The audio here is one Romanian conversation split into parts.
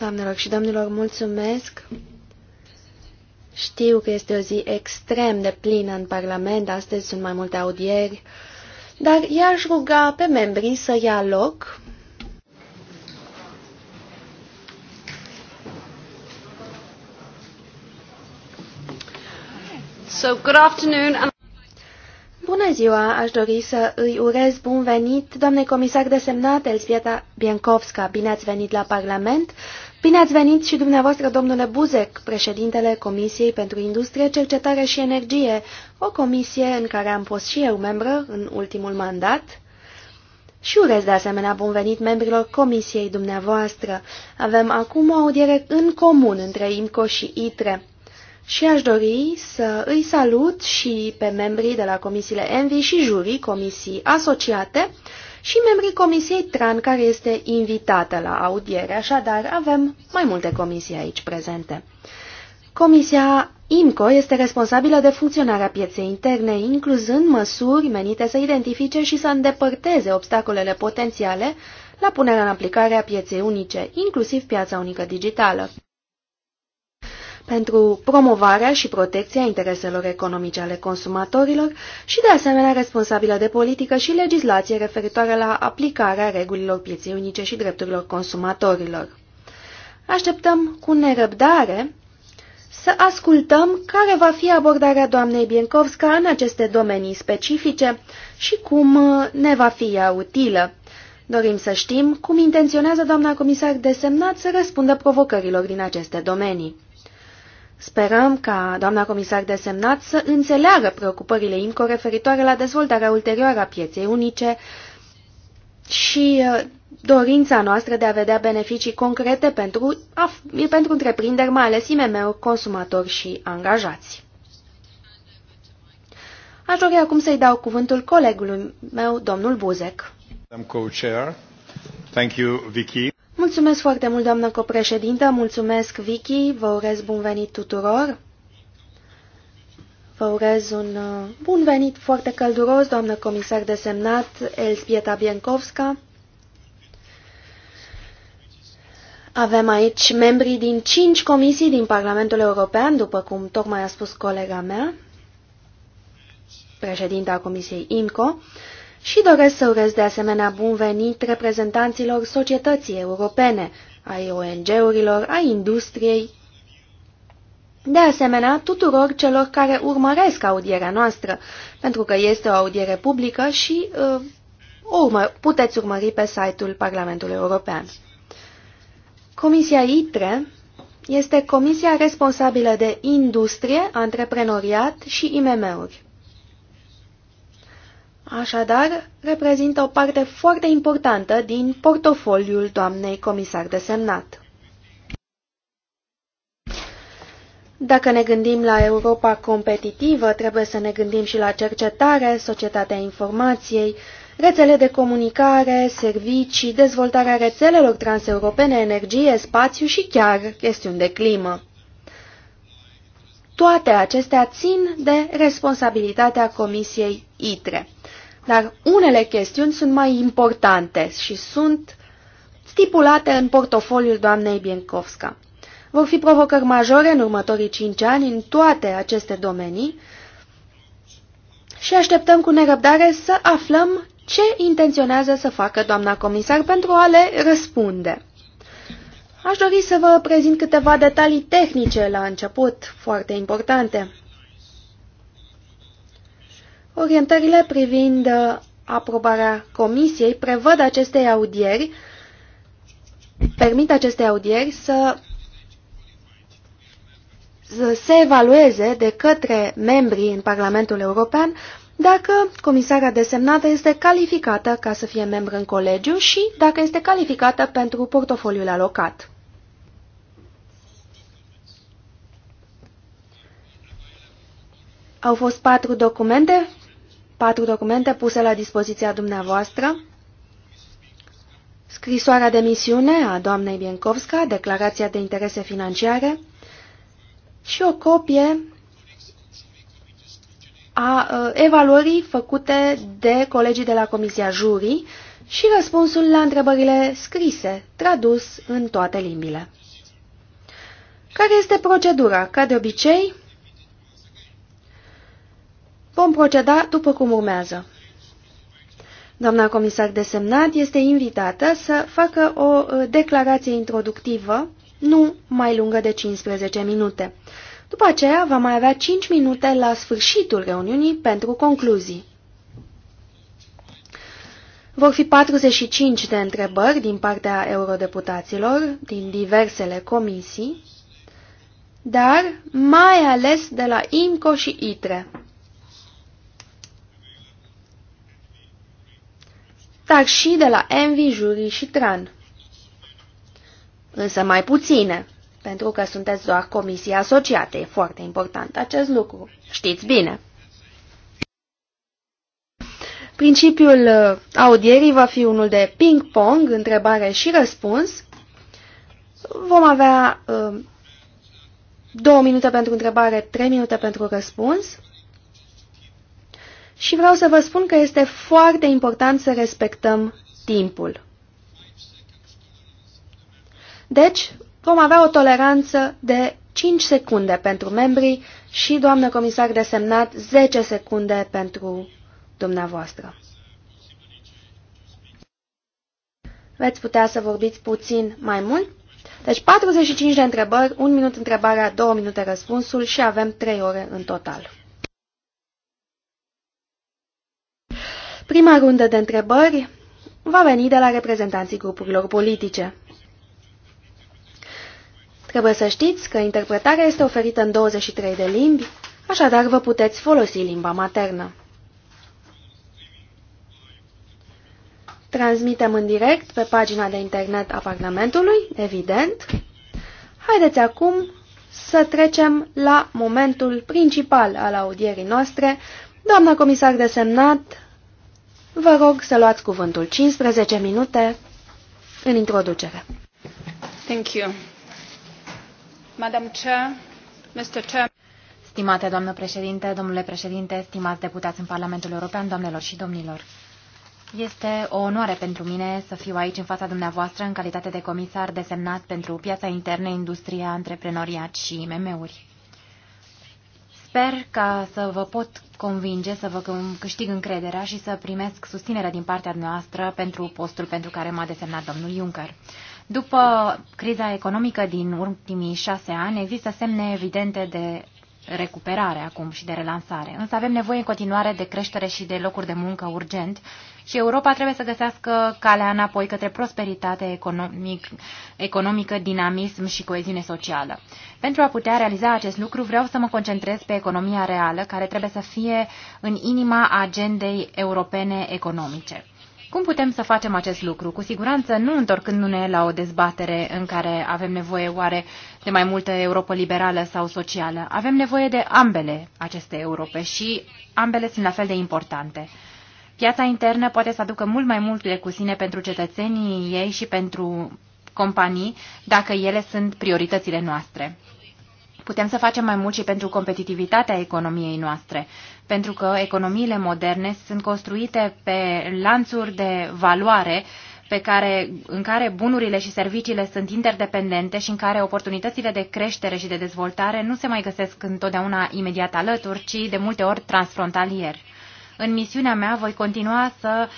Doamnelor și domnilor, mulțumesc. Știu că este o zi extrem de plină în Parlament, astăzi sunt mai multe audieri, dar i-aș ruga pe membrii să ia loc. So, good afternoon. Bună ziua! Aș dori să îi urez bun venit, doamne comisar desemnat Elzbieta Biencovska. Bine ați venit la Parlament! Bine ați venit și dumneavoastră, domnule Buzek, președintele Comisiei pentru Industrie, Cercetare și Energie, o comisie în care am fost și eu membră în ultimul mandat. Și urez de asemenea bun venit membrilor comisiei dumneavoastră. Avem acum o audiere în comun între IMCO și ITRE și aș dori să îi salut și pe membrii de la comisiile Envi și jurii, comisii asociate, și membrii comisiei TRAN, care este invitată la audiere, așadar avem mai multe comisii aici prezente. Comisia IMCO este responsabilă de funcționarea pieței interne, incluzând măsuri menite să identifice și să îndepărteze obstacolele potențiale la punerea în aplicare a pieței unice, inclusiv piața unică digitală pentru promovarea și protecția intereselor economice ale consumatorilor și, de asemenea, responsabilă de politică și legislație referitoare la aplicarea regulilor pieței unice și drepturilor consumatorilor. Așteptăm cu nerăbdare să ascultăm care va fi abordarea doamnei Biencovska în aceste domenii specifice și cum ne va fi ea utilă. Dorim să știm cum intenționează doamna comisar desemnat să răspundă provocărilor din aceste domenii. Sperăm ca doamna comisar desemnat să înțeleagă preocupările IMCO referitoare la dezvoltarea ulterioară a pieței unice și uh, dorința noastră de a vedea beneficii concrete pentru, pentru întreprinderi, mai ales IMM-uri, consumatori și angajați. Aș dori acum să-i dau cuvântul colegului meu, domnul Buzek. Thank you, Vicky. Mulțumesc foarte mult, doamnă copreședintă, mulțumesc, Vicky, vă urez bun venit tuturor. Vă urez un uh, bun venit foarte călduros, doamnă comisar desemnat Elspieta Biencovska. Avem aici membrii din cinci comisii din Parlamentul European, după cum tocmai a spus colega mea, președinta Comisiei IMCO, și doresc să urez de asemenea bun venit reprezentanților societății europene, ai ONG-urilor, ai industriei, de asemenea tuturor celor care urmăresc audierea noastră, pentru că este o audiere publică și uh, o urmă, puteți urmări pe site-ul Parlamentului European. Comisia ITRE este comisia responsabilă de industrie, antreprenoriat și IMM-uri. Așadar, reprezintă o parte foarte importantă din portofoliul doamnei comisar desemnat. Dacă ne gândim la Europa competitivă, trebuie să ne gândim și la cercetare, societatea informației, rețele de comunicare, servicii, dezvoltarea rețelelor transeuropene, energie, spațiu și chiar chestiuni de climă. Toate acestea țin de responsabilitatea Comisiei ITRE. Dar unele chestiuni sunt mai importante și sunt stipulate în portofoliul doamnei Biencovska. Vor fi provocări majore în următorii cinci ani în toate aceste domenii și așteptăm cu nerăbdare să aflăm ce intenționează să facă doamna comisar pentru a le răspunde. Aș dori să vă prezint câteva detalii tehnice la început, foarte importante. Orientările privind uh, aprobarea comisiei prevăd acestei audieri, permit acestei audieri să, să se evalueze de către membrii în Parlamentul European dacă comisarea desemnată este calificată ca să fie membru în colegiu și dacă este calificată pentru portofoliul alocat. Au fost patru documente patru documente puse la dispoziția dumneavoastră. Scrisoarea de misiune a doamnei Bienkovska, declarația de interese financiare și o copie a uh, evaluării făcute de colegii de la Comisia Jurii și răspunsul la întrebările scrise, tradus în toate limbile. Care este procedura? Ca de obicei, Vom proceda după cum urmează. Doamna comisar desemnat este invitată să facă o uh, declarație introductivă, nu mai lungă de 15 minute. După aceea va mai avea 5 minute la sfârșitul reuniunii pentru concluzii. Vor fi 45 de întrebări din partea eurodeputaților din diversele comisii, dar mai ales de la IMCO și ITRE. dar și de la Envi, Jurii și Tran. Însă mai puține, pentru că sunteți doar comisii asociate. E foarte important acest lucru. Știți bine. Principiul uh, audierii va fi unul de ping-pong, întrebare și răspuns. Vom avea uh, două minute pentru întrebare, trei minute pentru răspuns și vreau să vă spun că este foarte important să respectăm timpul. Deci, vom avea o toleranță de 5 secunde pentru membrii și, doamnă comisar desemnat, 10 secunde pentru dumneavoastră. Veți putea să vorbiți puțin mai mult? Deci 45 de întrebări, 1 minut întrebarea, 2 minute răspunsul și avem 3 ore în total. Prima rundă de întrebări va veni de la reprezentanții grupurilor politice. Trebuie să știți că interpretarea este oferită în 23 de limbi, așadar vă puteți folosi limba maternă. Transmitem în direct pe pagina de internet a Parlamentului, evident. Haideți acum să trecem la momentul principal al audierii noastre. Doamna comisar desemnat, Vă rog să luați cuvântul 15 minute în introducere. Thank you. Madam Chair, Mr. Chair. Stimate doamnă președinte, domnule președinte, stimați deputați în Parlamentul European, doamnelor și domnilor. Este o onoare pentru mine să fiu aici în fața dumneavoastră în calitate de comisar desemnat pentru piața internă, industria, antreprenoriat și IMM-uri. Sper ca să vă pot convinge, să vă câștig încrederea și să primesc susținerea din partea noastră pentru postul pentru care m-a desemnat domnul Juncker. După criza economică din ultimii șase ani, există semne evidente de recuperare acum și de relansare. Însă avem nevoie în continuare de creștere și de locuri de muncă urgent și Europa trebuie să găsească calea înapoi către prosperitate economic, economică, dinamism și coeziune socială. Pentru a putea realiza acest lucru, vreau să mă concentrez pe economia reală, care trebuie să fie în inima agendei europene economice. Cum putem să facem acest lucru? Cu siguranță nu întorcându-ne la o dezbatere în care avem nevoie oare de mai multă Europa liberală sau socială. Avem nevoie de ambele aceste Europe și ambele sunt la fel de importante. Piața internă poate să aducă mult mai multe cu sine pentru cetățenii ei și pentru companii, dacă ele sunt prioritățile noastre. Putem să facem mai mult și pentru competitivitatea economiei noastre, pentru că economiile moderne sunt construite pe lanțuri de valoare pe care, în care bunurile și serviciile sunt interdependente și în care oportunitățile de creștere și de dezvoltare nu se mai găsesc întotdeauna imediat alături, ci de multe ori transfrontalier. În misiunea mea voi continua să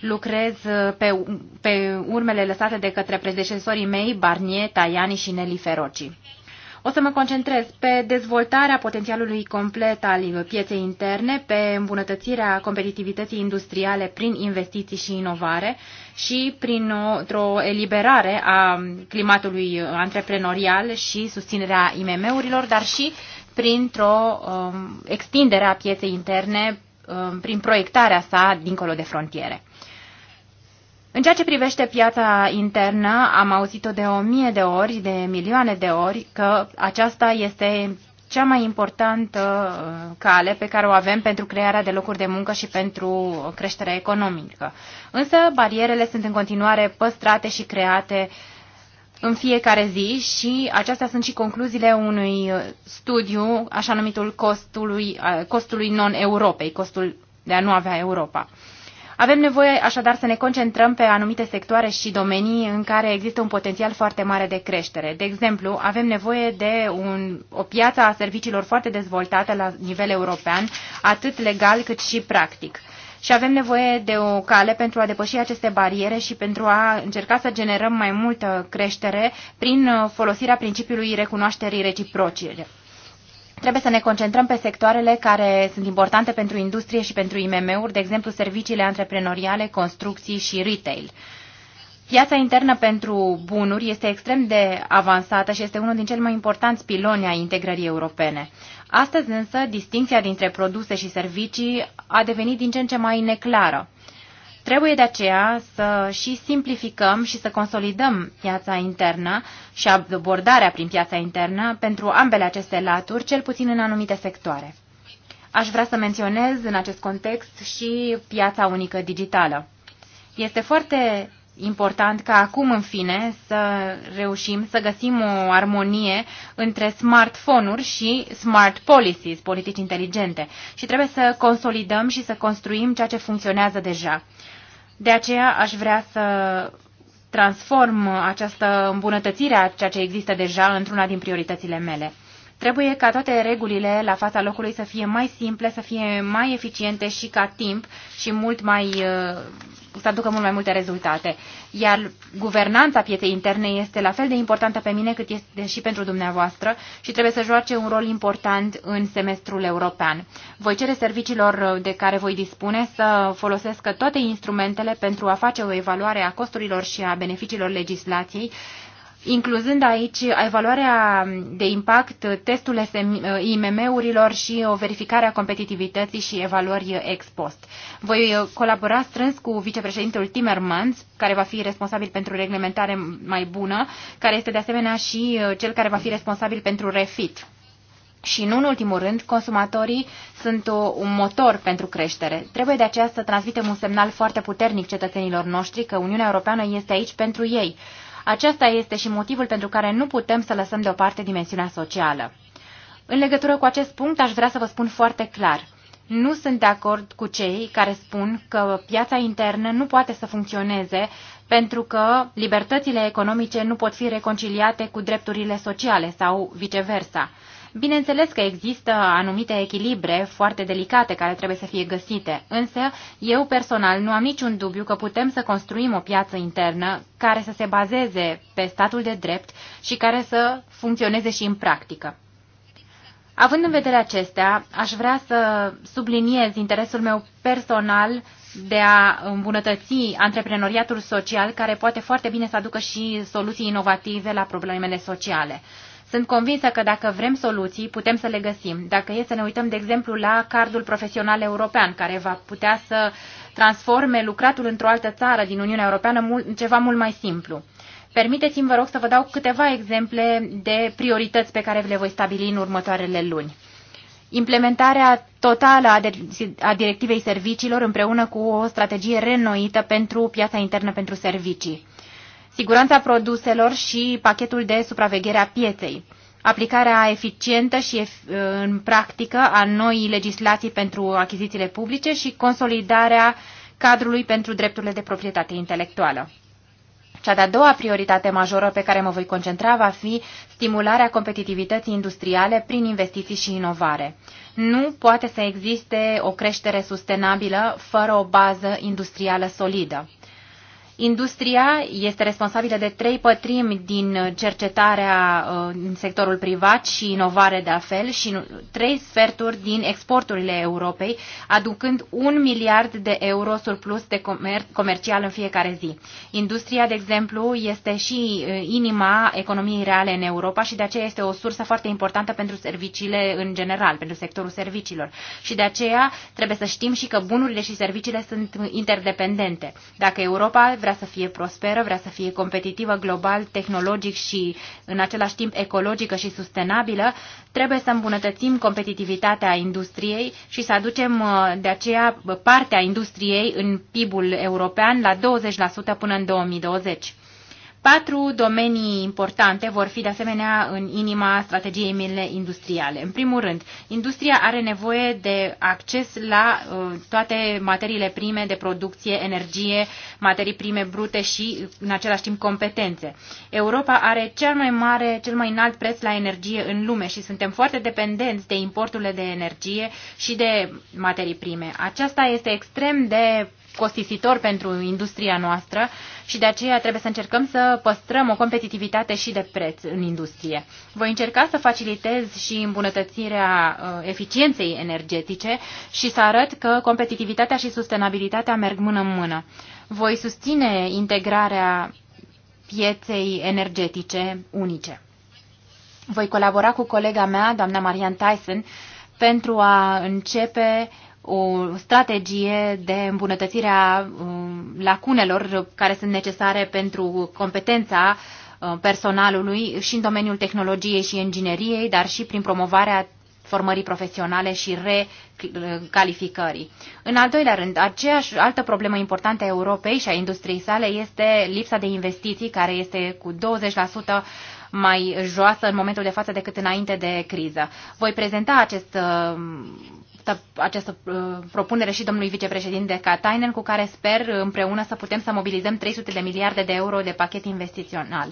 lucrez pe, pe urmele lăsate de către predecesorii mei, Barnier, Tajani și Nelly Feroci. O să mă concentrez pe dezvoltarea potențialului complet al pieței interne, pe îmbunătățirea competitivității industriale prin investiții și inovare și prin o eliberare a climatului antreprenorial și susținerea IMM-urilor, dar și printr-o um, extindere a pieței interne Um, prin proiectarea sa dincolo de frontiere. În ceea ce privește piața internă, am auzit-o de o mie de ori, de milioane de ori, că aceasta este cea mai importantă uh, cale pe care o avem pentru crearea de locuri de muncă și pentru creșterea economică. Însă barierele sunt în continuare păstrate și create uh, în fiecare zi și acestea sunt și concluziile unui uh, studiu, așa numitul costului, uh, costului non-Europei, costul de a nu avea Europa. Avem nevoie așadar să ne concentrăm pe anumite sectoare și domenii în care există un potențial foarte mare de creștere. De exemplu, avem nevoie de un, o piață a serviciilor foarte dezvoltată la nivel european, atât legal cât și practic și avem nevoie de o cale pentru a depăși aceste bariere și pentru a încerca să generăm mai multă creștere prin uh, folosirea principiului recunoașterii reciprocii. Trebuie să ne concentrăm pe sectoarele care sunt importante pentru industrie și pentru IMM-uri, de exemplu serviciile antreprenoriale, construcții și retail. Piața internă pentru bunuri este extrem de avansată și este unul din cele mai importanți piloni ai integrării europene. Astăzi însă, distinția dintre produse și servicii a devenit din ce în ce mai neclară. Trebuie de aceea să și simplificăm și să consolidăm piața internă și abordarea prin piața internă pentru ambele aceste laturi, cel puțin în anumite sectoare. Aș vrea să menționez în acest context și piața unică digitală. Este foarte important ca acum, în fine, să reușim să găsim o armonie între smartphone-uri și smart policies, politici inteligente. Și trebuie să consolidăm și să construim ceea ce funcționează deja. De aceea aș vrea să transform această îmbunătățire a ceea ce există deja într-una din prioritățile mele. Trebuie ca toate regulile la fața locului să fie mai simple, să fie mai eficiente și ca timp și mult mai uh, să aducă mult mai multe rezultate. Iar guvernanța pieței interne este la fel de importantă pe mine cât este și pentru dumneavoastră și trebuie să joace un rol important în semestrul european. Voi cere serviciilor de care voi dispune să folosească toate instrumentele pentru a face o evaluare a costurilor și a beneficiilor legislației incluzând aici evaluarea de impact, testul IMM-urilor uh, și o verificare a competitivității și evaluări ex post. Voi uh, colabora strâns cu vicepreședintul Timmermans, care va fi responsabil pentru reglementare mai bună, care este de asemenea și uh, cel care va fi responsabil pentru refit. Și nu în ultimul rând, consumatorii sunt o, un motor pentru creștere. Trebuie de aceea să transmitem un semnal foarte puternic cetățenilor noștri că Uniunea Europeană este aici pentru ei acesta este și motivul pentru care nu putem să lăsăm deoparte dimensiunea socială. În legătură cu acest punct, aș vrea să vă spun foarte clar. Nu sunt de acord cu cei care spun că piața internă nu poate să funcționeze pentru că libertățile economice nu pot fi reconciliate cu drepturile sociale sau viceversa. Bineînțeles că există anumite echilibre foarte delicate care trebuie să fie găsite, însă eu personal nu am niciun dubiu că putem să construim o piață internă care să se bazeze pe statul de drept și care să funcționeze și în practică. Având în vedere acestea, aș vrea să subliniez interesul meu personal de a îmbunătăți antreprenoriatul social, care poate foarte bine să aducă și soluții inovative la problemele sociale. Sunt convinsă că dacă vrem soluții, putem să le găsim. Dacă e să ne uităm, de exemplu, la cardul profesional european, care va putea să transforme lucratul într-o altă țară din Uniunea Europeană în ceva mult mai simplu. Permiteți-mi, vă rog, să vă dau câteva exemple de priorități pe care le voi stabili în următoarele luni. Implementarea totală a directivei serviciilor împreună cu o strategie renoită pentru piața internă pentru servicii siguranța produselor și pachetul de supraveghere a pieței, aplicarea eficientă și în practică a noii legislații pentru achizițiile publice și consolidarea cadrului pentru drepturile de proprietate intelectuală. Cea de-a doua prioritate majoră pe care mă voi concentra va fi stimularea competitivității industriale prin investiții și inovare. Nu poate să existe o creștere sustenabilă fără o bază industrială solidă. Industria este responsabilă de trei pătrimi din cercetarea uh, în sectorul privat și inovare de afel și trei sferturi din exporturile Europei, aducând un miliard de euro surplus de comer- comercial în fiecare zi. Industria, de exemplu, este și uh, inima economiei reale în Europa și de aceea este o sursă foarte importantă pentru serviciile în general, pentru sectorul serviciilor. Și de aceea trebuie să știm și că bunurile și serviciile sunt interdependente. Dacă Europa vrea să fie prosperă, vrea să fie competitivă global, tehnologic și în același timp ecologică și sustenabilă, trebuie să îmbunătățim competitivitatea industriei și să aducem uh, de aceea partea industriei în PIB-ul european la 20% până în 2020. Patru domenii importante vor fi de asemenea în inima strategiei mele industriale. În primul rând, industria are nevoie de acces la uh, toate materiile prime de producție, energie, materii prime brute și, în același timp, competențe. Europa are cel mai mare, cel mai înalt preț la energie în lume și suntem foarte dependenți de importurile de energie și de materii prime. Aceasta este extrem de costisitor pentru industria noastră și de aceea trebuie să încercăm să păstrăm o competitivitate și de preț în industrie. Voi încerca să facilitez și îmbunătățirea uh, eficienței energetice și să arăt că competitivitatea și sustenabilitatea merg mână în mână. Voi susține integrarea pieței energetice unice. Voi colabora cu colega mea, doamna Marian Tyson, pentru a începe o strategie de îmbunătățire a um, lacunelor care sunt necesare pentru competența uh, personalului și în domeniul tehnologiei și ingineriei, dar și prin promovarea formării profesionale și recalificării. În al doilea rând, aceeași altă problemă importantă a Europei și a industriei sale este lipsa de investiții, care este cu 20% mai joasă în momentul de față decât înainte de criză. Voi prezenta acest uh, această uh, propunere și domnului vicepreședinte Katainen, cu care sper împreună să putem să mobilizăm 300 de miliarde de euro de pachet investițional.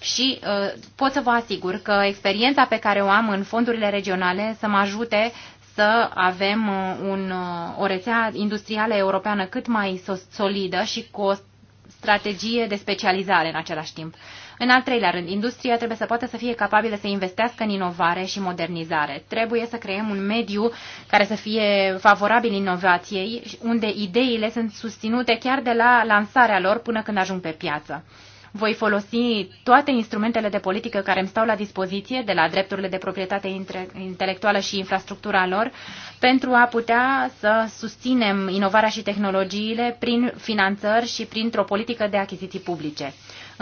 Și uh, pot să vă asigur că experiența pe care o am în fondurile regionale să mă ajute să avem uh, un, uh, o rețea industrială europeană cât mai solidă și cu o strategie de specializare în același timp. În al treilea rând, industria trebuie să poată să fie capabilă să investească în inovare și modernizare. Trebuie să creăm un mediu care să fie favorabil inovației, unde ideile sunt susținute chiar de la lansarea lor până când ajung pe piață. Voi folosi toate instrumentele de politică care îmi stau la dispoziție, de la drepturile de proprietate intelectuală și infrastructura lor, pentru a putea să susținem inovarea și tehnologiile prin finanțări și printr-o politică de achiziții publice.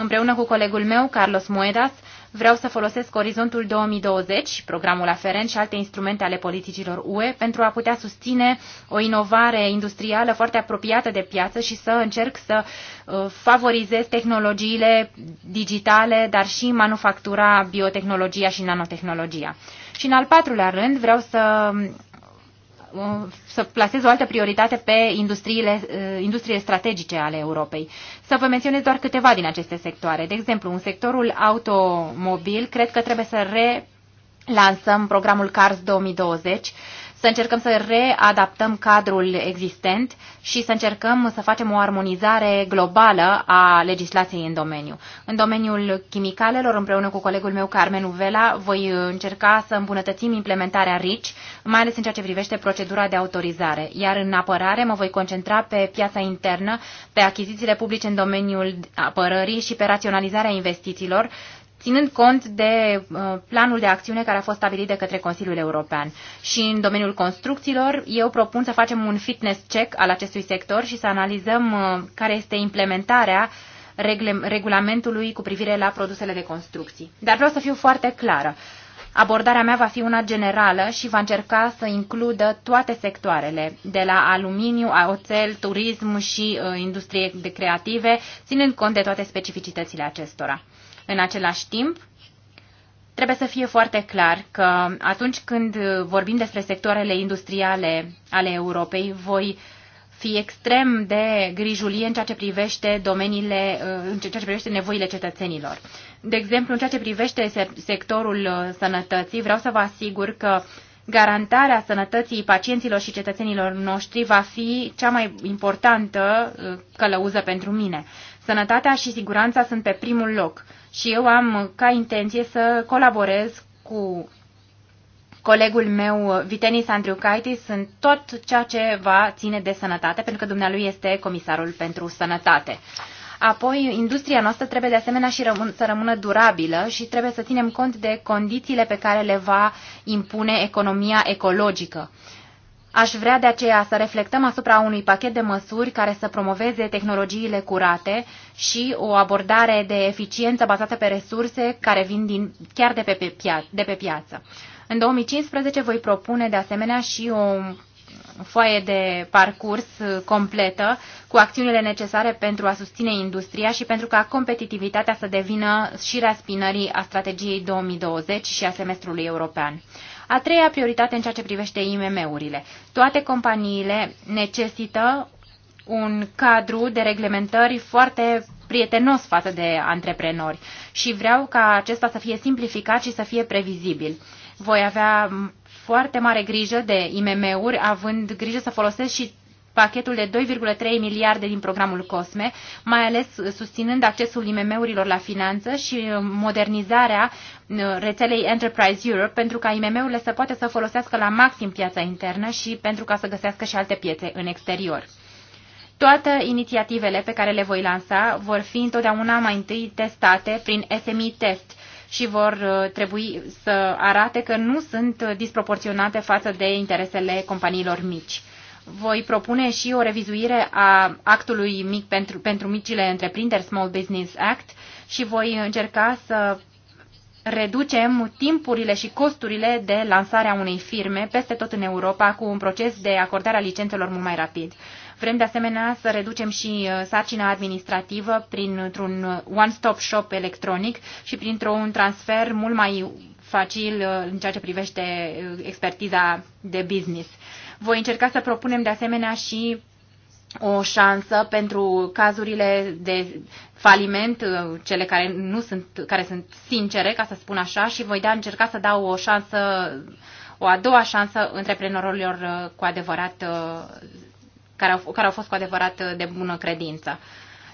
Împreună cu colegul meu, Carlos Moedas, vreau să folosesc Orizontul 2020, programul aferent și alte instrumente ale politicilor UE pentru a putea susține o inovare industrială foarte apropiată de piață și să încerc să uh, favorizez tehnologiile digitale, dar și manufactura, biotehnologia și nanotehnologia. Și în al patrulea rând vreau să Uh, să placez o altă prioritate pe industriile, uh, industriile strategice ale Europei. Să vă menționez doar câteva din aceste sectoare. De exemplu, în sectorul automobil, cred că trebuie să re lansăm programul CARS 2020 să încercăm să readaptăm cadrul existent și să încercăm să facem o armonizare globală a legislației în domeniu. În domeniul chimicalelor, împreună cu colegul meu Carmen Uvela, voi încerca să îmbunătățim implementarea RICI, mai ales în ceea ce privește procedura de autorizare. Iar în apărare mă voi concentra pe piața internă, pe achizițiile publice în domeniul apărării și pe raționalizarea investițiilor, ținând cont de uh, planul de acțiune care a fost stabilit de către Consiliul European. Și în domeniul construcțiilor, eu propun să facem un fitness check al acestui sector și să analizăm uh, care este implementarea regulamentului cu privire la produsele de construcții. Dar vreau să fiu foarte clară. Abordarea mea va fi una generală și va încerca să includă toate sectoarele, de la aluminiu, oțel, turism și uh, industrie de creative, ținând cont de toate specificitățile acestora. În același timp, trebuie să fie foarte clar că atunci când vorbim despre sectoarele industriale ale Europei, voi fi extrem de grijulie în ceea ce privește domeniile, în ceea ce privește nevoile cetățenilor. De exemplu, în ceea ce privește sectorul uh, sănătății, vreau să vă asigur că garantarea sănătății pacienților și cetățenilor noștri va fi cea mai importantă uh, călăuză pentru mine. Sănătatea și siguranța sunt pe primul loc și eu am ca intenție să colaborez cu colegul meu, Vitenis Andriukaitis, în tot ceea ce va ține de sănătate, pentru că dumnealui este comisarul pentru sănătate. Apoi, industria noastră trebuie de asemenea și rămân, să rămână durabilă și trebuie să ținem cont de condițiile pe care le va impune economia ecologică. Aș vrea de aceea să reflectăm asupra unui pachet de măsuri care să promoveze tehnologiile curate și o abordare de eficiență bazată pe resurse care vin din, chiar de pe, pia, de pe piață. În 2015 voi propune de asemenea și o foaie de parcurs completă cu acțiunile necesare pentru a susține industria și pentru ca competitivitatea să devină și raspinării a strategiei 2020 și a semestrului european. A treia prioritate în ceea ce privește IMM-urile. Toate companiile necesită un cadru de reglementări foarte prietenos față de antreprenori și vreau ca acesta să fie simplificat și să fie previzibil. Voi avea foarte mare grijă de IMM-uri, având grijă să folosesc și pachetul de 2,3 miliarde din programul COSME, mai ales susținând accesul IMM-urilor la finanță și modernizarea uh, rețelei Enterprise Europe pentru ca IMM-urile să poată să folosească la maxim piața internă și pentru ca să găsească și alte piețe în exterior. Toate inițiativele pe care le voi lansa vor fi întotdeauna mai întâi testate prin SME Test și vor uh, trebui să arate că nu sunt disproporționate față de interesele companiilor mici voi propune și o revizuire a actului mic pentru, pentru micile întreprinderi, Small Business Act, și voi încerca să reducem timpurile și costurile de lansare a unei firme peste tot în Europa cu un proces de acordare a licențelor mult mai rapid. Vrem de asemenea să reducem și uh, sarcina administrativă printr-un one-stop shop electronic și printr-un transfer mult mai facil uh, în ceea ce privește uh, expertiza de business. Voi încerca să propunem de asemenea și o șansă pentru cazurile de faliment, uh, cele care nu sunt, care sunt sincere, ca să spun așa, și voi da încerca să dau o șansă, o a doua șansă antreprenorilor uh, cu adevărat, uh, care au, care au fost cu adevărat de bună credință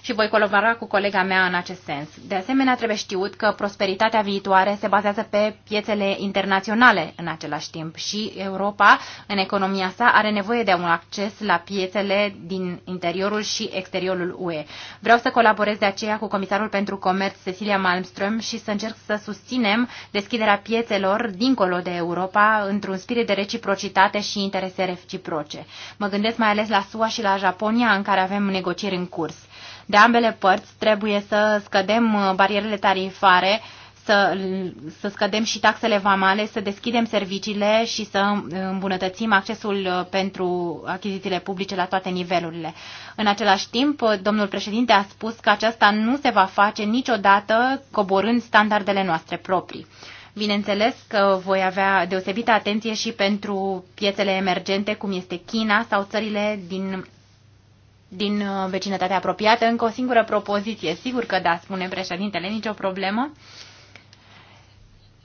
și voi colabora cu colega mea în acest sens. De asemenea, trebuie știut că prosperitatea viitoare se bazează pe piețele internaționale în același timp și Europa, în economia sa, are nevoie de un acces la piețele din interiorul și exteriorul UE. Vreau să colaborez de aceea cu Comisarul pentru Comerț, Cecilia Malmström, și să încerc să susținem deschiderea piețelor dincolo de Europa într-un spirit de reciprocitate și interese reciproce. Mă gândesc mai ales la SUA și la Japonia, în care avem negocieri în curs de ambele părți trebuie să scădem uh, barierele tarifare, să, să scădem și taxele vamale, să deschidem serviciile și să uh, îmbunătățim accesul uh, pentru achizițiile publice la toate nivelurile. În același timp, domnul președinte a spus că aceasta nu se va face niciodată coborând standardele noastre proprii. Bineînțeles că voi avea deosebită atenție și pentru piețele emergente, cum este China sau țările din din uh, vecinătatea apropiată. Încă o singură propoziție. Sigur că da, spune președintele, nicio problemă.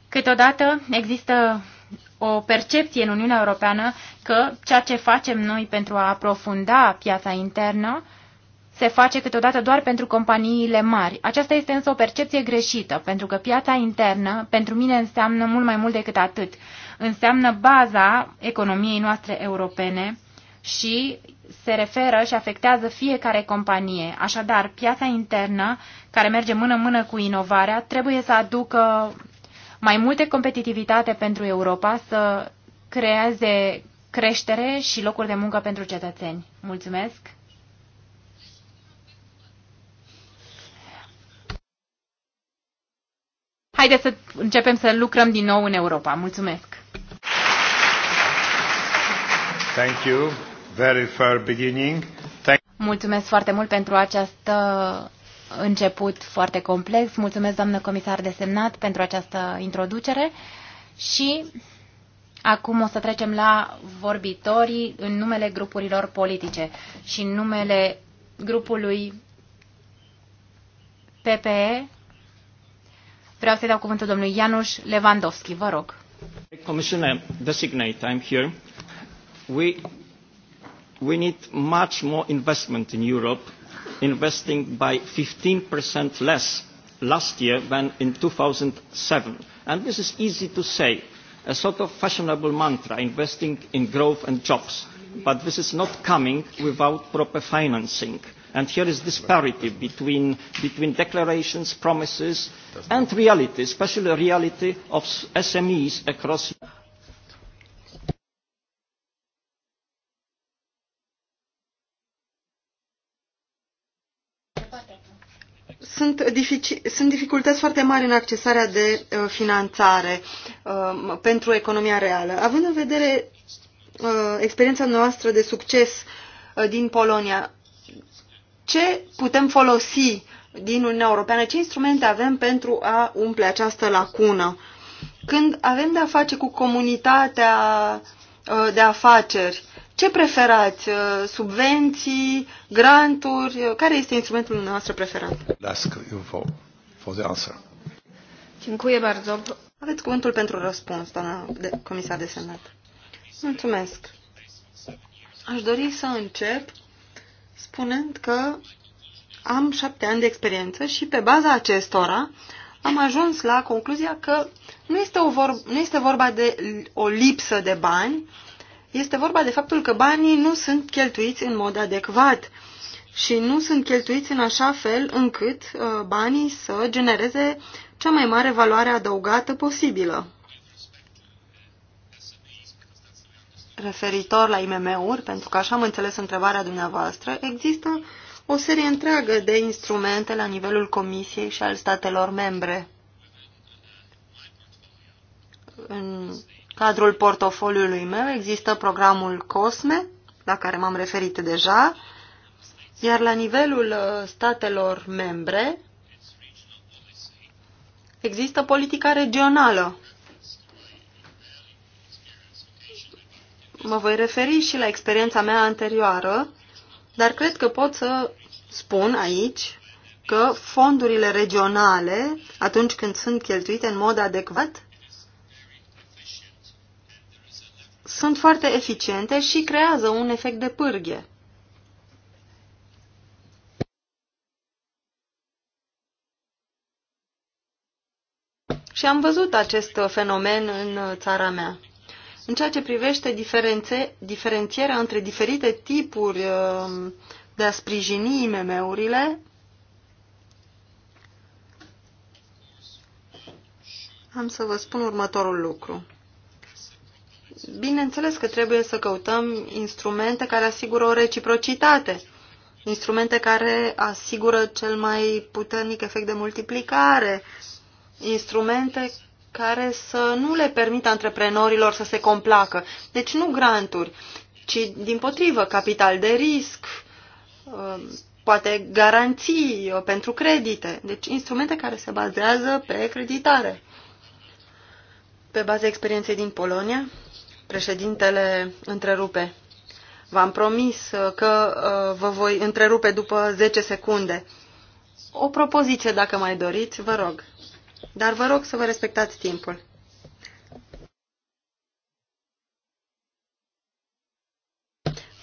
Câteodată există o percepție în Uniunea Europeană că ceea ce facem noi pentru a aprofunda piața internă se face câteodată doar pentru companiile mari. Aceasta este însă o percepție greșită, pentru că piața internă pentru mine înseamnă mult mai mult decât atât. Înseamnă baza economiei noastre europene, și se referă și afectează fiecare companie. Așadar, piața internă, care merge mână-mână cu inovarea, trebuie să aducă mai multe competitivitate pentru Europa, să creeze creștere și locuri de muncă pentru cetățeni. Mulțumesc! Haideți să începem să lucrăm din nou în Europa. Mulțumesc! Thank you very fair beginning. Thank Mulțumesc foarte mult pentru această început foarte complex. Mulțumesc, doamnă comisar desemnat, pentru această introducere și acum o să trecem la vorbitorii în numele grupurilor politice și în numele grupului PPE. Vreau să-i dau cuvântul domnului Ianuș Lewandowski, vă rog. Commissioner designate, I'm here. We we need much more investment in Europe, investing by 15% less last year than in 2007. And this is easy to say, a sort of fashionable mantra, investing in growth and jobs. But this is not coming without proper financing. And here is disparity between, between declarations, promises, and reality, especially the reality of SMEs across... sunt, dificil, sunt dificultăți foarte mari în accesarea de uh, finanțare uh, pentru economia reală. Având în vedere uh, experiența noastră de succes uh, din Polonia, ce putem folosi din Uniunea Europeană, ce instrumente avem pentru a umple această lacună? Când avem de-a face cu comunitatea uh, de afaceri, ce preferați? Uh, subvenții, granturi? Uh, care este instrumentul nostru preferat? Ask eu for, for the answer. Dziękuję bardzo. Aveți cuvântul pentru răspuns, doamna de, comisar de senat. Mulțumesc. Aș dori să încep spunând că am șapte ani de experiență și pe baza acestora am ajuns la concluzia că nu este, o vorba, nu este vorba de o lipsă de bani, este vorba de faptul că banii nu sunt cheltuiți în mod adecvat și nu sunt cheltuiți în așa fel încât uh, banii să genereze cea mai mare valoare adăugată posibilă. Referitor la IMM-uri, pentru că așa am înțeles întrebarea dumneavoastră, există o serie întreagă de instrumente la nivelul Comisiei și al statelor membre. În cadrul portofoliului meu există programul COSME, la care m-am referit deja, iar la nivelul uh, statelor membre există politica regională. Mă voi referi și la experiența mea anterioară, dar cred că pot să spun aici că fondurile regionale, atunci când sunt cheltuite în mod adecvat, sunt foarte eficiente și creează un efect de pârghie. Și am văzut acest fenomen în țara mea. În ceea ce privește diferențe, diferențierea între diferite tipuri um, de a sprijini IMM-urile, am să vă spun următorul lucru. Bineînțeles că trebuie să căutăm instrumente care asigură o reciprocitate, instrumente care asigură cel mai puternic efect de multiplicare, instrumente care să nu le permită antreprenorilor să se complacă. Deci nu granturi, ci din potrivă capital de risc, uh, poate garanții uh, pentru credite. Deci instrumente care se bazează pe creditare. Pe baza experienței din Polonia, Președintele întrerupe. V-am promis uh, că uh, vă voi întrerupe după 10 secunde. O propoziție, dacă mai doriți, vă rog. Dar vă rog să vă respectați timpul.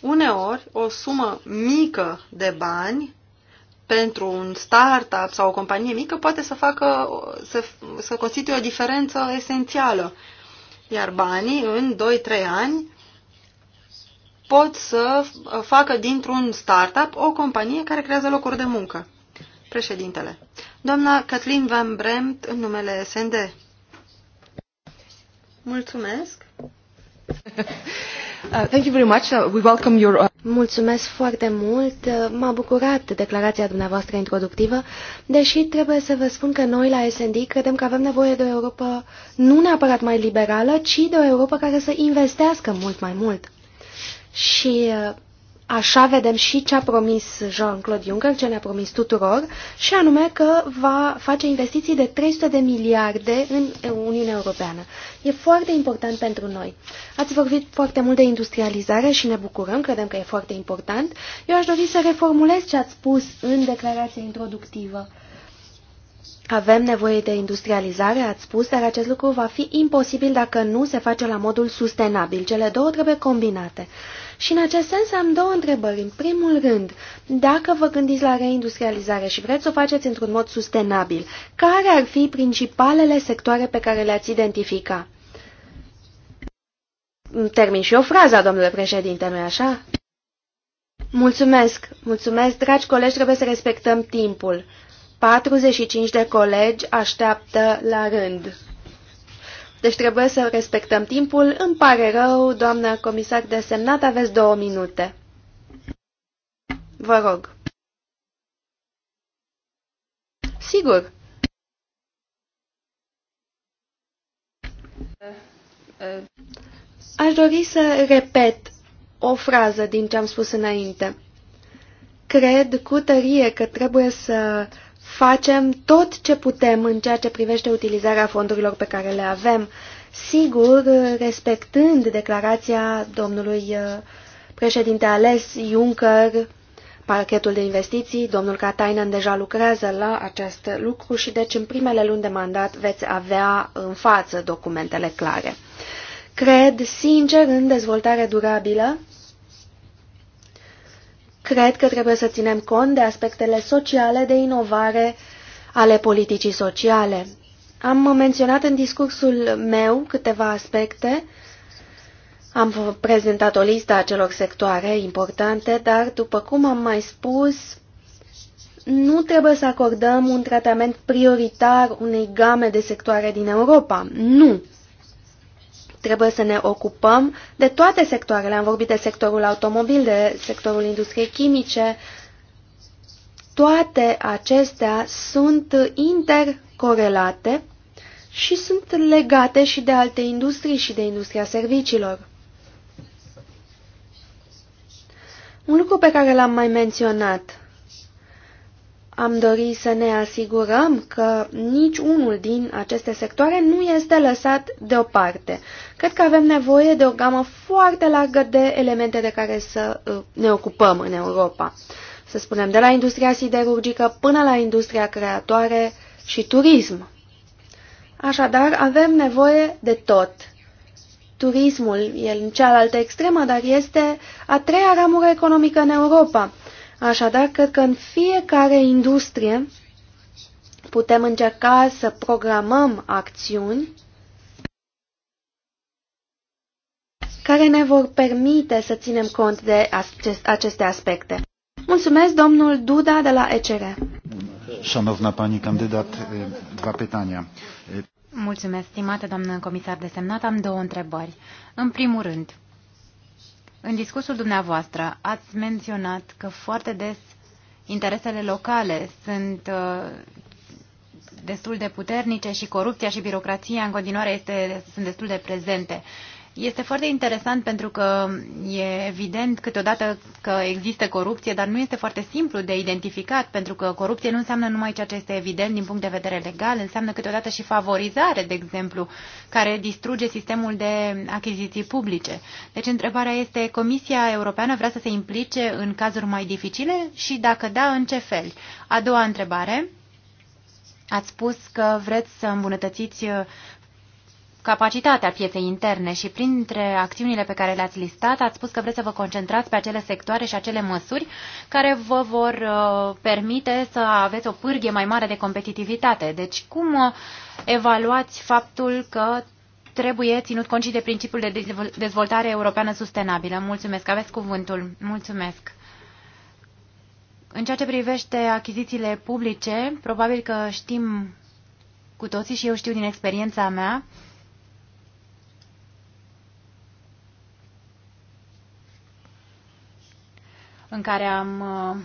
Uneori, o sumă mică de bani pentru un startup sau o companie mică poate să facă, să, să constituie o diferență esențială. Iar banii, în 2-3 ani, pot să facă dintr-un startup o companie care creează locuri de muncă. Președintele. Doamna Kathleen Van Bremt, în numele SND. Mulțumesc. Uh, thank you very much. Uh, we welcome your... Uh, Mulțumesc foarte mult. M-a bucurat declarația dumneavoastră introductivă, deși trebuie să vă spun că noi la SND credem că avem nevoie de o Europa nu neapărat mai liberală, ci de o Europa care să investească mult mai mult. Și Așa vedem și ce a promis Jean-Claude Juncker, ce ne-a promis tuturor, și anume că va face investiții de 300 de miliarde în Uniunea Europeană. E foarte important pentru noi. Ați vorbit foarte mult de industrializare și ne bucurăm, credem că e foarte important. Eu aș dori să reformulez ce ați spus în declarația introductivă. Avem nevoie de industrializare, ați spus, dar acest lucru va fi imposibil dacă nu se face la modul sustenabil. Cele două trebuie combinate. Și în acest sens am două întrebări. În primul rând, dacă vă gândiți la reindustrializare și vreți să o faceți într-un mod sustenabil, care ar fi principalele sectoare pe care le-ați identifica? Termin și o frază, domnule președinte, nu-i așa? Mulțumesc, mulțumesc, dragi colegi, trebuie să respectăm timpul. 45 de colegi așteaptă la rând. Deci trebuie să respectăm timpul. Îmi pare rău, doamnă comisar semnat, aveți două minute. Vă rog. Sigur. Aș dori să repet o frază din ce am spus înainte. Cred cu tărie că trebuie să uh, facem tot ce putem în ceea ce privește utilizarea fondurilor pe care le avem, sigur respectând declarația domnului uh, președinte ales Juncker, parchetul de investiții, domnul Katainen deja lucrează la acest lucru și deci în primele luni de mandat veți avea în față documentele clare. Cred sincer în dezvoltare durabilă Cred că trebuie să ținem cont de aspectele sociale de inovare ale politicii sociale. Am menționat în discursul meu câteva aspecte. Am prezentat o listă a celor sectoare importante, dar, după cum am mai spus, nu trebuie să acordăm un tratament prioritar unei game de sectoare din Europa. Nu! Trebuie să ne ocupăm de toate sectoarele. Am vorbit de sectorul automobil, de sectorul industriei chimice. Toate acestea sunt intercorelate și sunt legate și de alte industrii și de industria serviciilor. Un lucru pe care l-am mai menționat am dori să ne asigurăm că nici unul din aceste sectoare nu este lăsat deoparte. Cred că avem nevoie de o gamă foarte largă de elemente de care să uh, ne ocupăm în Europa. Să spunem, de la industria siderurgică până la industria creatoare și turism. Așadar, avem nevoie de tot. Turismul, el în cealaltă extremă, dar este a treia ramură economică în Europa Așadar, cred că în fiecare industrie putem încerca să programăm acțiuni care ne vor permite să ținem cont de aceste aspecte. Mulțumesc, domnul Duda de la ECR. Szanowna pani candidat, dwa pytania. Mulțumesc, stimată doamnă comisar desemnat. Am două întrebări. În primul rând, în discursul dumneavoastră ați menționat că foarte des interesele locale sunt uh, destul de puternice și corupția și birocrația în continuare este, sunt destul de prezente. Este foarte interesant pentru că e evident câteodată că există corupție, dar nu este foarte simplu de identificat, pentru că corupție nu înseamnă numai ceea ce este evident din punct de vedere legal, înseamnă câteodată și favorizare, de exemplu, care distruge sistemul de achiziții publice. Deci întrebarea este, Comisia Europeană vrea să se implice în cazuri mai dificile și dacă da, în ce fel? A doua întrebare. Ați spus că vreți să îmbunătățiți capacitatea pieței interne și printre acțiunile pe care le-ați listat, ați spus că vreți să vă concentrați pe acele sectoare și acele măsuri care vă vor uh, permite să aveți o pârghie mai mare de competitivitate. Deci cum uh, evaluați faptul că trebuie ținut cont de principiul de dezvoltare europeană sustenabilă? Mulțumesc, aveți cuvântul. Mulțumesc. În ceea ce privește achizițiile publice, probabil că știm cu toții și eu știu din experiența mea, în care am uh,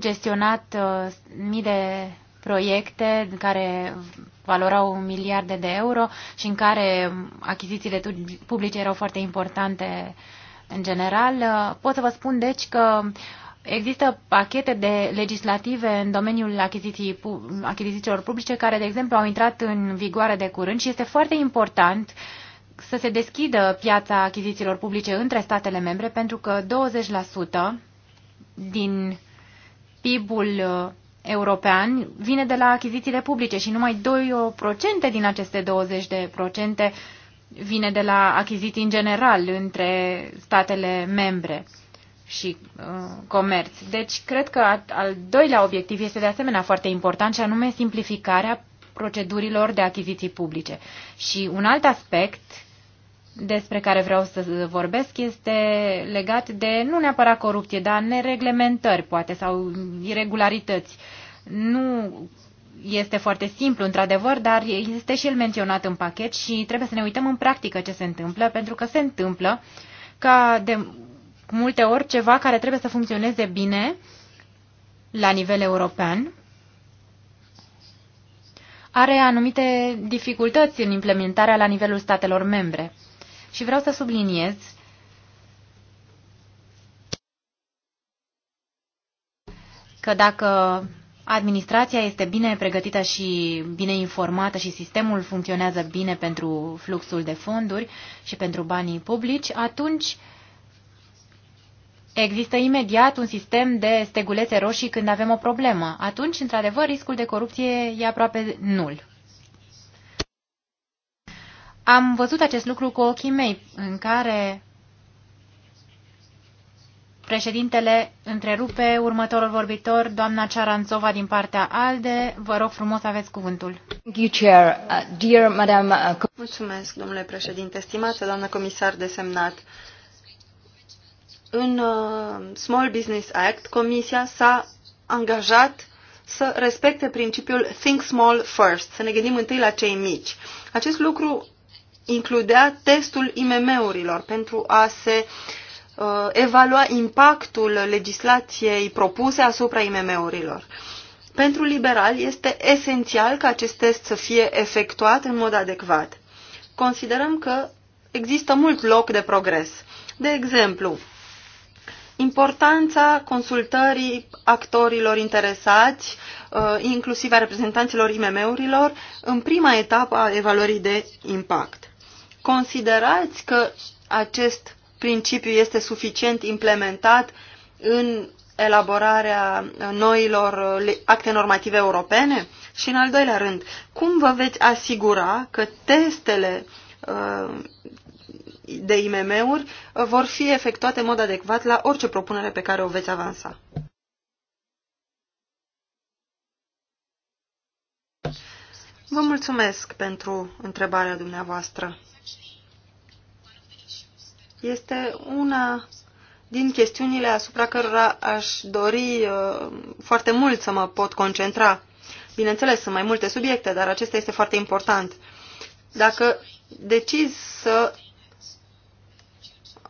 gestionat uh, mii de proiecte care valorau miliarde de euro și în care achizițiile publice erau foarte importante în general. Uh, pot să vă spun deci că Există pachete de legislative în domeniul achiziții, achizițiilor publice care, de exemplu, au intrat în vigoare de curând și este foarte important uh, să se deschidă piața achizițiilor publice între statele membre, pentru că 20% din PIB-ul uh, european vine de la achizițiile publice și numai 2% din aceste 20% vine de la achiziții în general între statele membre și uh, comerț. Deci, cred că al doilea obiectiv este de asemenea foarte important și anume simplificarea procedurilor de achiziții publice. Și un alt aspect despre care vreau să vorbesc este legat de nu neapărat corupție, dar nereglementări poate sau irregularități. Nu este foarte simplu, într-adevăr, dar este și el menționat în pachet și trebuie să ne uităm în practică ce se întâmplă, pentru că se întâmplă ca de multe ori ceva care trebuie să funcționeze bine la nivel european are anumite dificultăți în implementarea la nivelul statelor membre. Și vreau să subliniez că dacă administrația este bine pregătită și bine informată și sistemul funcționează bine pentru fluxul de fonduri și pentru banii publici, atunci există imediat un sistem de stegulețe roșii când avem o problemă. Atunci, într-adevăr, riscul de corupție e aproape nul. Am văzut acest lucru cu ochii mei, în care Președintele întrerupe următorul vorbitor, doamna Ciaranțova din partea ALDE. Vă rog frumos, aveți cuvântul. Uh, uh, Mulțumesc, domnule președinte, stimată doamnă comisar desemnat. În uh, Small Business Act, Comisia s-a angajat să respecte principiul Think Small First, să ne gândim întâi la cei mici. Acest lucru includea testul IMM-urilor pentru a se uh, evalua impactul legislației propuse asupra IMM-urilor. Pentru liberal este esențial ca acest test să fie efectuat în mod adecvat. Considerăm că există mult loc de progres. De exemplu, importanța consultării actorilor interesați, uh, inclusiv a reprezentanților IMM-urilor, în prima etapă a evaluării de impact. Considerați că acest principiu este suficient implementat în elaborarea noilor acte normative europene? Și în al doilea rând, cum vă veți asigura că testele uh, de IMM-uri uh, vor fi efectuate în mod adecvat la orice propunere pe care o veți avansa? Vă mulțumesc pentru întrebarea dumneavoastră este una din chestiunile asupra cărora aș dori uh, foarte mult să mă pot concentra. Bineînțeles, sunt mai multe subiecte, dar acesta este foarte important. Dacă decizi să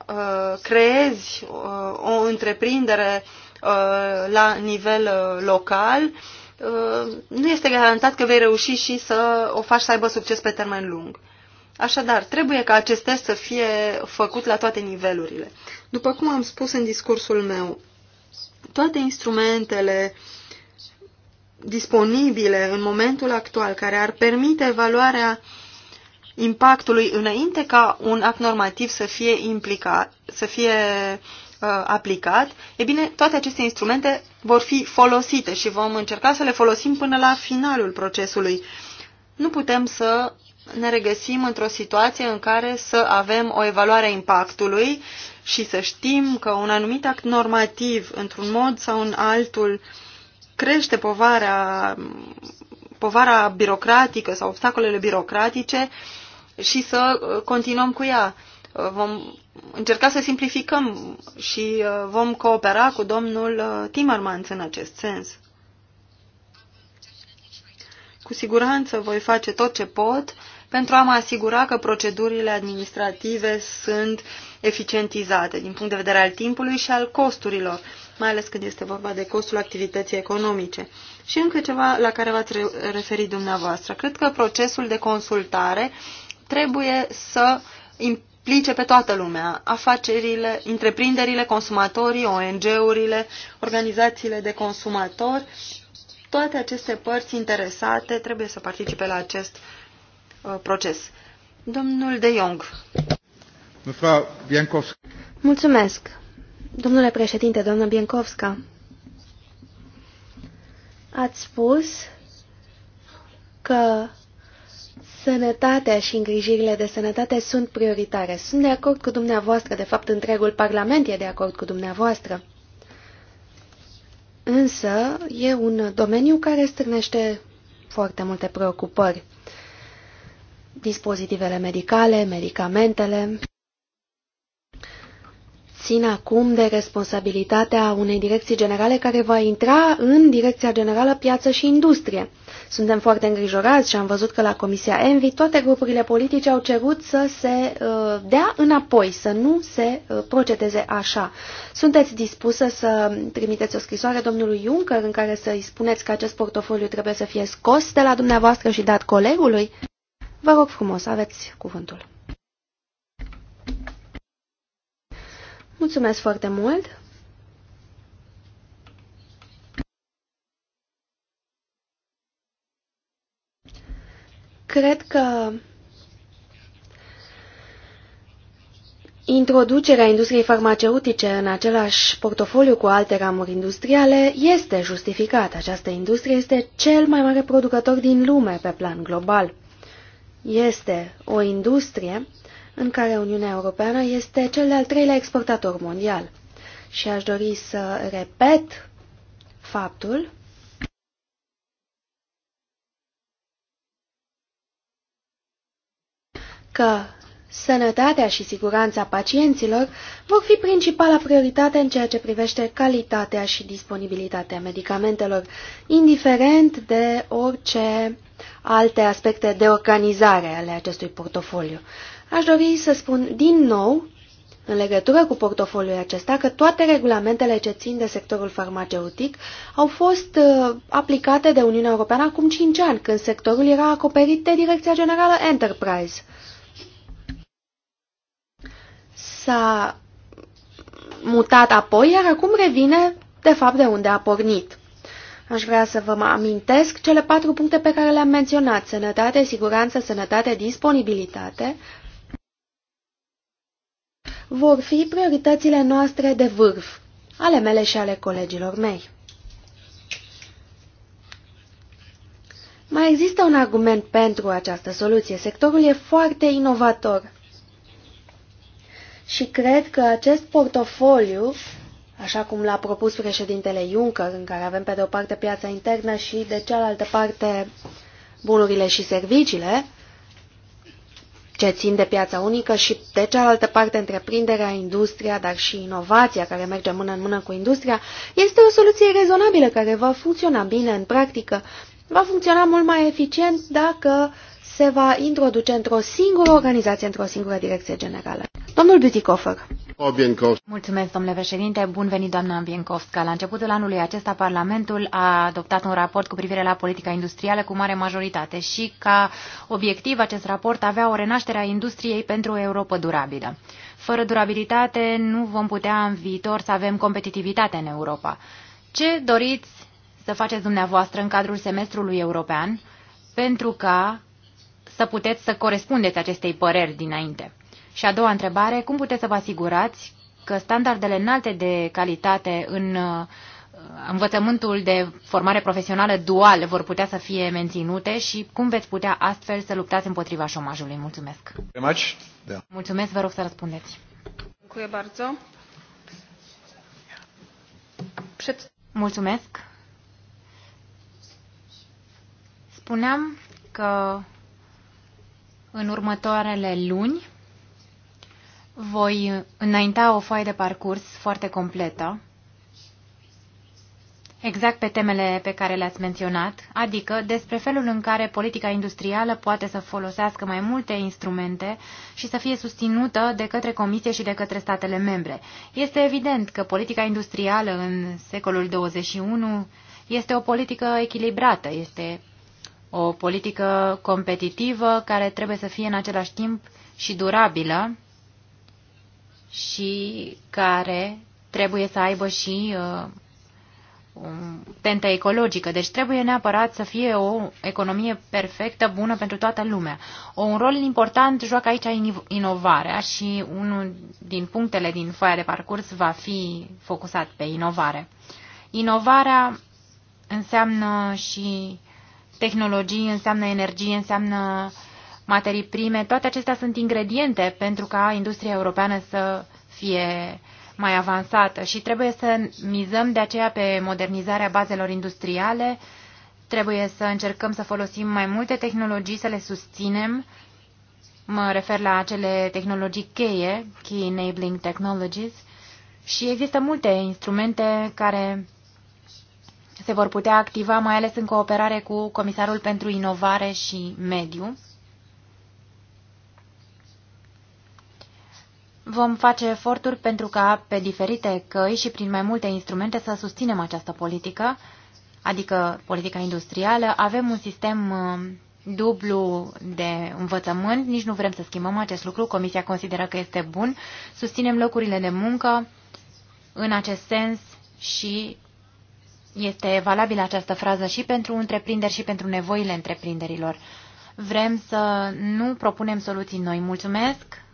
uh, creezi uh, o întreprindere uh, la nivel uh, local, uh, nu este garantat că vei reuși și să o faci să aibă succes pe termen lung. Așadar, trebuie ca acest test să fie făcut la toate nivelurile. După cum am spus în discursul meu, toate instrumentele disponibile în momentul actual care ar permite evaluarea impactului înainte ca un act normativ să fie implicat, să fie uh, aplicat, e bine, toate aceste instrumente vor fi folosite și vom încerca să le folosim până la finalul procesului. Nu putem să ne regăsim într-o situație în care să avem o evaluare a impactului și să știm că un anumit act normativ, într-un mod sau în altul, crește povara, povara birocratică sau obstacolele birocratice și să uh, continuăm cu ea. Uh, vom încerca să simplificăm și uh, vom coopera cu domnul Timmermans în acest sens. Cu siguranță voi face tot ce pot pentru a mă asigura că procedurile administrative sunt eficientizate din punct de vedere al timpului și al costurilor, mai ales când este vorba de costul activității economice. Și încă ceva la care v-ați referit dumneavoastră. Cred că procesul de consultare trebuie să implice pe toată lumea, afacerile, întreprinderile, consumatorii, ONG-urile, organizațiile de consumatori, toate aceste părți interesate trebuie să participe la acest Uh, proces. Domnul De Jong. Mulțumesc. Domnule președinte, doamnă Biencovska, ați spus că sănătatea și îngrijirile de sănătate sunt prioritare. Sunt de acord cu dumneavoastră, de fapt întregul Parlament e de acord cu dumneavoastră. Însă e un domeniu care strânește foarte multe preocupări dispozitivele medicale, medicamentele, țin acum de responsabilitatea unei direcții generale care va intra în Direcția Generală Piață și Industrie. Suntem foarte îngrijorați și am văzut că la Comisia Envi toate grupurile politice au cerut să se uh, dea înapoi, să nu se uh, procedeze așa. Sunteți dispusă să trimiteți o scrisoare domnului Juncker în care să-i spuneți că acest portofoliu trebuie să fie scos de la dumneavoastră și dat colegului? Vă rog frumos, aveți cuvântul. Mulțumesc foarte mult! Cred că Introducerea industriei farmaceutice în același portofoliu cu alte ramuri industriale este justificată. Această industrie este cel mai mare producător din lume pe plan global este o industrie în care Uniunea Europeană este cel de-al treilea exportator mondial. Și aș dori să repet faptul că sănătatea și siguranța pacienților vor fi principala prioritate în ceea ce privește calitatea și disponibilitatea medicamentelor, indiferent de orice alte aspecte de organizare ale acestui portofoliu. Aș dori să spun din nou, în legătură cu portofoliul acesta, că toate regulamentele ce țin de sectorul farmaceutic au fost uh, aplicate de Uniunea Europeană acum 5 ani, când sectorul era acoperit de Direcția Generală Enterprise. S-a mutat apoi, iar acum revine, de fapt, de unde a pornit. Aș vrea să vă amintesc cele patru puncte pe care le-am menționat. Sănătate, siguranță, sănătate, disponibilitate. Vor fi prioritățile noastre de vârf, ale mele și ale colegilor mei. Mai există un argument pentru această soluție. Sectorul e foarte inovator. Și cred că acest portofoliu așa cum l-a propus președintele Juncker, în care avem pe de o parte piața internă și de cealaltă parte bunurile și serviciile, ce țin de piața unică și de cealaltă parte întreprinderea, industria, dar și inovația care merge mână în mână cu industria, este o soluție rezonabilă care va funcționa bine în practică, va funcționa mult mai eficient dacă se va introduce într-o singură organizație, într-o singură direcție generală. Domnul Bütikofer. Mulțumesc, domnule președinte. Bun venit, doamna Ambienkovska. La începutul anului acesta, Parlamentul a adoptat un raport cu privire la politica industrială cu mare majoritate și, ca obiectiv, acest raport avea o renaștere a industriei pentru o Europa durabilă. Fără durabilitate nu vom putea în viitor să avem competitivitate în Europa. Ce doriți să faceți dumneavoastră în cadrul semestrului european pentru ca să puteți să corespundeți acestei păreri dinainte? Și a doua întrebare, cum puteți să vă asigurați că standardele înalte de calitate în uh, învățământul de formare profesională dual vor putea să fie menținute și cum veți putea astfel să luptați împotriva șomajului? Mulțumesc! Da. Mulțumesc, vă rog să răspundeți! Mulțumesc! Spuneam că în următoarele luni voi înainta o foaie de parcurs foarte completă, exact pe temele pe care le-ați menționat, adică despre felul în care politica industrială poate să folosească mai multe instrumente și să fie susținută de către Comisie și de către statele membre. Este evident că politica industrială în secolul 21 este o politică echilibrată, este o politică competitivă care trebuie să fie în același timp și durabilă, și care trebuie să aibă și uh, tentă ecologică. Deci trebuie neapărat să fie o economie perfectă, bună pentru toată lumea. O, un rol important joacă aici inovarea și unul din punctele din foaia de parcurs va fi focusat pe inovare. Inovarea înseamnă și tehnologii, înseamnă energie, înseamnă uh, materii prime, toate acestea sunt ingrediente pentru ca industria europeană să fie mai avansată și trebuie să mizăm de aceea pe modernizarea bazelor industriale, trebuie să încercăm să folosim mai multe tehnologii, să le susținem. Mă refer la acele tehnologii cheie, Key Enabling Technologies, și există multe instrumente care se vor putea activa, mai ales în cooperare cu Comisarul pentru Inovare și Mediu. Vom face eforturi pentru ca, pe diferite căi și prin mai multe instrumente, să susținem această politică, adică politica industrială. Avem un sistem uh, dublu de învățământ, nici nu vrem să schimbăm acest lucru, Comisia consideră că este bun. Susținem locurile de muncă în acest sens și este valabilă această frază și pentru întreprinderi și pentru nevoile întreprinderilor. Vrem să nu propunem soluții noi. Mulțumesc!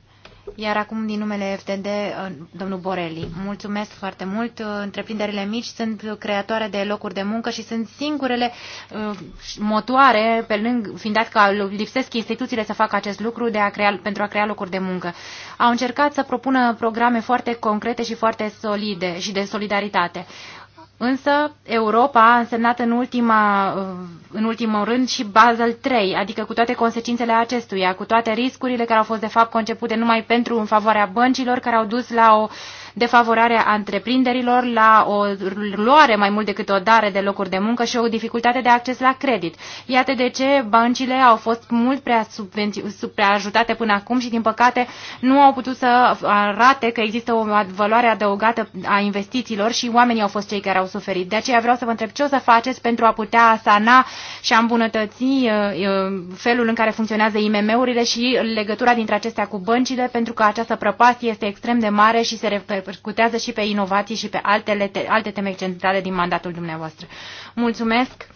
Iar acum, din numele FDD, uh, domnul Borelli, mulțumesc foarte mult. Uh, întreprinderile mici sunt creatoare de locuri de muncă și sunt singurele uh, motoare, pe lângă, fiind dat că lipsesc instituțiile să facă acest lucru de a crea, pentru a crea locuri de muncă. Au încercat să propună programe foarte concrete și foarte solide și de solidaritate. Însă Europa a însemnat în, ultima, în ultimul rând și Basel III, adică cu toate consecințele acestuia, cu toate riscurile care au fost de fapt concepute numai pentru în favoarea băncilor, care au dus la o uh, defavorarea întreprinderilor, la o luare mai mult decât o dare de locuri de muncă și o dificultate de acces la credit. Iată de ce băncile au fost mult prea, prea ajutate până acum și, din păcate, nu au putut să arate că există o valoare adăugată a investițiilor și oamenii au fost cei care au suferit. De aceea vreau să vă întreb ce o să faceți pentru a putea sana și a îmbunătăți uh, uh, felul în care funcționează IMM-urile și legătura dintre acestea cu băncile, pentru că această prăpastie este extrem de mare și se repercutează și pe inovații și pe altele, alte teme centrale din mandatul dumneavoastră. Mulțumesc!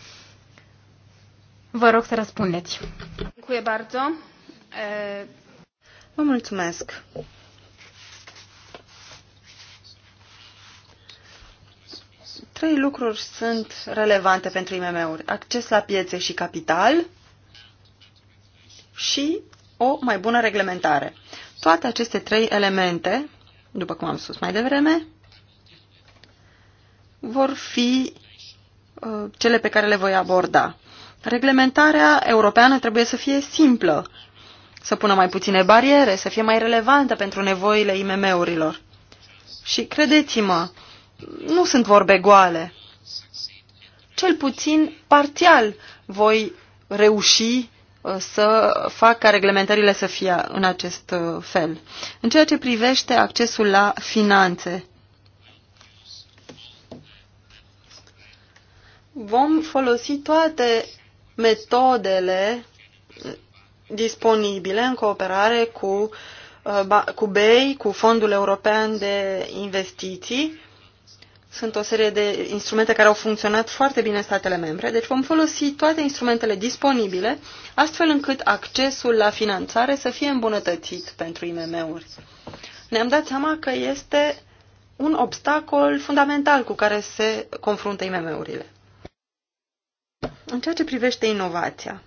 Vă rog să răspundeți. bardzo. Vă mulțumesc. Trei lucruri sunt relevante pentru IMM-uri. Acces la piețe și capital și o mai bună reglementare. Toate aceste trei elemente după cum am spus mai devreme, vor fi uh, cele pe care le voi aborda. Reglementarea europeană trebuie să fie simplă, să pună mai puține bariere, să fie mai relevantă pentru nevoile IMM-urilor. Și credeți-mă, nu sunt vorbe goale. Cel puțin parțial voi reuși să fac ca reglementările să fie în acest uh, fel. În ceea ce privește accesul la finanțe, vom folosi toate metodele uh, disponibile în cooperare cu, uh, cu BEI, cu Fondul European de Investiții, sunt o serie de instrumente care au funcționat foarte bine în statele membre, deci vom folosi toate instrumentele disponibile, astfel încât accesul la finanțare să fie îmbunătățit pentru IMM-uri. Ne-am dat seama că este un obstacol fundamental cu care se confruntă IMM-urile. În ceea ce privește inovația,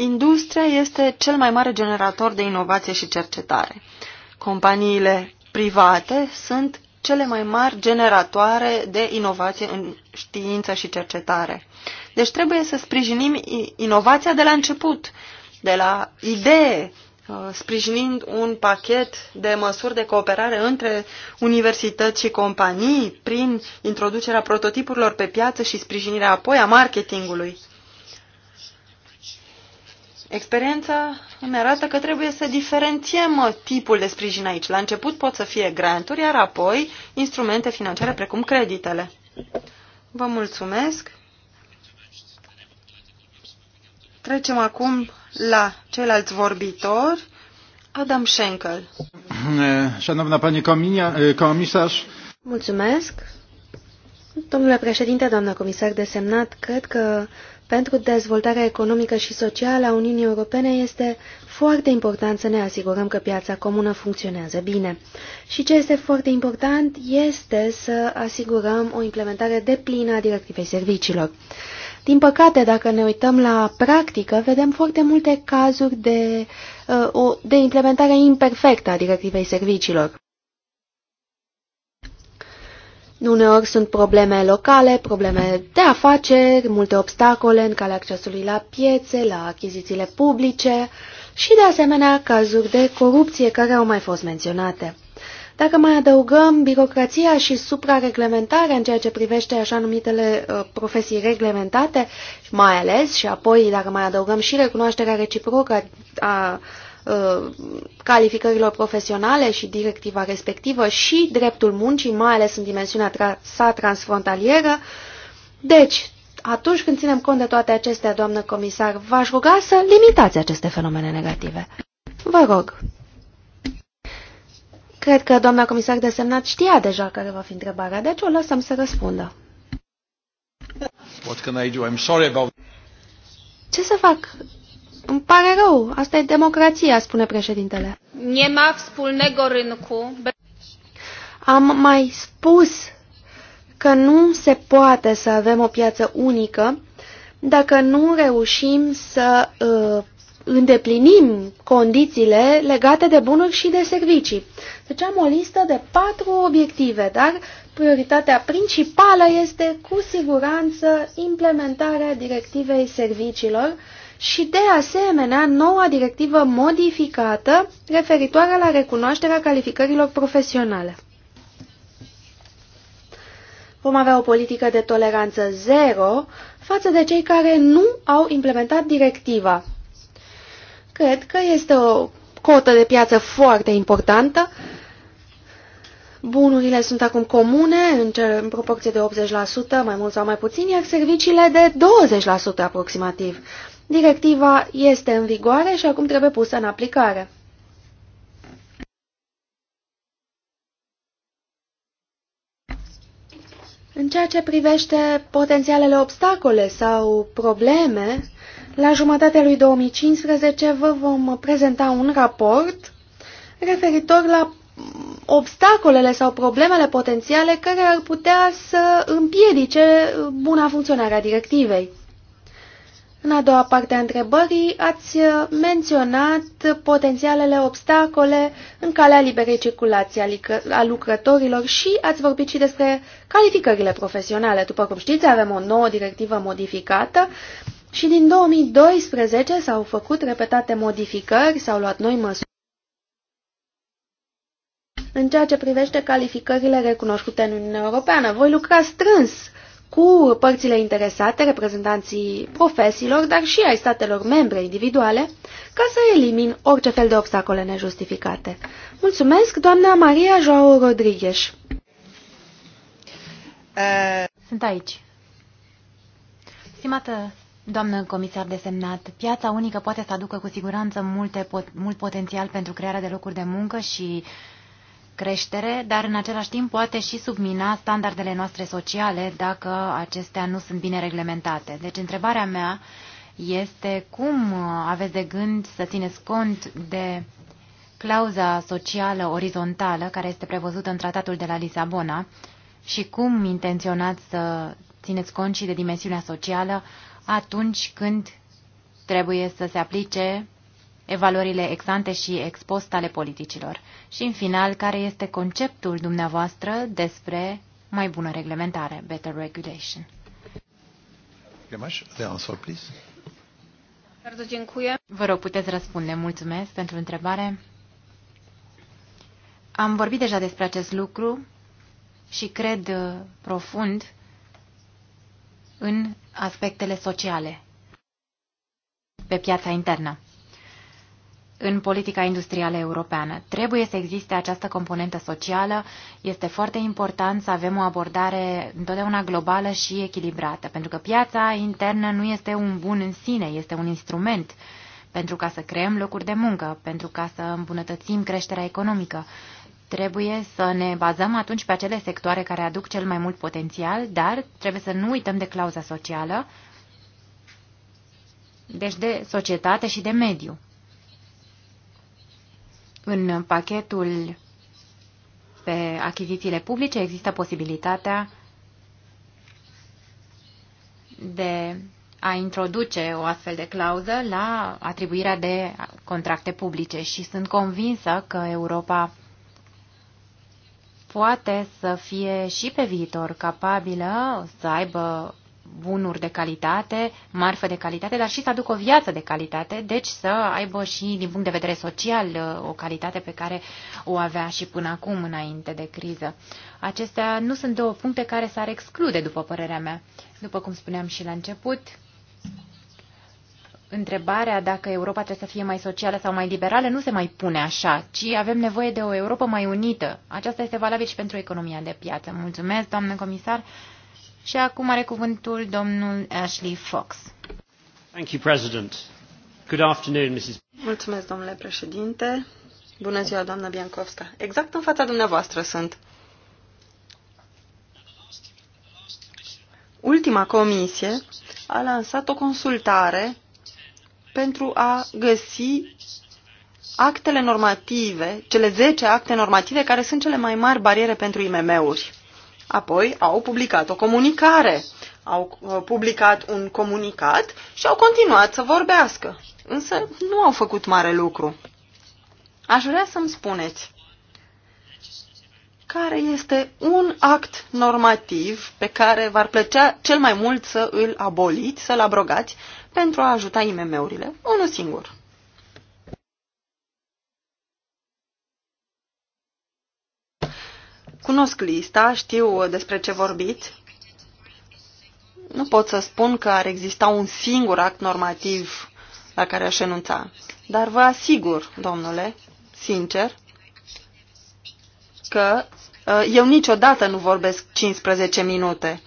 Industria este cel mai mare generator de inovație și cercetare. Companiile private sunt cele mai mari generatoare de inovație în știință și cercetare. Deci trebuie să sprijinim inovația de la început, de la idee, uh, sprijinind un pachet de măsuri de cooperare între universități și companii prin introducerea prototipurilor pe piață și sprijinirea apoi a marketingului. Experiența îmi arată că trebuie să diferențiem tipul de sprijin aici. La început pot să fie granturi, iar apoi instrumente financiare precum creditele. Vă mulțumesc. Trecem acum la ceilalți vorbitori. Adam Schenkel. Șanovna eh, pani comisar. Eh, mulțumesc. Domnule președinte, doamnă comisar desemnat, cred că pentru dezvoltarea economică și socială a Uniunii Europene este foarte important să ne asigurăm că piața comună funcționează bine. Și ce este foarte important este să asigurăm o implementare deplină a directivei serviciilor. Din păcate, dacă ne uităm la practică, vedem foarte multe cazuri de, uh, de implementare imperfectă a directivei serviciilor. Uneori sunt probleme locale, probleme de afaceri, multe obstacole în calea accesului la piețe, la achizițiile publice și, de asemenea, cazuri de corupție care au mai fost menționate. Dacă mai adăugăm birocrația și suprareglementarea în ceea ce privește așa numitele uh, profesii reglementate, mai ales, și apoi dacă mai adăugăm și recunoașterea reciprocă a Uh, calificărilor profesionale și directiva respectivă și dreptul muncii, mai ales în dimensiunea tra sa transfrontalieră. Deci, atunci când ținem cont de toate acestea, doamnă comisar, v-aș ruga să limitați aceste fenomene negative. Vă rog. Cred că doamna comisar desemnat știa deja care va fi întrebarea, deci o lăsăm să răspundă. What can I do? I'm sorry about... Ce să fac? Îmi pare rău, asta e democrația, spune președintele. Nie ma wspólnego rynku. Am mai spus că nu se poate să avem o piață unică dacă nu reușim să uh, îndeplinim condițiile legate de bunuri și de servicii. Deci am o listă de patru obiective, dar prioritatea principală este cu siguranță implementarea directivei serviciilor și, de asemenea, noua directivă modificată referitoare la recunoașterea calificărilor profesionale. Vom avea o politică de toleranță zero față de cei care nu au implementat directiva. Cred că este o cotă de piață foarte importantă. Bunurile sunt acum comune în, cel, în proporție de 80%, mai mult sau mai puțin, iar serviciile de 20% aproximativ. Directiva este în vigoare și acum trebuie pusă în aplicare. În ceea ce privește potențialele obstacole sau probleme, la jumătatea lui 2015 vă vom prezenta un raport referitor la obstacolele sau problemele potențiale care ar putea să împiedice buna funcționare a directivei. În a doua parte a întrebării ați uh, menționat potențialele obstacole în calea liberei circulații a lucrătorilor și ați vorbit și despre calificările profesionale. După cum știți, avem o nouă directivă modificată și din 2012 s-au făcut repetate modificări, s-au luat noi măsuri în ceea ce privește calificările recunoscute în Uniunea Europeană. Voi lucra strâns cu părțile interesate, reprezentanții profesiilor, dar și ai statelor membre individuale, ca să elimin orice fel de obstacole nejustificate. Mulțumesc, doamna Maria Joao Rodriguez. Sunt aici. Stimată Doamnă comisar desemnat, piața unică poate să aducă cu siguranță multe, mult potențial pentru crearea de locuri de muncă și creștere, dar în același timp poate și submina standardele noastre sociale dacă acestea nu sunt bine reglementate. Deci întrebarea mea este cum aveți de gând să țineți cont de clauza socială orizontală care este prevăzută în tratatul de la Lisabona și cum intenționați să țineți cont și de dimensiunea socială atunci când trebuie să se aplice evaluările exante și expost ale politicilor? Și, în final, care este conceptul dumneavoastră despre mai bună reglementare, better regulation? Vă rog, puteți răspunde. Mulțumesc pentru întrebare. Am vorbit deja despre acest lucru și cred uh, profund în aspectele sociale pe piața internă în politica industrială europeană. Trebuie să existe această componentă socială. Este foarte important să avem o abordare întotdeauna globală și echilibrată, pentru că piața internă nu este un bun în sine, este un instrument pentru ca să creăm locuri de muncă, pentru ca să îmbunătățim creșterea economică. Trebuie să ne bazăm atunci pe acele sectoare care aduc cel mai mult potențial, dar trebuie să nu uităm de clauza socială, deci de societate și de mediu. În pachetul pe achizițiile publice există posibilitatea de a introduce o astfel de clauză la atribuirea de contracte publice și sunt convinsă că Europa poate să fie și pe viitor capabilă să aibă bunuri de calitate, marfă de calitate, dar și să aducă o viață de calitate, deci să aibă și din punct de vedere social o calitate pe care o avea și până acum înainte de criză. Acestea nu sunt două puncte care s-ar exclude, după părerea mea. După cum spuneam și la început, întrebarea dacă Europa trebuie să fie mai socială sau mai liberală nu se mai pune așa, ci avem nevoie de o Europa mai unită. Aceasta este valabil și pentru economia de piață. Mulțumesc, doamnă comisar. Și acum are cuvântul domnul Ashley Fox. Thank you, President. Good afternoon, Mrs. Mulțumesc, domnule președinte. Bună ziua, doamnă Biancovska. Exact în fața dumneavoastră sunt. Ultima comisie a lansat o consultare pentru a găsi actele normative, cele 10 acte normative care sunt cele mai mari bariere pentru IMM-uri. Apoi au publicat o comunicare, au uh, publicat un comunicat și au continuat să vorbească. Însă nu au făcut mare lucru. Aș vrea să-mi spuneți care este un act normativ pe care v-ar plăcea cel mai mult să îl aboliți, să-l abrogați pentru a ajuta IMM-urile. Unul singur. Cunosc lista, știu despre ce vorbiți. Nu pot să spun că ar exista un singur act normativ la care aș enunța. Dar vă asigur, domnule, sincer, că uh, eu niciodată nu vorbesc 15 minute.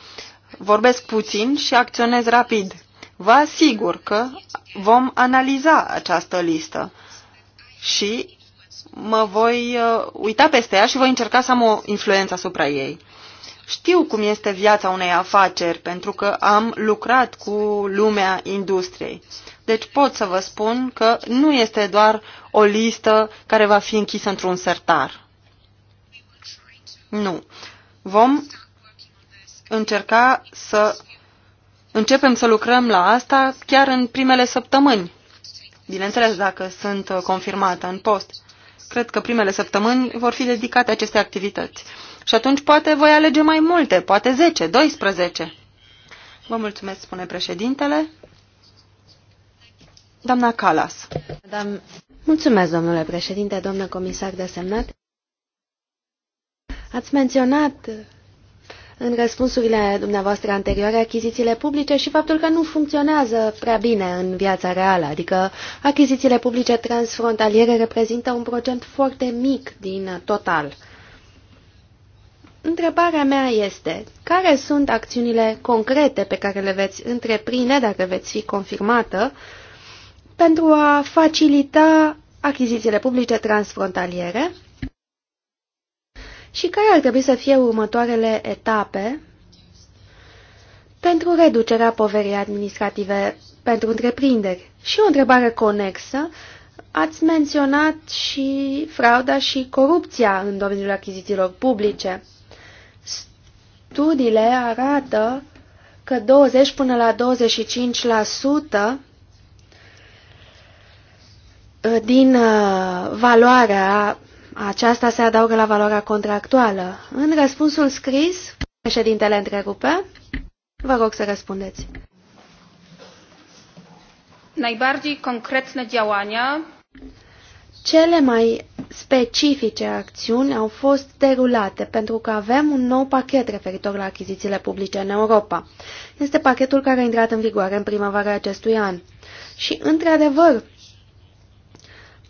Vorbesc puțin și acționez rapid. Vă asigur că vom analiza această listă și mă voi uh, uita peste ea și voi încerca să am o influență asupra ei. Știu cum este viața unei afaceri, pentru că am lucrat cu lumea industriei. Deci pot să vă spun că nu este doar o listă care va fi închisă într-un sertar. Nu. Vom încerca să începem să lucrăm la asta chiar în primele săptămâni. Bineînțeles, dacă sunt confirmată în post cred că primele săptămâni vor fi dedicate aceste activități. Și atunci poate voi alege mai multe, poate 10, 12. Vă mulțumesc, spune președintele. Doamna Calas. Mulțumesc, domnule președinte, doamnă comisar de semnat. Ați menționat în răspunsurile dumneavoastră anterioare achizițiile publice și faptul că nu funcționează prea bine în viața reală, adică achizițiile publice transfrontaliere reprezintă un procent foarte mic din total. Întrebarea mea este, care sunt acțiunile concrete pe care le veți întreprinde, dacă veți fi confirmată, pentru a facilita achizițiile publice transfrontaliere și care ar trebui să fie următoarele etape pentru reducerea poverii administrative pentru întreprinderi. Și o întrebare conexă, ați menționat și frauda și corupția în domeniul achizițiilor publice. Studiile arată că 20 până la 25% din uh, valoarea aceasta se adaugă la valoarea contractuală. În răspunsul scris, președintele întrerupe, vă rog să răspundeți. Najbardziej konkretne działania cele mai specifice acțiuni au fost derulate pentru că avem un nou pachet referitor la achizițiile publice în Europa. Este pachetul care a intrat în vigoare în primăvara acestui an. Și, într-adevăr,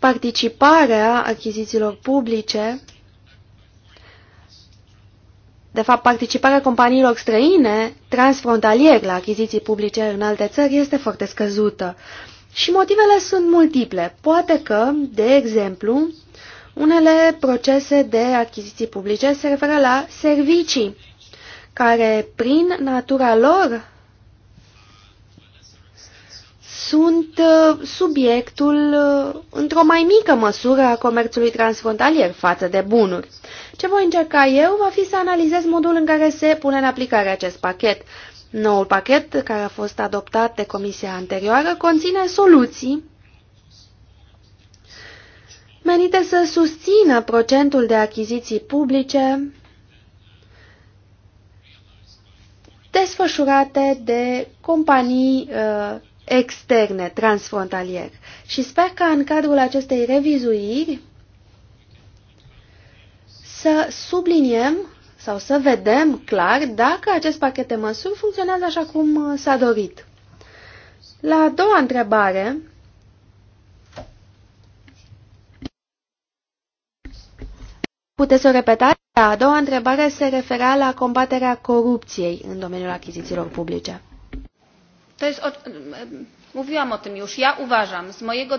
participarea achizițiilor publice, de fapt participarea companiilor străine transfrontalier la achiziții publice în alte țări este foarte scăzută. Și motivele sunt multiple. Poate că, de exemplu, unele procese de achiziții publice se referă la servicii, care, prin natura lor, sunt uh, subiectul, uh, într-o mai mică măsură, a comerțului transfrontalier față de bunuri. Ce voi încerca eu va fi să analizez modul în care se pune în aplicare acest pachet. Noul pachet, care a fost adoptat de comisia anterioară, conține soluții menite să susțină procentul de achiziții publice desfășurate de companii uh, externe, transfrontalier. Și sper că în cadrul acestei revizuiri să subliniem sau să vedem clar dacă acest pachet de măsuri funcționează așa cum s-a dorit. La a doua întrebare, puteți o repetați? A doua întrebare se referea la combaterea corupției în domeniul achizițiilor publice mówiłam o tym już, ja uważam z mojego...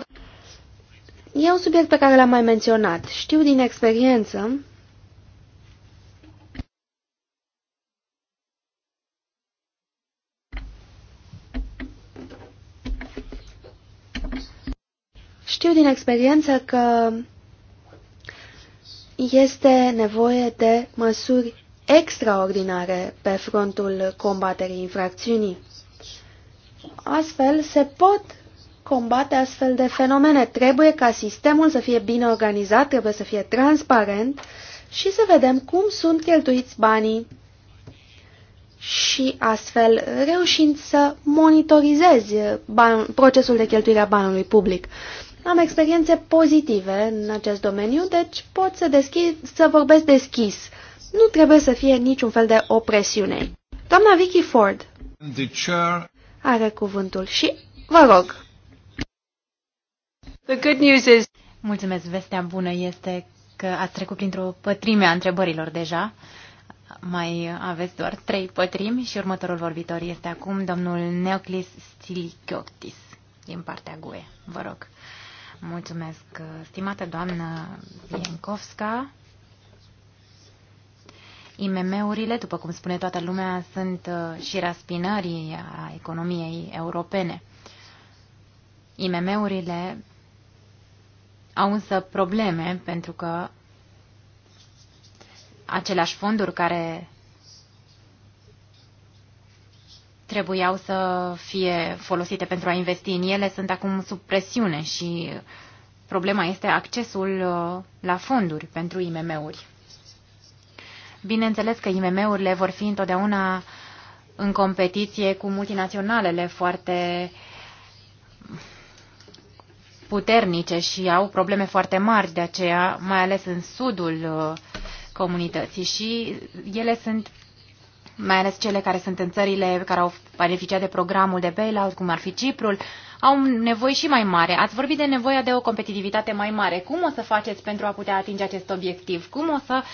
E un subiect pe care l-am mai menționat. Știu din experiență Știu din experiență că este nevoie de măsuri extraordinare pe frontul combaterii infracțiunii. Astfel se pot combate astfel de fenomene. Trebuie ca sistemul să fie bine organizat, trebuie să fie transparent și să vedem cum sunt cheltuiți banii și astfel reușind să monitorizezi ban procesul de cheltuire a banului public. Am experiențe pozitive în acest domeniu, deci pot să, să vorbesc deschis. Nu trebuie să fie niciun fel de opresiune. Doamna Vicky Ford. The chair are cuvântul și vă rog. The good news is... Mulțumesc, vestea bună este că ați trecut printr-o pătrime a întrebărilor deja. Mai aveți doar trei pătrimi și următorul vorbitor este acum domnul Neoclis Stilichiotis din partea GUE. Vă rog. Mulțumesc, stimată doamnă Vienkovska. IMM-urile, după cum spune toată lumea, sunt uh, și raspinării a economiei europene. IMM-urile au însă probleme pentru că aceleași fonduri care trebuiau să fie folosite pentru a investi în ele sunt acum sub presiune și problema este accesul uh, la fonduri pentru IMM-uri. Bineînțeles că IMM-urile vor fi întotdeauna în competiție cu multinaționalele foarte puternice și au probleme foarte mari de aceea, mai ales în sudul uh, comunității și ele sunt mai ales cele care sunt în țările care au beneficiat de programul de bailout, cum ar fi Ciprul, au nevoi și mai mare. Ați vorbit de nevoia de o competitivitate mai mare. Cum o să faceți pentru a putea atinge acest obiectiv? Cum o să uh,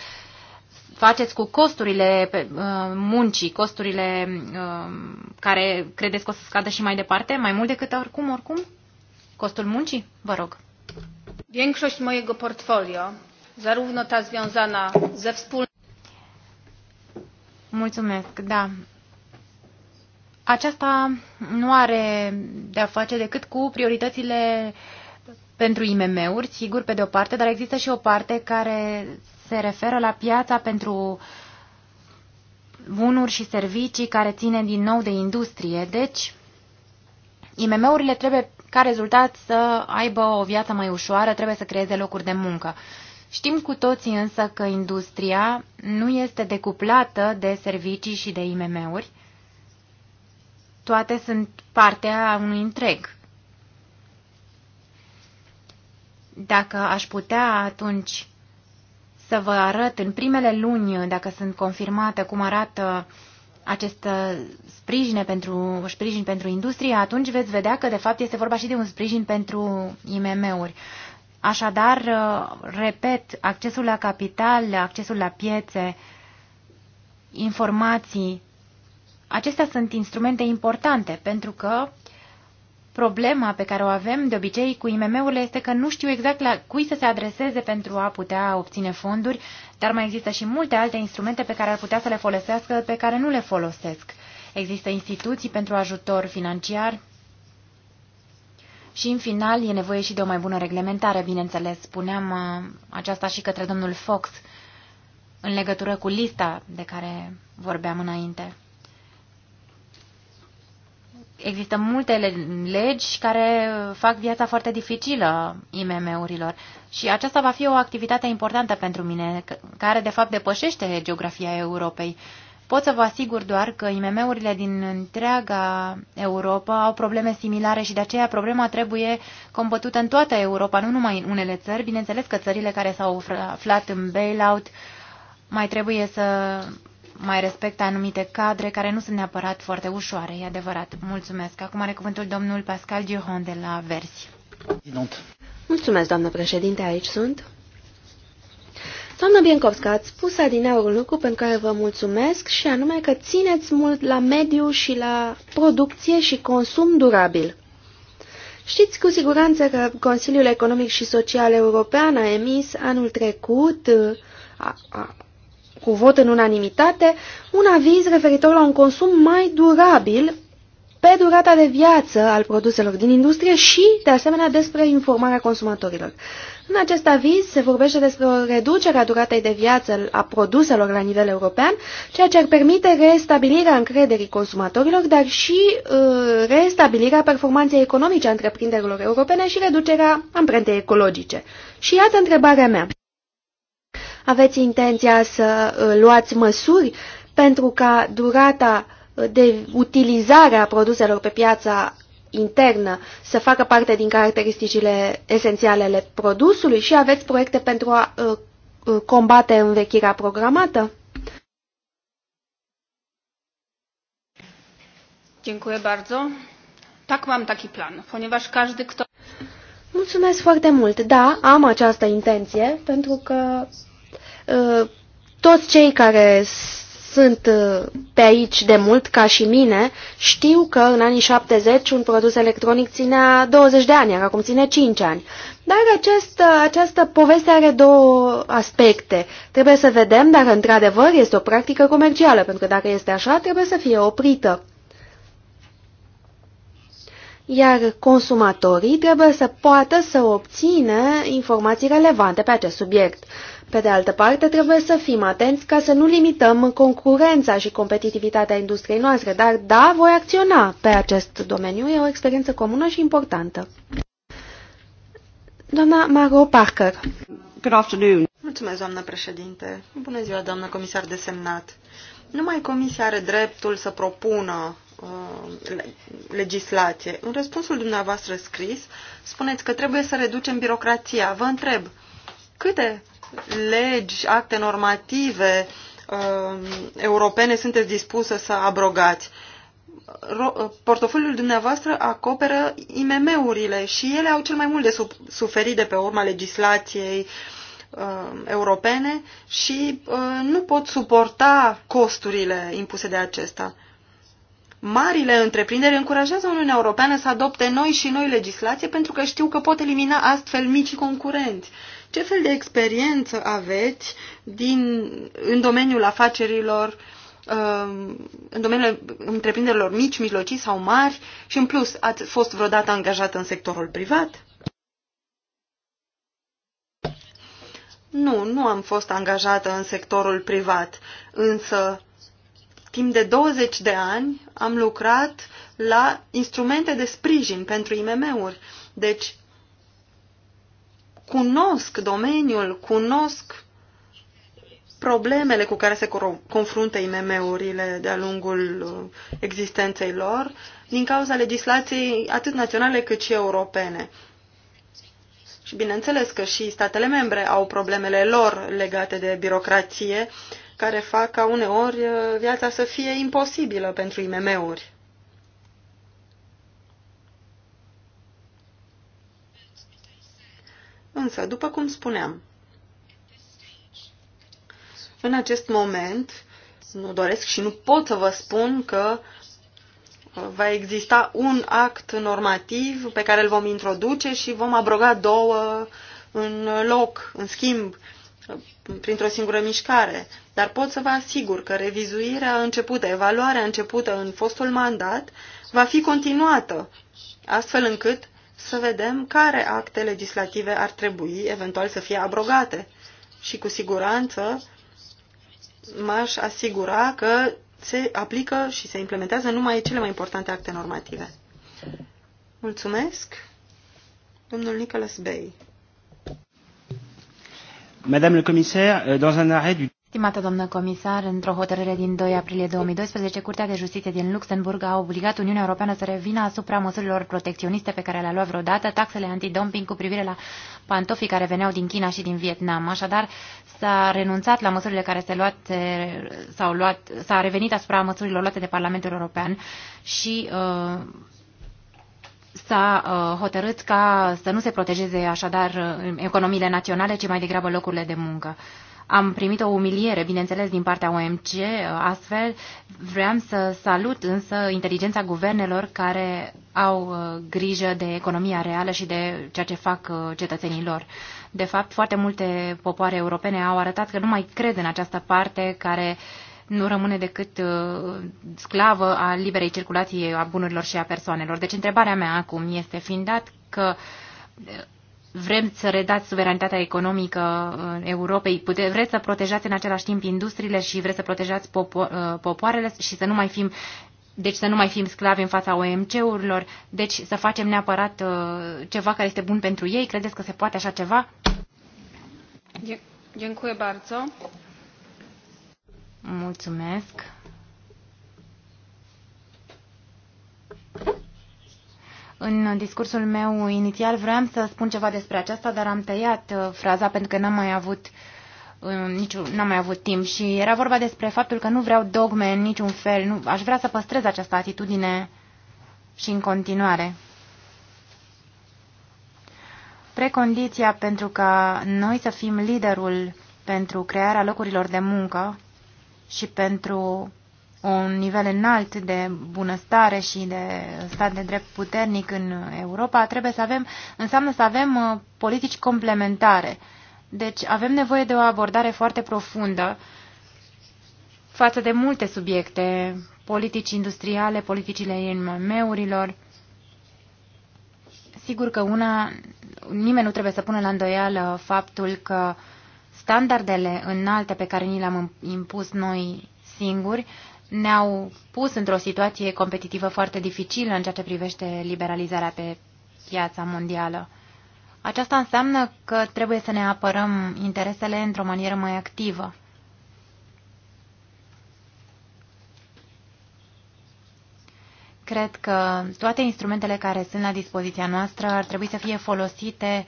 faceți cu costurile pe, uh, muncii, costurile uh, care credeți că o să scadă și mai departe, mai mult decât oricum, oricum? Costul muncii? Vă rog. Większość mojego portfolio, zarówno ta związana ze wspólnym... Mulțumesc, da. Aceasta nu are de a face decât cu prioritățile uh, pentru IMM-uri, sigur, pe de o parte, dar există și o parte care se referă la piața pentru bunuri și servicii care ține din nou de industrie. Deci, IMM-urile trebuie ca rezultat să aibă o viață mai ușoară, trebuie să creeze locuri de muncă. Știm cu toții însă că industria nu este decuplată de servicii și de IMM-uri. Toate sunt partea unui întreg. Dacă aș putea atunci să vă arăt în primele luni, dacă sunt confirmată, cum arată acest sprijin pentru, sprijin pentru industrie, atunci veți vedea că de fapt este vorba și de un sprijin pentru IMM-uri. Așadar, repet, accesul la capital, accesul la piețe, informații, acestea sunt instrumente importante pentru că problema pe care o avem de obicei cu IMM-urile este că nu știu exact la cui să se adreseze pentru a putea obține fonduri, dar mai există și multe alte instrumente pe care ar putea să le folosească, pe care nu le folosesc. Există instituții pentru ajutor financiar și, în final, e nevoie și de o mai bună reglementare, bineînțeles. Spuneam uh, aceasta și către domnul Fox în legătură cu lista de care vorbeam înainte există multe legi care fac viața foarte dificilă IMM-urilor și aceasta va fi o activitate importantă pentru mine, care de fapt depășește geografia Europei. Pot să vă asigur doar că IMM-urile din întreaga Europa au probleme similare și de aceea problema trebuie combătută în toată Europa, nu numai în unele țări. Bineînțeles că țările care s-au aflat în bailout mai trebuie să mai respectă anumite cadre care nu sunt neapărat foarte ușoare, e adevărat. Mulțumesc. Acum are cuvântul domnul Pascal Giron de la Versi. Mulțumesc, doamnă președinte, aici sunt. Doamnă Biencovska, ați spus adineaur un lucru pentru care vă mulțumesc și anume că țineți mult la mediu și la producție și consum durabil. Știți cu siguranță că Consiliul Economic și Social European a emis anul trecut, a, a, cu vot în unanimitate, un aviz referitor la un consum mai durabil pe durata de viață al produselor din industrie și, de asemenea, despre informarea consumatorilor. În acest aviz se vorbește despre o reducere a duratei de viață a produselor la nivel european, ceea ce ar permite restabilirea încrederii consumatorilor, dar și uh, restabilirea performanței economice a întreprinderilor europene și reducerea amprentei ecologice. Și iată întrebarea mea. Aveți intenția să uh, luați măsuri pentru ca durata uh, de utilizare a produselor pe piața internă să facă parte din caracteristicile esențiale ale produsului și aveți proiecte pentru a uh, combate învechirea programată? Dziękuję bardzo. Tak mam taki plan, ponieważ każdy kto Mulțumesc foarte mult. Da, am această intenție pentru că Uh, toți cei care sunt uh, pe aici de mult, ca și mine, știu că în anii 70 un produs electronic ținea 20 de ani, iar acum ține 5 ani. Dar acest, uh, această poveste are două aspecte. Trebuie să vedem dacă într-adevăr este o practică comercială, pentru că dacă este așa, trebuie să fie oprită. Iar consumatorii trebuie să poată să obțină informații relevante pe acest subiect. Pe de altă parte, trebuie să fim atenți ca să nu limităm concurența și competitivitatea industriei noastre, dar da, voi acționa pe acest domeniu, e o experiență comună și importantă. Doamna Maro Parker. Good afternoon. Mulțumesc, doamnă președinte. Bună ziua, doamnă comisar desemnat. Numai comisia are dreptul să propună uh, legislație. În răspunsul dumneavoastră scris, spuneți că trebuie să reducem birocrația. Vă întreb, câte legi, acte normative um, europene sunteți dispusă să abrogați. Uh, portofoliul dumneavoastră acoperă IMM-urile și ele au cel mai mult de suferit de pe urma legislației um, europene și uh, nu pot suporta costurile impuse de acesta. Marile întreprinderi încurajează Uniunea Europeană să adopte noi și noi legislație pentru că știu că pot elimina astfel micii concurenți. Uh, ce fel de experiență aveți din, în domeniul afacerilor, um, în domeniul întreprinderilor mici, mijlocii sau mari și, în plus, ați fost vreodată angajat în sectorul privat? Nu, nu am fost angajată în sectorul privat, însă timp de 20 de ani am lucrat la instrumente de sprijin pentru IMM-uri. Deci cunosc domeniul, cunosc problemele cu care se confruntă IMM-urile de-a lungul uh, existenței lor din cauza legislației atât naționale cât și europene. Și bineînțeles că și statele membre au problemele lor legate de birocrație, care fac ca uneori uh, viața să fie imposibilă pentru IMM-uri. Însă, după cum spuneam, în acest moment nu doresc și nu pot să vă spun că uh, va exista un act normativ pe care îl vom introduce și vom abroga două în loc, în schimb, uh, printr-o singură mișcare. Dar pot să vă asigur că revizuirea începută, evaluarea începută în fostul mandat va fi continuată, astfel încât să vedem care acte legislative ar trebui eventual să fie abrogate. Și cu siguranță m-aș asigura că se aplică și se implementează numai cele mai importante acte normative. Mulțumesc. Domnul Nicholas Bay. Madame le commissaire, euh, dans un arrêt du Stimată doamnă comisar, într-o hotărâre din 2 aprilie 2012, Curtea de Justiție din Luxemburg a obligat Uniunea Europeană să revină asupra măsurilor protecționiste pe care le-a luat vreodată, taxele antidumping cu privire la pantofii care veneau din China și din Vietnam. Așadar, s-a renunțat la măsurile care se luat, s-au luat, s-a revenit asupra măsurilor luate de Parlamentul European și uh, s-a uh, hotărât ca să nu se protejeze așadar uh, economiile naționale, ci mai degrabă locurile de muncă. Uh, am primit o umiliere, bineînțeles, din partea OMC, uh, astfel vreau să salut însă inteligența guvernelor care au uh, grijă de economia reală și de ceea ce fac uh, cetățenii lor. De fapt, foarte multe popoare europene au arătat că nu mai cred în această parte care nu rămâne decât sclavă a liberei circulației a bunurilor și a persoanelor. Deci întrebarea mea acum este, fiind dat că vrem să redați suveranitatea economică uh, Europei, pute, vreți să protejați în același timp industriile și vreți să protejați popo, uh, popoarele și să nu mai fim deci să nu mai fim sclavi în fața OMC-urilor, deci să facem neapărat uh, ceva care este bun pentru ei. Credeți că se poate așa ceva? Dziękuję bardzo. Mulțumesc. În discursul meu inițial vreau să spun ceva despre aceasta, dar am tăiat uh, fraza pentru că n-am mai avut uh, niciun, n-am mai avut timp și era vorba despre faptul că nu vreau dogme în niciun fel, nu, aș vrea să păstrez această atitudine și în continuare. Precondiția pentru ca noi să fim liderul pentru crearea locurilor de muncă și pentru un nivel înalt de bunăstare și de stat de drept puternic în Europa, trebuie să avem, înseamnă să avem uh, politici complementare. Deci avem nevoie de o abordare foarte profundă față de multe subiecte, politici industriale, politicile IMM-urilor. Sigur că una, nimeni nu trebuie să pună la îndoială faptul că standardele înalte pe care ni le-am impus noi singuri ne-au pus într-o situație competitivă foarte dificilă în ceea ce privește liberalizarea pe piața mondială. Aceasta înseamnă că trebuie să ne apărăm interesele într-o manieră mai activă. Cred că toate instrumentele care sunt la dispoziția noastră ar trebui să fie folosite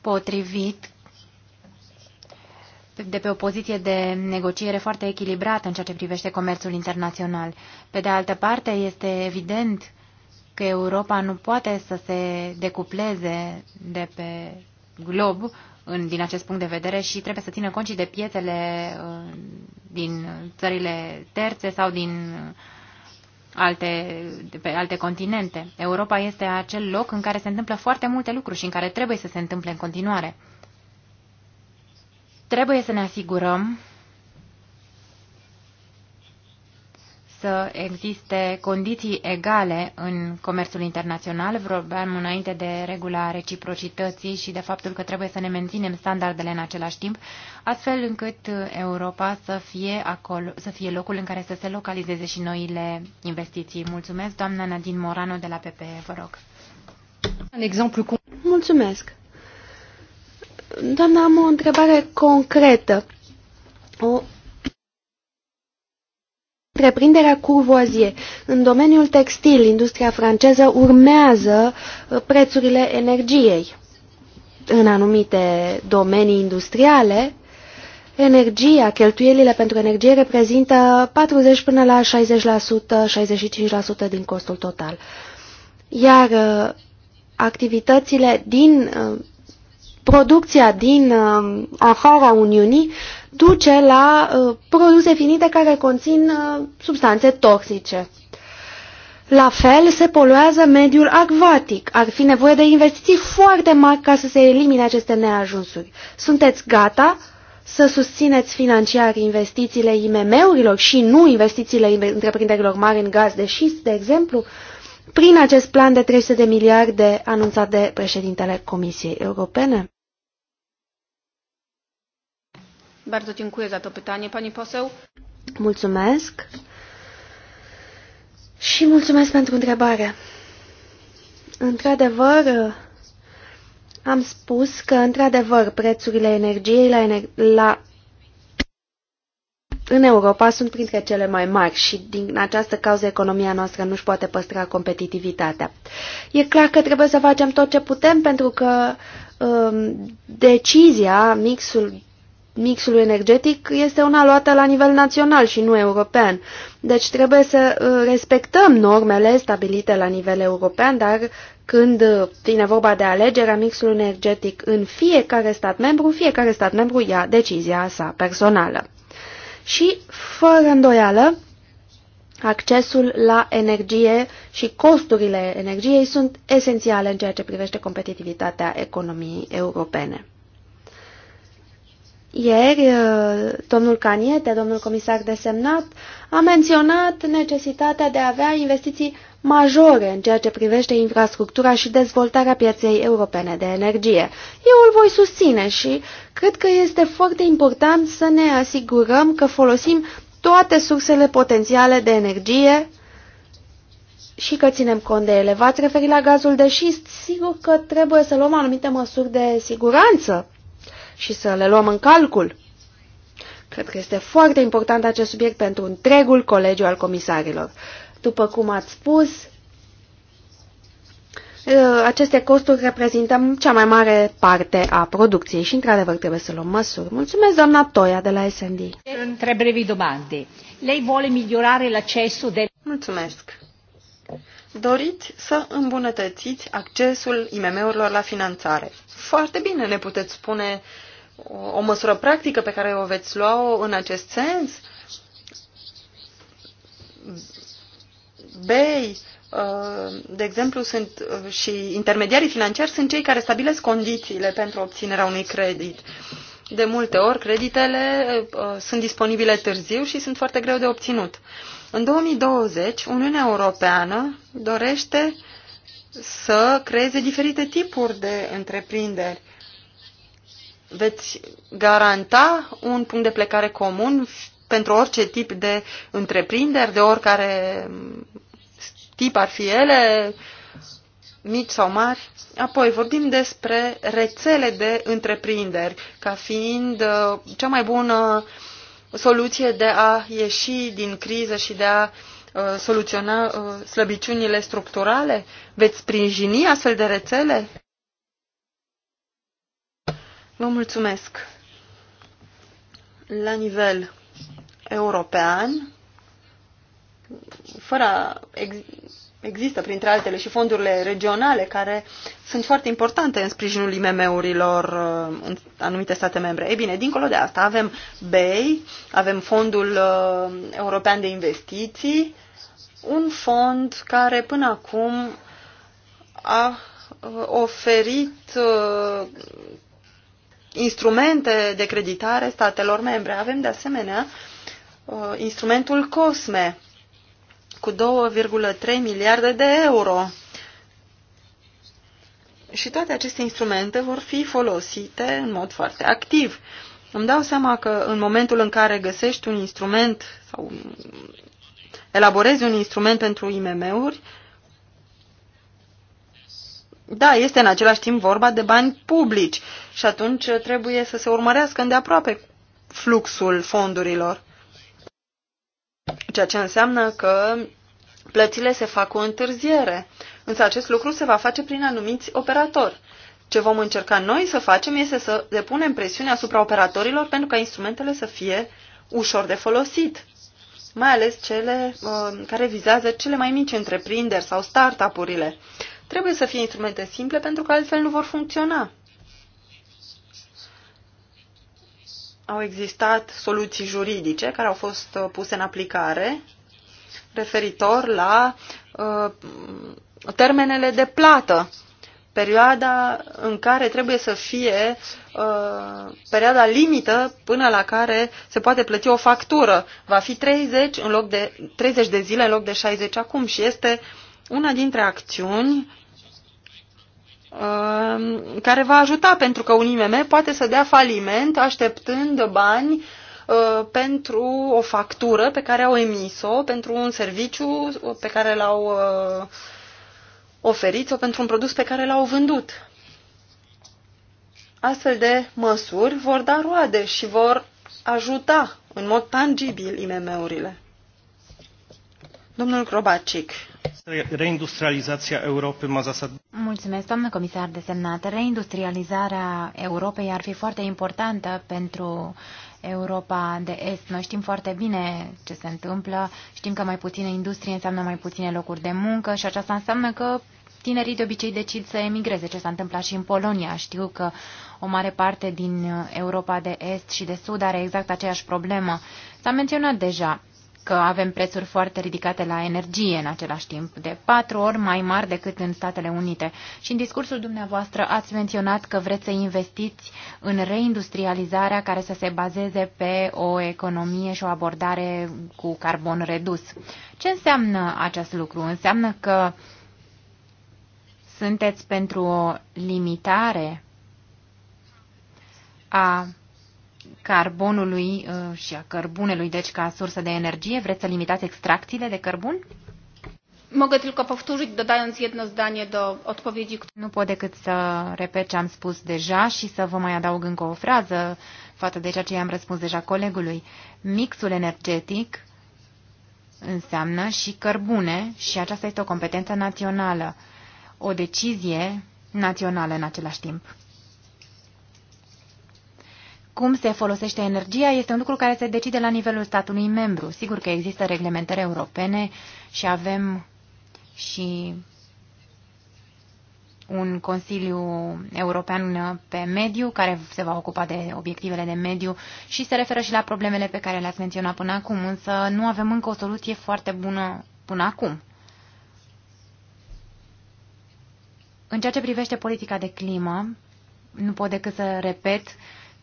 potrivit de pe o poziție de negociere foarte echilibrată în ceea ce privește comerțul internațional. Pe de altă parte, este evident că Europa nu poate să se decupleze de pe glob în, din acest punct de vedere și trebuie să țină cont și de piețele uh, din țările terțe sau din uh, alte, de pe alte continente. Europa este acel loc în care se întâmplă foarte multe lucruri și în care trebuie să se întâmple în continuare. Trebuie să ne asigurăm să existe condiții egale în comerțul internațional. Vorbeam înainte de regula reciprocității și de faptul că trebuie să ne menținem standardele în același timp, astfel încât Europa să fie, acolo, să fie locul în care să se localizeze și noile investiții. Mulțumesc, doamna Nadine Morano de la PPE, vă rog. Un exemplu cu... Mulțumesc. Doamna, am o întrebare concretă. O Întreprinderea Courvoisier în domeniul textil, industria franceză urmează uh, prețurile energiei. În anumite domenii industriale, energia, cheltuielile pentru energie reprezintă 40 până la 60%, 65% din costul total. Iar uh, activitățile din uh, producția din uh, afara Uniunii duce la uh, produse finite care conțin uh, substanțe toxice. La fel se poluează mediul acvatic. Ar fi nevoie de investiții foarte mari ca să se elimine aceste neajunsuri. Sunteți gata să susțineți financiar investițiile IMM-urilor și nu investițiile întreprinderilor mari în gaz de șist, de exemplu, prin acest plan de 300 de miliarde anunțat de președintele Comisiei Europene? Bardzo dziękuję za to pytanie, pani poseł. Mulțumesc. Și mulțumesc pentru întrebare. Într-adevăr, am spus că, într-adevăr, prețurile energiei la, ener la în Europa sunt printre cele mai mari și din această cauză economia noastră nu își poate păstra competitivitatea. E clar că trebuie să facem tot ce putem pentru că um, decizia, mixul Mixul energetic este una luată la nivel național și nu european. Deci trebuie să uh, respectăm normele stabilite la nivel european, dar când vine vorba de alegerea mixului energetic în fiecare stat membru, fiecare stat membru ia decizia sa personală. Și, fără îndoială, accesul la energie și costurile energiei sunt esențiale în ceea ce privește competitivitatea economiei europene. Ieri, uh, domnul Caniete, domnul comisar desemnat, a menționat necesitatea de a avea investiții majore în ceea ce privește infrastructura și dezvoltarea pieței europene de energie. Eu îl voi susține și cred că este foarte important să ne asigurăm că folosim toate sursele potențiale de energie și că ținem cont de ele. V-ați referit la gazul de șist? Sigur că trebuie să luăm anumite măsuri de siguranță și să le luăm în calcul. Cred că este foarte important acest subiect pentru întregul colegiu al comisarilor. După cum ați spus, ă, aceste costuri reprezintă cea mai mare parte a producției și, într-adevăr, trebuie să luăm măsuri. Mulțumesc, doamna Toia, de la SND. Între brevi domande. Lei vole migliorare l'accesso de... Mulțumesc. Doriți să îmbunătățiți accesul IMM-urilor la finanțare. Foarte bine ne puteți spune o măsură practică pe care o veți lua-o în acest sens? Bei, uh, de exemplu, sunt uh, și intermediarii financiari sunt cei care stabilesc condițiile pentru obținerea unui credit. De multe ori, creditele uh, sunt disponibile târziu și sunt foarte greu de obținut. În 2020, Uniunea Europeană dorește să creeze diferite tipuri de întreprinderi veți garanta un punct de plecare comun pentru orice tip de întreprinderi, de oricare tip ar fi ele, mici sau mari. Apoi vorbim despre rețele de întreprinderi ca fiind uh, cea mai bună soluție de a ieși din criză și de a uh, soluționa uh, slăbiciunile structurale? Veți sprijini astfel de rețele? Vă mulțumesc. La nivel european, fără ex, există printre altele și fondurile regionale care sunt foarte importante în sprijinul IMM-urilor uh, în anumite state membre. Ei bine, dincolo de asta avem BEI, avem Fondul uh, European de Investiții, un fond care până acum a uh, oferit instrumente de creditare statelor membre. Avem de asemenea uh, instrumentul COSME cu 2,3 miliarde de euro. Și toate aceste instrumente vor fi folosite în mod foarte activ. Îmi dau seama că în momentul în care găsești un instrument sau elaborezi un instrument pentru IMM-uri, da, este în același timp vorba de bani publici și atunci trebuie să se urmărească îndeaproape fluxul fondurilor. Ceea ce înseamnă că plățile se fac cu întârziere, însă acest lucru se va face prin anumiți operatori. Ce vom încerca noi să facem este să depunem presiune asupra operatorilor pentru ca instrumentele să fie ușor de folosit, mai ales cele uh, care vizează cele mai mici întreprinderi sau start-up-urile. Trebuie să fie instrumente simple pentru că altfel nu vor funcționa. Au existat soluții juridice care au fost uh, puse în aplicare referitor la uh, termenele de plată, perioada în care trebuie să fie uh, perioada limită până la care se poate plăti o factură. Va fi 30, în loc de, 30 de zile în loc de 60 acum și este una dintre acțiuni Um, care va ajuta pentru că un IMM poate să dea faliment așteptând bani uh, pentru o factură pe care au emis-o, pentru un serviciu pe care l-au uh, oferit sau pentru un produs pe care l-au vândut. Astfel de măsuri vor da roade și vor ajuta în mod tangibil IMM-urile. Domnul Crobacic. Reindustrializarea Europei ma zasad... Mulțumesc, doamnă comisar desemnat. Reindustrializarea Europei ar fi foarte importantă pentru Europa de Est. Noi știm foarte bine ce se întâmplă, știm că mai puține industrie înseamnă mai puține locuri de muncă și aceasta înseamnă că tinerii de obicei decid să emigreze, ce s-a întâmplat și în Polonia. Știu că o mare parte din Europa de Est și de Sud are exact aceeași problemă. S-a menționat deja că avem prețuri foarte ridicate la energie în același timp, de patru ori mai mari decât în Statele Unite. Și în discursul dumneavoastră ați menționat că vreți să investiți în reindustrializarea care să se bazeze pe o economie și o abordare cu carbon redus. Ce înseamnă acest lucru? Înseamnă că sunteți pentru o limitare a carbonului uh, și a cărbunelui, deci ca sursă de energie? Vreți să limitați extracțiile de cărbun? Mogę tylko powtórzyć, dodając jedno zdanie do odpowiedzi. Nu pot decât să repet ce am spus deja și să vă mai adaug încă o frază față de ceea ce i-am răspuns deja colegului. Mixul energetic înseamnă și cărbune și aceasta este o competență națională, o decizie națională în același timp cum se folosește energia este un lucru care se decide la nivelul statului membru. Sigur că există reglementări europene și avem și un Consiliu European pe mediu care se va ocupa de obiectivele de mediu și se referă și la problemele pe care le-ați menționat până acum, însă nu avem încă o soluție foarte bună până acum. În ceea ce privește politica de climă, nu pot decât să repet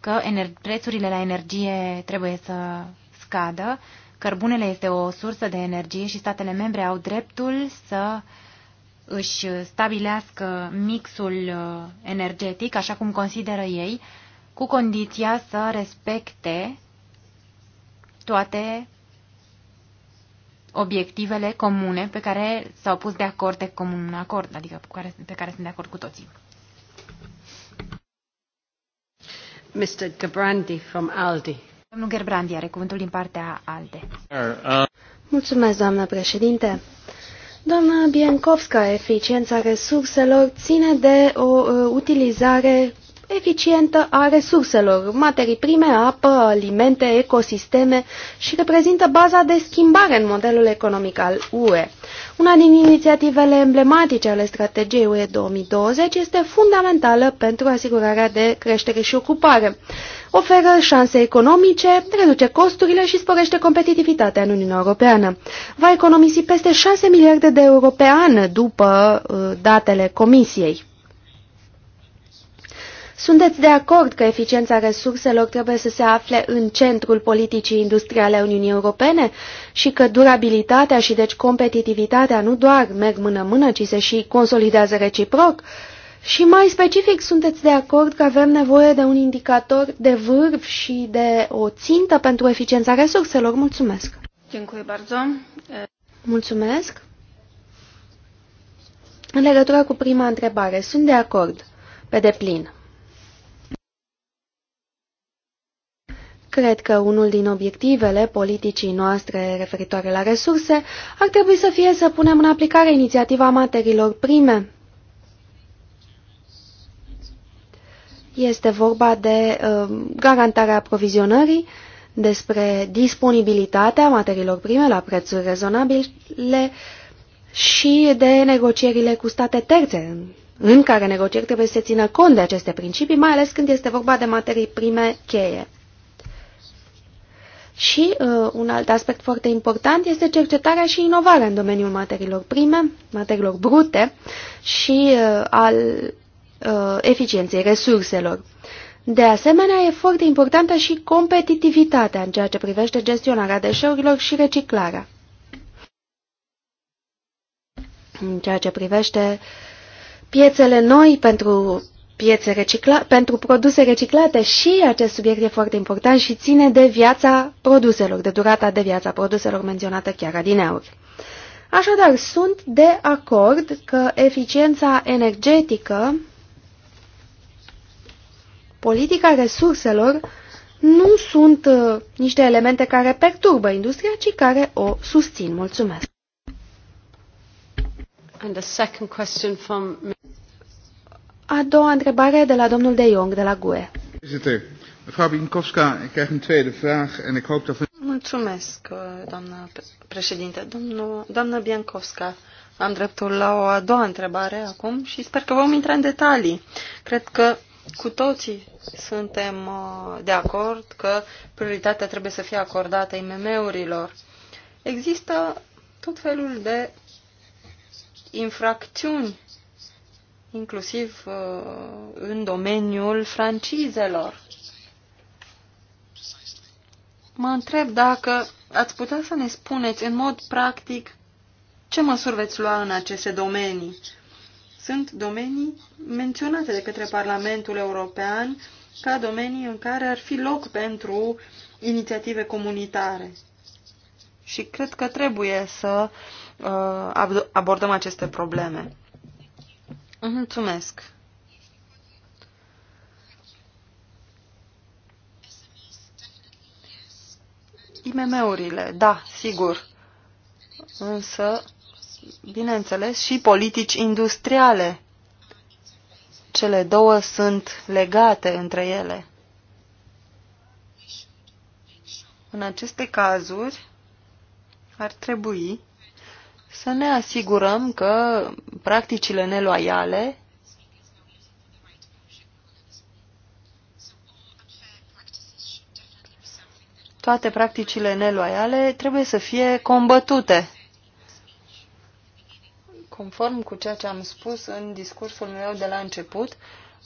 că prețurile la energie trebuie să scadă, cărbunele este o sursă de energie și statele membre au dreptul să își stabilească mixul uh, energetic, așa cum consideră ei, cu condiția să respecte toate obiectivele comune pe care s-au pus de acord de comun acord, adică pe care, pe care sunt de acord cu toții. Mr. Gabrandi from ALDE. Domnul Gerbrandi are cuvântul din partea ALDE. Mulțumesc, doamnă președinte. Doamna Biencovska, eficiența resurselor ține de o uh, utilizare eficientă a resurselor, materii prime, apă, alimente, ecosisteme și reprezintă baza de schimbare în modelul economic al UE. Una din inițiativele emblematice ale strategiei UE 2020 este fundamentală pentru asigurarea de creștere și ocupare. Oferă șanse economice, reduce costurile și sporește competitivitatea în Uniunea Europeană. Va economisi peste 6 miliarde de euro pe an după uh, datele Comisiei. Sunteți de acord că eficiența resurselor trebuie să se afle în centrul politicii industriale a Uniunii Europene și că durabilitatea și deci competitivitatea nu doar merg mână-mână, ci se și consolidează reciproc? Și mai specific, sunteți de acord că avem nevoie de un indicator de vârf și de o țintă pentru eficiența resurselor? Mulțumesc! Mulțumesc! În legătură cu prima întrebare, sunt de acord, pe deplin. Cred că unul din obiectivele politicii noastre referitoare la resurse ar trebui să fie să punem în aplicare inițiativa materiilor prime. Este vorba de uh, garantarea aprovizionării, despre disponibilitatea materiilor prime la prețuri rezonabile și de negocierile cu state terțe, în care negocieri trebuie să se țină cont de aceste principii, mai ales când este vorba de materii prime cheie. Și uh, un alt aspect foarte important este cercetarea și inovarea în domeniul materiilor prime, materiilor brute și uh, al uh, eficienței resurselor. De asemenea, e foarte importantă și competitivitatea în ceea ce privește gestionarea deșeurilor și reciclarea. În ceea ce privește piețele noi pentru piețe recicla pentru produse reciclate și acest subiect e foarte important și ține de viața produselor, de durata de viața produselor menționată chiar adineauri. Așadar, sunt de acord că eficiența energetică, politica resurselor, nu sunt uh, niște elemente care perturbă industria, ci care o susțin. Mulțumesc. And a second question from... A doua întrebare de la domnul De Jong, de la GUE. Mulțumesc, uh, doamnă președinte. Domnul, doamnă Biancovska, am dreptul la o a doua întrebare acum și sper că vom intra în detalii. Cred că cu toții suntem uh, de acord că prioritatea trebuie să fie acordată IMM-urilor. Există tot felul de infracțiuni inclusiv uh, în domeniul francizelor. Mă întreb dacă ați putea să ne spuneți în mod practic ce măsuri veți lua în aceste domenii. Sunt domenii menționate de către Parlamentul European ca domenii în care ar fi loc pentru inițiative comunitare. Și cred că trebuie să uh, abordăm aceste probleme. Mulțumesc. IMM-urile, da, sigur. Însă, bineînțeles, și politici industriale. Cele două sunt legate între ele. În aceste cazuri, ar trebui să ne asigurăm că practicile neloiale toate practicile neloiale trebuie să fie combătute. Conform cu ceea ce am spus în discursul meu de la început,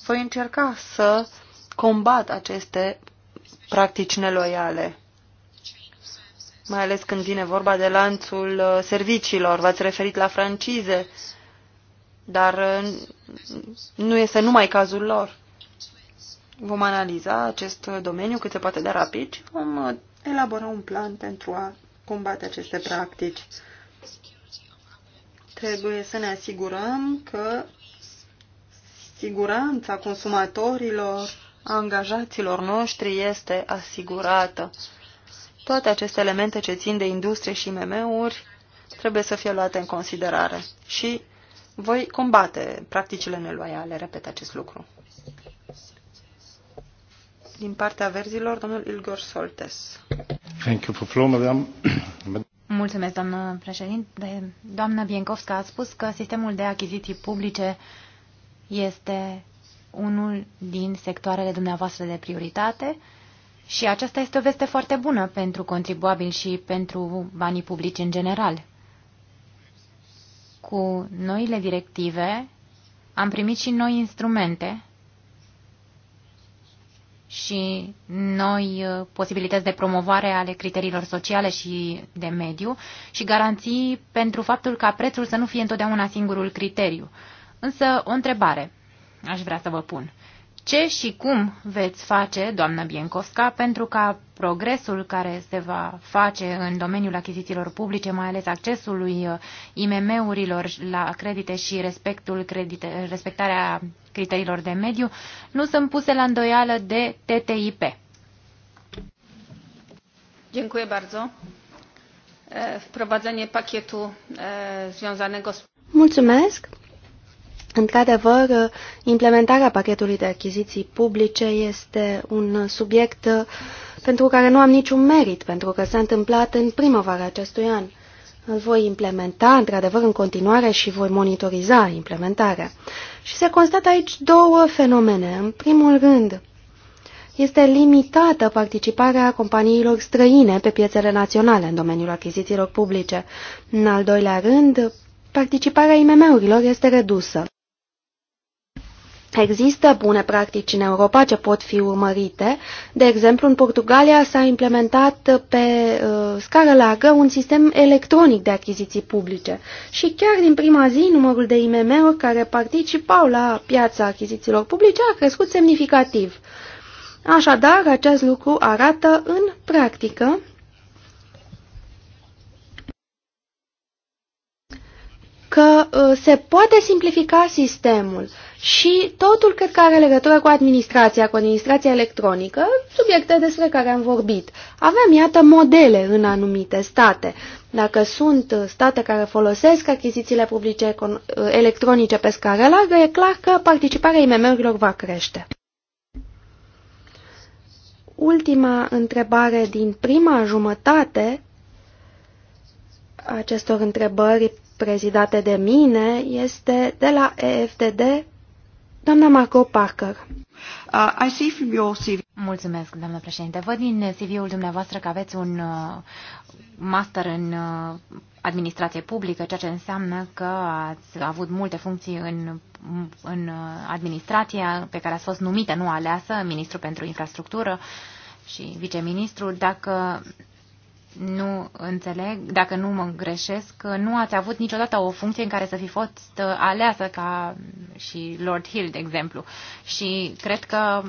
voi încerca să combat aceste practici neloiale mai ales când vine vorba de lanțul uh, serviciilor. V-ați referit la francize, dar uh, nu este numai cazul lor. Vom analiza acest uh, domeniu cât se poate de rapid și vom elabora un plan pentru a combate aceste practici. Trebuie să ne asigurăm că siguranța consumatorilor, a angajaților noștri este asigurată. Toate aceste elemente ce țin de industrie și MM-uri trebuie să fie luate în considerare și voi combate practicile neloiale, repet acest lucru. Din partea verzilor, domnul Ilgor Soltes. Thank you for flow, Mulțumesc, doamnă președinte. Doamna Biencovska a spus că sistemul de achiziții publice este unul din sectoarele dumneavoastră de prioritate și aceasta este o veste foarte bună pentru contribuabil și pentru banii publici în general. Cu noile directive am primit și noi instrumente și noi uh, posibilități de promovare ale criteriilor sociale și de mediu și garanții pentru faptul ca prețul să nu fie întotdeauna singurul criteriu. Însă, o întrebare aș vrea să vă pun. Ce și cum veți face, doamnă Biencovska, pentru ca progresul care se va face în domeniul achizițiilor publice, mai ales accesului uh, IMM-urilor la credite și respectul credite, respectarea criteriilor de mediu, nu sunt puse la îndoială de TTIP? Dziękuję bardzo. Wprowadzenie pakietu związanego z... Mulțumesc. Într-adevăr, implementarea pachetului de achiziții publice este un subiect uh, pentru care nu am niciun merit, pentru că s-a întâmplat în primăvara acestui an. Îl voi implementa, într-adevăr, în continuare și voi monitoriza implementarea. Și se constată aici două fenomene. În primul rând, este limitată participarea companiilor străine pe piețele naționale în domeniul achizițiilor publice. În al doilea rând, participarea IMM-urilor este redusă. Există bune practici în Europa ce pot fi urmărite. De exemplu, în Portugalia s-a implementat pe uh, scară largă un sistem electronic de achiziții publice și chiar din prima zi numărul de IMM-uri care participau la piața achizițiilor publice a crescut semnificativ. Așadar, acest lucru arată în practică că uh, se poate simplifica sistemul și totul cred că are legătură cu administrația, cu administrația electronică, subiecte despre care am vorbit. Avem, iată, modele în anumite state. Dacă sunt state care folosesc achizițiile publice electronice pe scară largă, e clar că participarea IMM-urilor va crește. Ultima întrebare din prima jumătate acestor întrebări prezidate de mine este de la EFTD Doamna Marco Parker. Uh, I see from your CV. Mulțumesc, doamnă președinte. Văd din CV-ul dumneavoastră că aveți un uh, master în uh, administrație publică, ceea ce înseamnă că ați avut multe funcții în, în uh, administrația pe care ați fost numită, nu aleasă, ministru pentru infrastructură și viceministru. Dacă nu înțeleg, dacă nu mă greșesc, nu ați avut niciodată o funcție în care să fi fost uh, aleasă ca și Lord Hill, de exemplu. Și cred că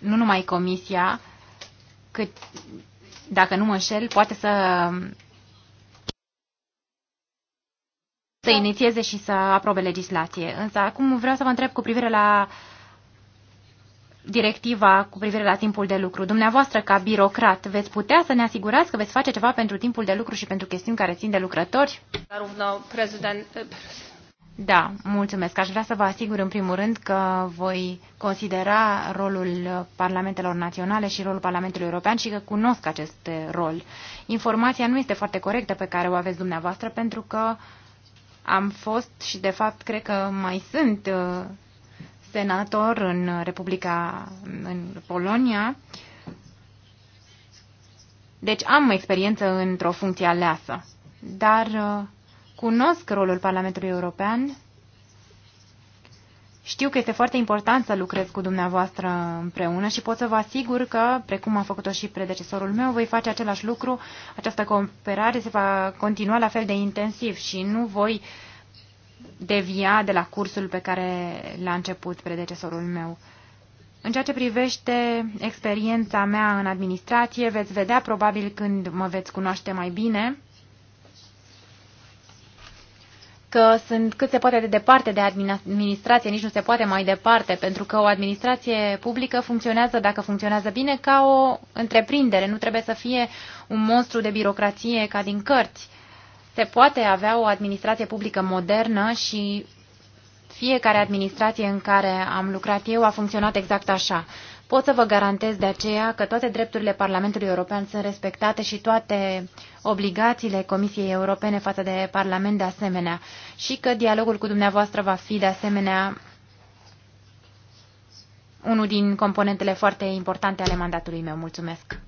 nu numai comisia, cât, dacă nu mă înșel, poate să să inițieze și să aprobe legislație. Însă acum vreau să vă întreb cu privire la uh, directiva cu privire la timpul de lucru. Dumneavoastră, ca birocrat, veți putea să ne asigurați că veți face ceva pentru timpul de lucru și pentru chestiuni care țin de lucrători? Da, mulțumesc. Aș vrea să vă asigur în primul rând că voi considera rolul parlamentelor naționale și rolul Parlamentului European și că cunosc acest rol. Informația nu este foarte corectă pe care o aveți dumneavoastră pentru că am fost și de fapt cred că mai sunt uh, senator în Republica, în Polonia. Deci am experiență într-o funcție aleasă, dar uh, cunosc rolul Parlamentului European. Știu că este foarte important să lucrez cu dumneavoastră împreună și pot să vă asigur că, precum a făcut-o și predecesorul meu, voi face același lucru. Această cooperare se va continua la fel de intensiv și nu voi uh, devia de la cursul pe care l-a început predecesorul meu. În ceea ce privește experiența mea în administrație, veți vedea probabil când mă veți cunoaște mai bine că sunt cât se poate de departe de administrație, nici nu se poate mai departe, pentru că o administrație publică funcționează, dacă funcționează bine, ca o întreprindere. Nu trebuie să fie un monstru de birocrație ca din cărți se poate avea o administrație publică modernă și fiecare administrație în care am lucrat eu a funcționat exact așa. Pot să vă garantez de aceea că toate drepturile Parlamentului European sunt respectate și toate obligațiile Comisiei Europene față de Parlament de asemenea și că dialogul cu dumneavoastră va fi de asemenea unul din componentele foarte importante ale mandatului meu. Mulțumesc!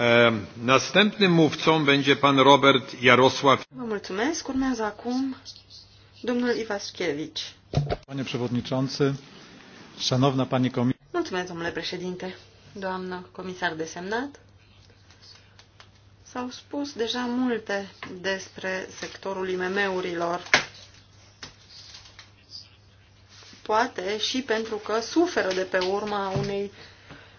Um, następnym mówcą będzie pan Robert Jarosław. Vă mulțumesc. Urmează acum domnul Panie przewodniczący, szanowna pani komisarz. Mulțumesc, domnule președinte. Doamnă comisar s-au spus deja multe despre sectorul IMM-urilor. Poate și pentru că suferă de pe urma unei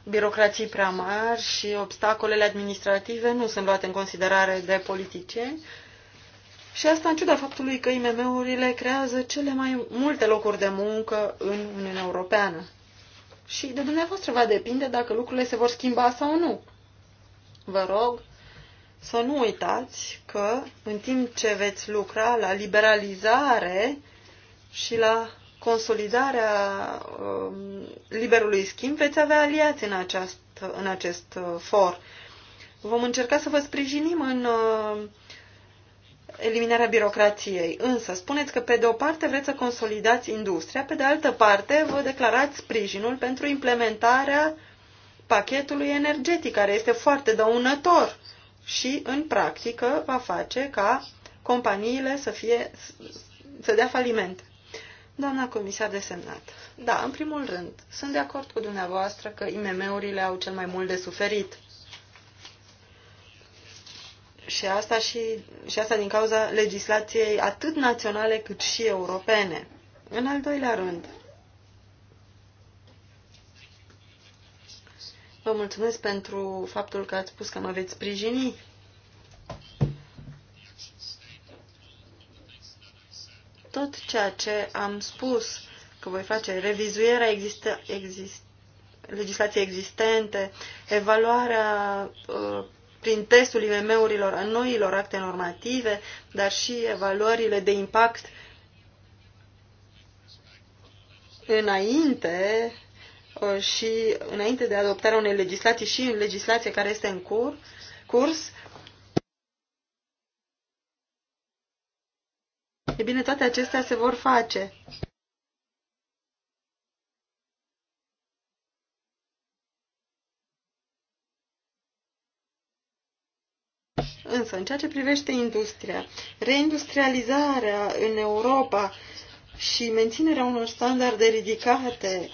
birocrații prea mari și obstacolele administrative nu sunt luate în considerare de politicieni. Și asta în ciuda faptului că IMM-urile creează cele mai multe locuri de muncă în Uniunea Europeană. Și de dumneavoastră va depinde dacă lucrurile se vor schimba sau nu. Vă rog să nu uitați că în timp ce veți lucra la liberalizare și la consolidarea um, liberului schimb, veți avea aliați în, aceast, în acest uh, for. Vom încerca să vă sprijinim în uh, eliminarea birocrației. Însă, spuneți că pe de o parte vreți să consolidați industria, pe de altă parte vă declarați sprijinul pentru implementarea pachetului energetic, care este foarte dăunător și, în practică, va face ca companiile să, fie, să dea faliment. Doamna comisar desemnat, da, în primul rând, sunt de acord cu dumneavoastră că IMM-urile au cel mai mult de suferit. Și asta, și, și asta din cauza legislației atât naționale cât și europene. În al doilea rând, vă mulțumesc pentru faptul că ați spus că mă veți sprijini tot ceea ce am spus că voi face, revizuirea există, exist, legislației existente, evaluarea uh, prin testul IMM-urilor a noilor acte normative, dar și evaluările de impact înainte uh, și înainte de adoptarea unei legislații și în legislație care este în cur, curs, E bine, toate acestea se vor face. Însă, în ceea ce privește industria, reindustrializarea în Europa și menținerea unor standarde ridicate,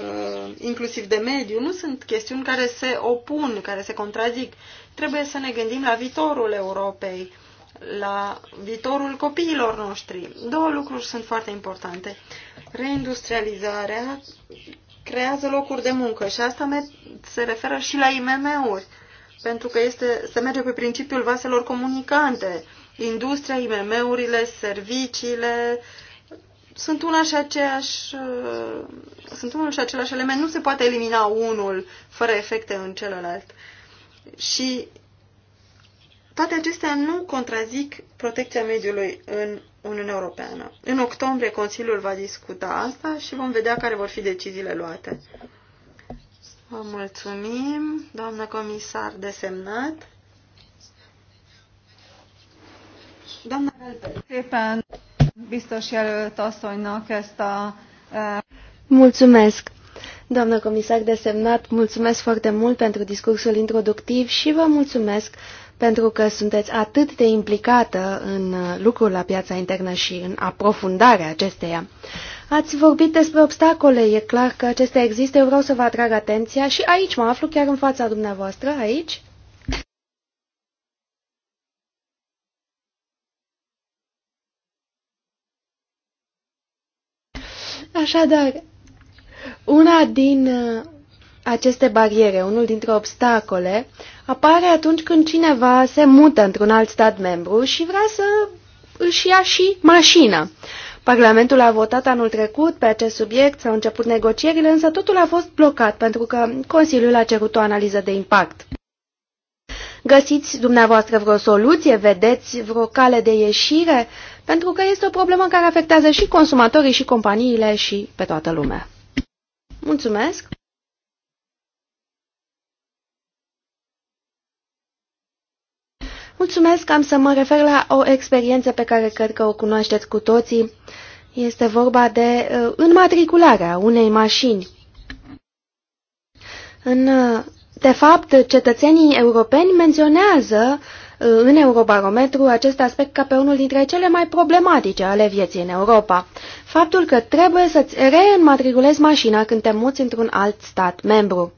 uh, inclusiv de mediu, nu sunt chestiuni care se opun, care se contrazic. Trebuie să ne gândim la viitorul Europei la viitorul copiilor noștri. Două lucruri sunt foarte importante. Reindustrializarea creează locuri de muncă și asta se referă și la IMM-uri, pentru că este, se merge pe principiul vaselor comunicante. Industria, IMM-urile, serviciile sunt una și aceeași, sunt unul și același element. Nu se poate elimina unul fără efecte în celălalt. Și toate acestea nu contrazic protecția mediului în Uniunea Europeană. În octombrie Consiliul va discuta asta și vom vedea care vor fi deciziile luate. Vă mulțumim, doamnă comisar desemnat. Doamna Galpen. Biztos jelölt asszonynak ezt a... Mulțumesc! Doamnă comisar desemnat, mulțumesc foarte mult pentru discursul introductiv și vă mulțumesc pentru că sunteți atât de implicată în lucrul la piața internă și în aprofundarea acesteia. Ați vorbit despre obstacole, e clar că acestea există, eu vreau să vă atrag atenția și aici mă aflu, chiar în fața dumneavoastră, aici. Așadar, una din aceste bariere, unul dintre obstacole, apare atunci când cineva se mută într-un alt stat membru și vrea să își ia și mașina. Parlamentul a votat anul trecut pe acest subiect, s-au început negocierile, însă totul a fost blocat pentru că Consiliul a cerut o analiză de impact. Găsiți dumneavoastră vreo soluție, vedeți vreo cale de ieșire, pentru că este o problemă care afectează și consumatorii, și companiile, și pe toată lumea. Mulțumesc! Mulțumesc, am să mă refer la o experiență pe care cred că o cunoașteți cu toții. Este vorba de uh, înmatricularea unei mașini. În, uh, de fapt, cetățenii europeni menționează uh, în Eurobarometru acest aspect ca pe unul dintre cele mai problematice ale vieții în Europa. Faptul că trebuie să-ți reînmatriculezi mașina când te muți într-un alt stat membru.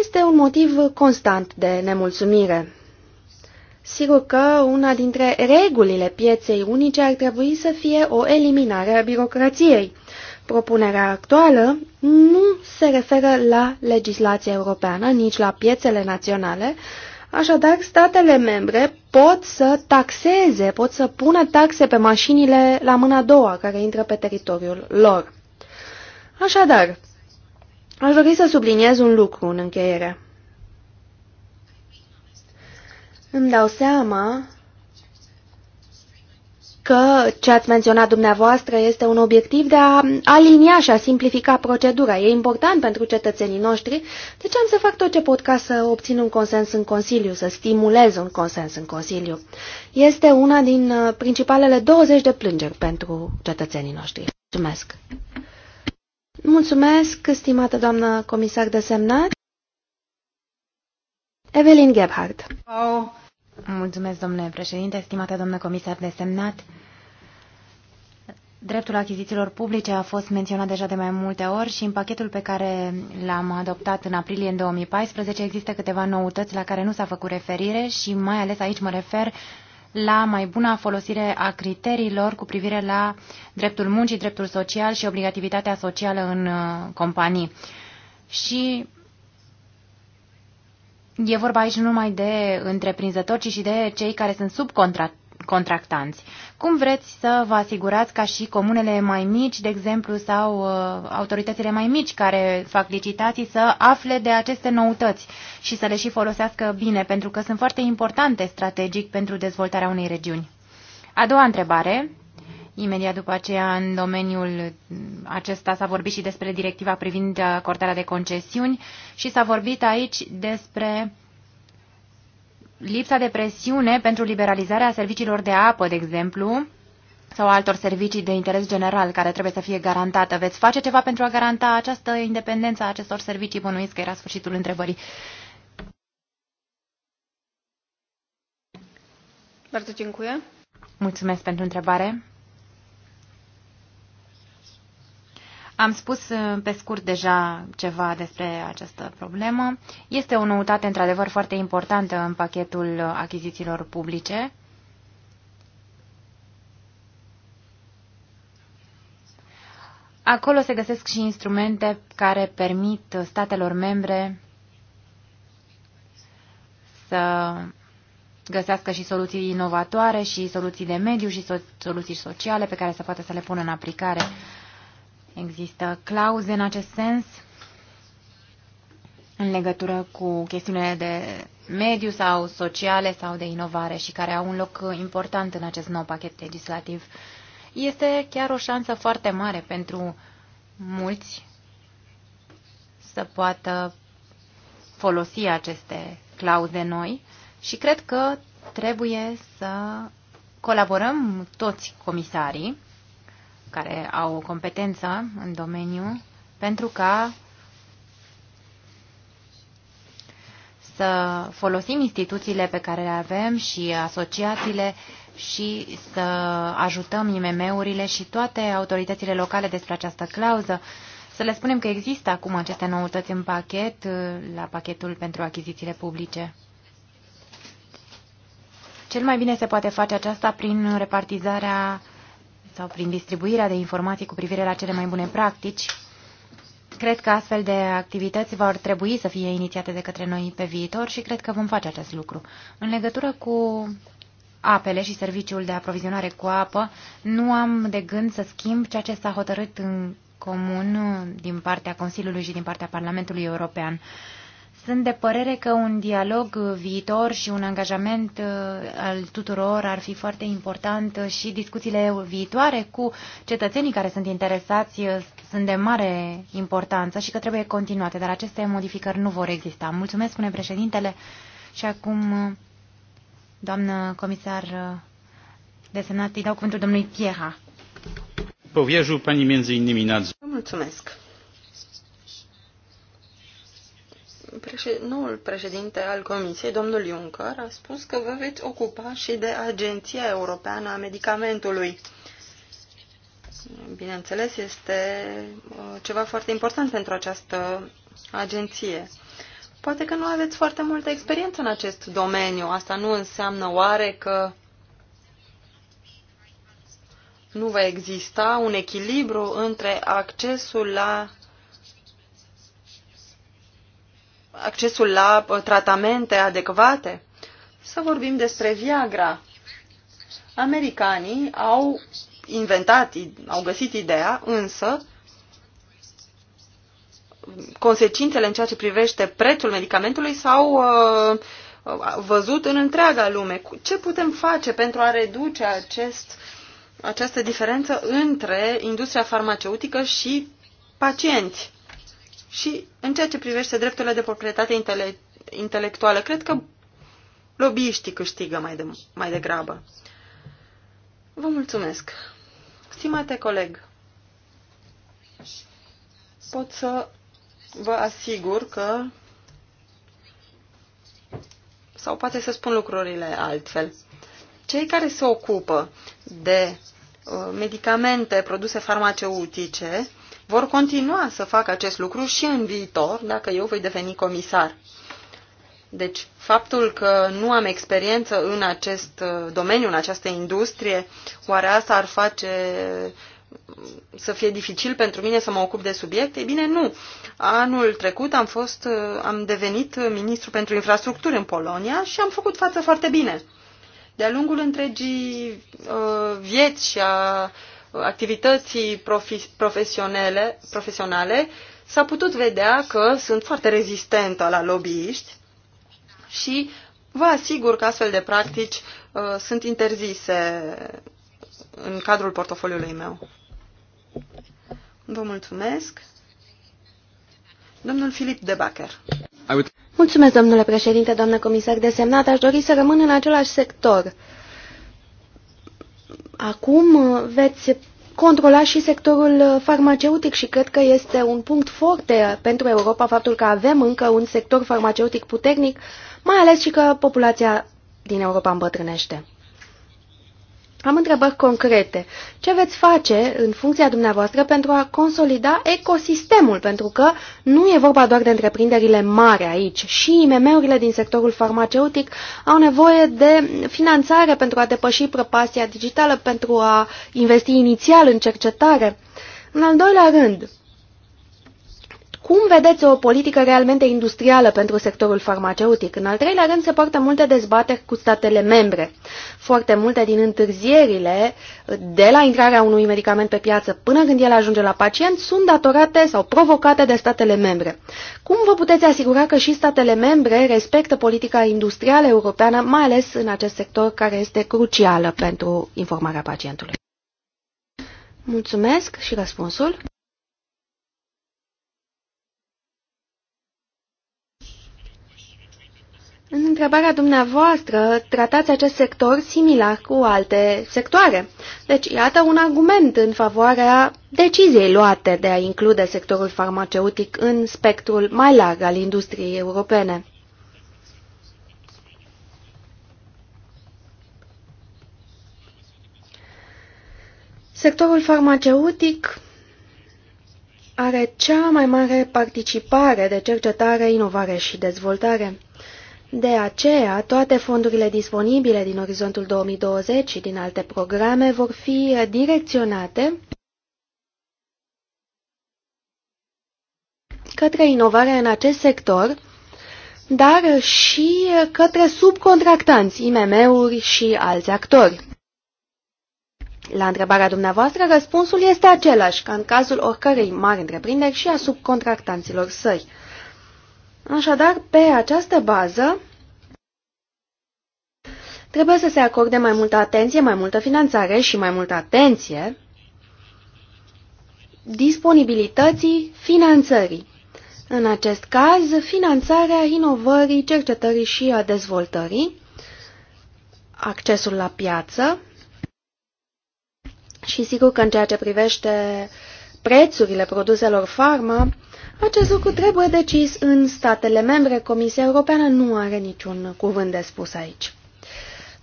este un motiv constant de nemulțumire. Sigur că una dintre regulile pieței unice ar trebui să fie o eliminare a birocrației. Propunerea actuală nu se referă la legislația europeană, nici la piețele naționale, așadar statele membre pot să taxeze, pot să pună taxe pe mașinile la mâna a doua care intră pe teritoriul lor. Așadar, Aș dori să subliniez un lucru în încheiere. Îmi dau seama că ce ați menționat dumneavoastră este un obiectiv de a alinia și a simplifica procedura. E important pentru cetățenii noștri, de ce am să fac tot ce pot ca să obțin un consens în Consiliu, să stimulez un consens în Consiliu. Este una din uh, principalele 20 de plângeri pentru cetățenii noștri. Mulțumesc! Mulțumesc, stimată doamnă comisar desemnat. Evelyn Gebhardt. Oh. Mulțumesc, domnule președinte, stimată doamnă comisar de semnat. Dreptul achizițiilor publice a fost menționat deja de mai multe ori și în pachetul pe care l-am adoptat în aprilie în 2014 există câteva noutăți la care nu s-a făcut referire și mai ales aici mă refer la mai bună folosire a criteriilor cu privire la dreptul muncii, dreptul social și obligativitatea socială în uh, companii. Și E vorba aici nu numai de întreprinzători, ci și de cei care sunt subcontract, contractanți. Cum vreți să vă asigurați ca și comunele mai mici, de exemplu, sau uh, autoritățile mai mici care fac licitații să afle de aceste noutăți și să le și folosească bine, pentru că sunt foarte importante strategic pentru dezvoltarea unei regiuni? A doua întrebare, Imediat după aceea, în domeniul acesta s-a vorbit și despre directiva privind acordarea de concesiuni și s-a vorbit aici despre lipsa de presiune pentru liberalizarea serviciilor de apă, de exemplu, sau altor servicii de interes general care trebuie să fie garantată. Veți face ceva pentru a garanta această independență a acestor servicii? Bănuiți că era sfârșitul întrebării. Mulțumesc pentru întrebare. Am spus uh, pe scurt deja ceva despre această problemă. Este o noutate într-adevăr foarte importantă în pachetul achizițiilor publice. Acolo se găsesc și instrumente care permit statelor membre să găsească și soluții inovatoare și soluții de mediu și soluții sociale pe care să poată să le pună în aplicare Există clauze în acest sens în legătură cu chestiunile de mediu sau sociale sau de inovare și care au un loc important în acest nou pachet legislativ. Este chiar o șansă foarte mare pentru mulți să poată folosi aceste clauze noi și cred că trebuie să colaborăm toți comisarii care au o competență în domeniu pentru ca să folosim instituțiile pe care le avem și asociațiile și să ajutăm IMM-urile și toate autoritățile locale despre această clauză. Să le spunem că există acum aceste noutăți în pachet, la pachetul pentru achizițiile publice. Cel mai bine se poate face aceasta prin repartizarea sau prin distribuirea de informații cu privire la cele mai bune practici, cred că astfel de activități vor trebui să fie inițiate de către noi pe viitor și cred că vom face acest lucru. În legătură cu apele și serviciul de aprovizionare cu apă, nu am de gând să schimb ceea ce s-a hotărât în comun din partea Consiliului și din partea Parlamentului European. Sunt de părere că un dialog viitor și un angajament uh, al tuturor ar fi foarte important și discuțiile viitoare cu cetățenii care sunt interesați uh, sunt de mare importanță și că trebuie continuate, dar aceste modificări nu vor exista. Mulțumesc, spune președintele, și acum, uh, doamnă comisar desemnat, îi dau cuvântul domnului Piera. Mulțumesc. președ... noul președinte al Comisiei, domnul Juncker, a spus că vă veți ocupa și de Agenția Europeană a Medicamentului. Bineînțeles, este uh, ceva foarte important pentru această agenție. Poate că nu aveți foarte multă experiență în acest domeniu. Asta nu înseamnă oare că nu va exista un echilibru între accesul la accesul la uh, tratamente adecvate? Să vorbim despre Viagra. Americanii au inventat, au găsit ideea, însă consecințele în ceea ce privește prețul medicamentului s-au uh, văzut în întreaga lume. Ce putem face pentru a reduce acest, această diferență între industria farmaceutică și pacienți? Și în ceea ce privește drepturile de proprietate intele intelectuală, cred că lobbyiștii câștigă mai, de, mai degrabă. Vă mulțumesc. Stimate coleg, pot să vă asigur că sau poate să spun lucrurile altfel. Cei care se ocupă de uh, medicamente, produse farmaceutice, vor continua să facă acest lucru și în viitor, dacă eu voi deveni comisar. Deci, faptul că nu am experiență în acest uh, domeniu, în această industrie, oare asta ar face mm, să fie dificil pentru mine să mă ocup de subiect? Ei bine, nu. Anul trecut am, fost, uh, am devenit ministru pentru infrastructură în Polonia și am făcut față foarte bine. De-a lungul întregii uh, vieți și a activității profesionale, profesionale s-a putut vedea că sunt foarte rezistentă la lobbyiști și vă asigur că astfel de practici uh, sunt interzise în cadrul portofoliului meu. Vă mulțumesc. Domnul Filip de Bacher. Mulțumesc, domnule președinte, doamnă comisar desemnat. Aș dori să rămân în același sector. Uh, Acum uh, veți controla și sectorul uh, farmaceutic și cred că este un punct foarte uh, pentru Europa faptul că avem încă un sector farmaceutic puternic, mai ales și că populația din Europa îmbătrânește. Am întrebări concrete. Ce veți face în funcția dumneavoastră pentru a consolida ecosistemul? Pentru că nu e vorba doar de întreprinderile mari aici. Și IMM-urile din sectorul farmaceutic au nevoie de finanțare pentru a depăși prăpastia digitală, pentru a investi inițial în cercetare. În al doilea rând, cum vedeți o politică realmente industrială pentru sectorul farmaceutic? În al treilea rând, se poartă multe dezbateri cu statele membre. Foarte multe din întârzierile de la intrarea unui medicament pe piață până când el ajunge la pacient sunt datorate sau provocate de statele membre. Cum vă puteți asigura că și statele membre respectă politica industrială europeană, mai ales în acest sector care este crucială pentru informarea pacientului? Mulțumesc și răspunsul. În întrebarea dumneavoastră, tratați acest sector similar cu alte sectoare. Deci, iată un argument în favoarea deciziei luate de a include sectorul farmaceutic în spectrul mai larg al industriei europene. Sectorul farmaceutic are cea mai mare participare de cercetare, inovare și dezvoltare. De aceea, toate fondurile disponibile din Orizontul 2020 și din alte programe vor fi direcționate către inovare în acest sector, dar și către subcontractanți, IMM-uri și alți actori. La întrebarea dumneavoastră, răspunsul este același ca în cazul oricărei mari întreprinderi și a subcontractanților săi. Așadar, pe această bază, trebuie să se acorde mai multă atenție, mai multă finanțare și mai multă atenție disponibilității finanțării. În acest caz, finanțarea inovării, cercetării și a dezvoltării, accesul la piață și sigur că în ceea ce privește prețurile produselor farmă, acest lucru trebuie decis în statele membre. Comisia Europeană nu are niciun cuvânt de spus aici.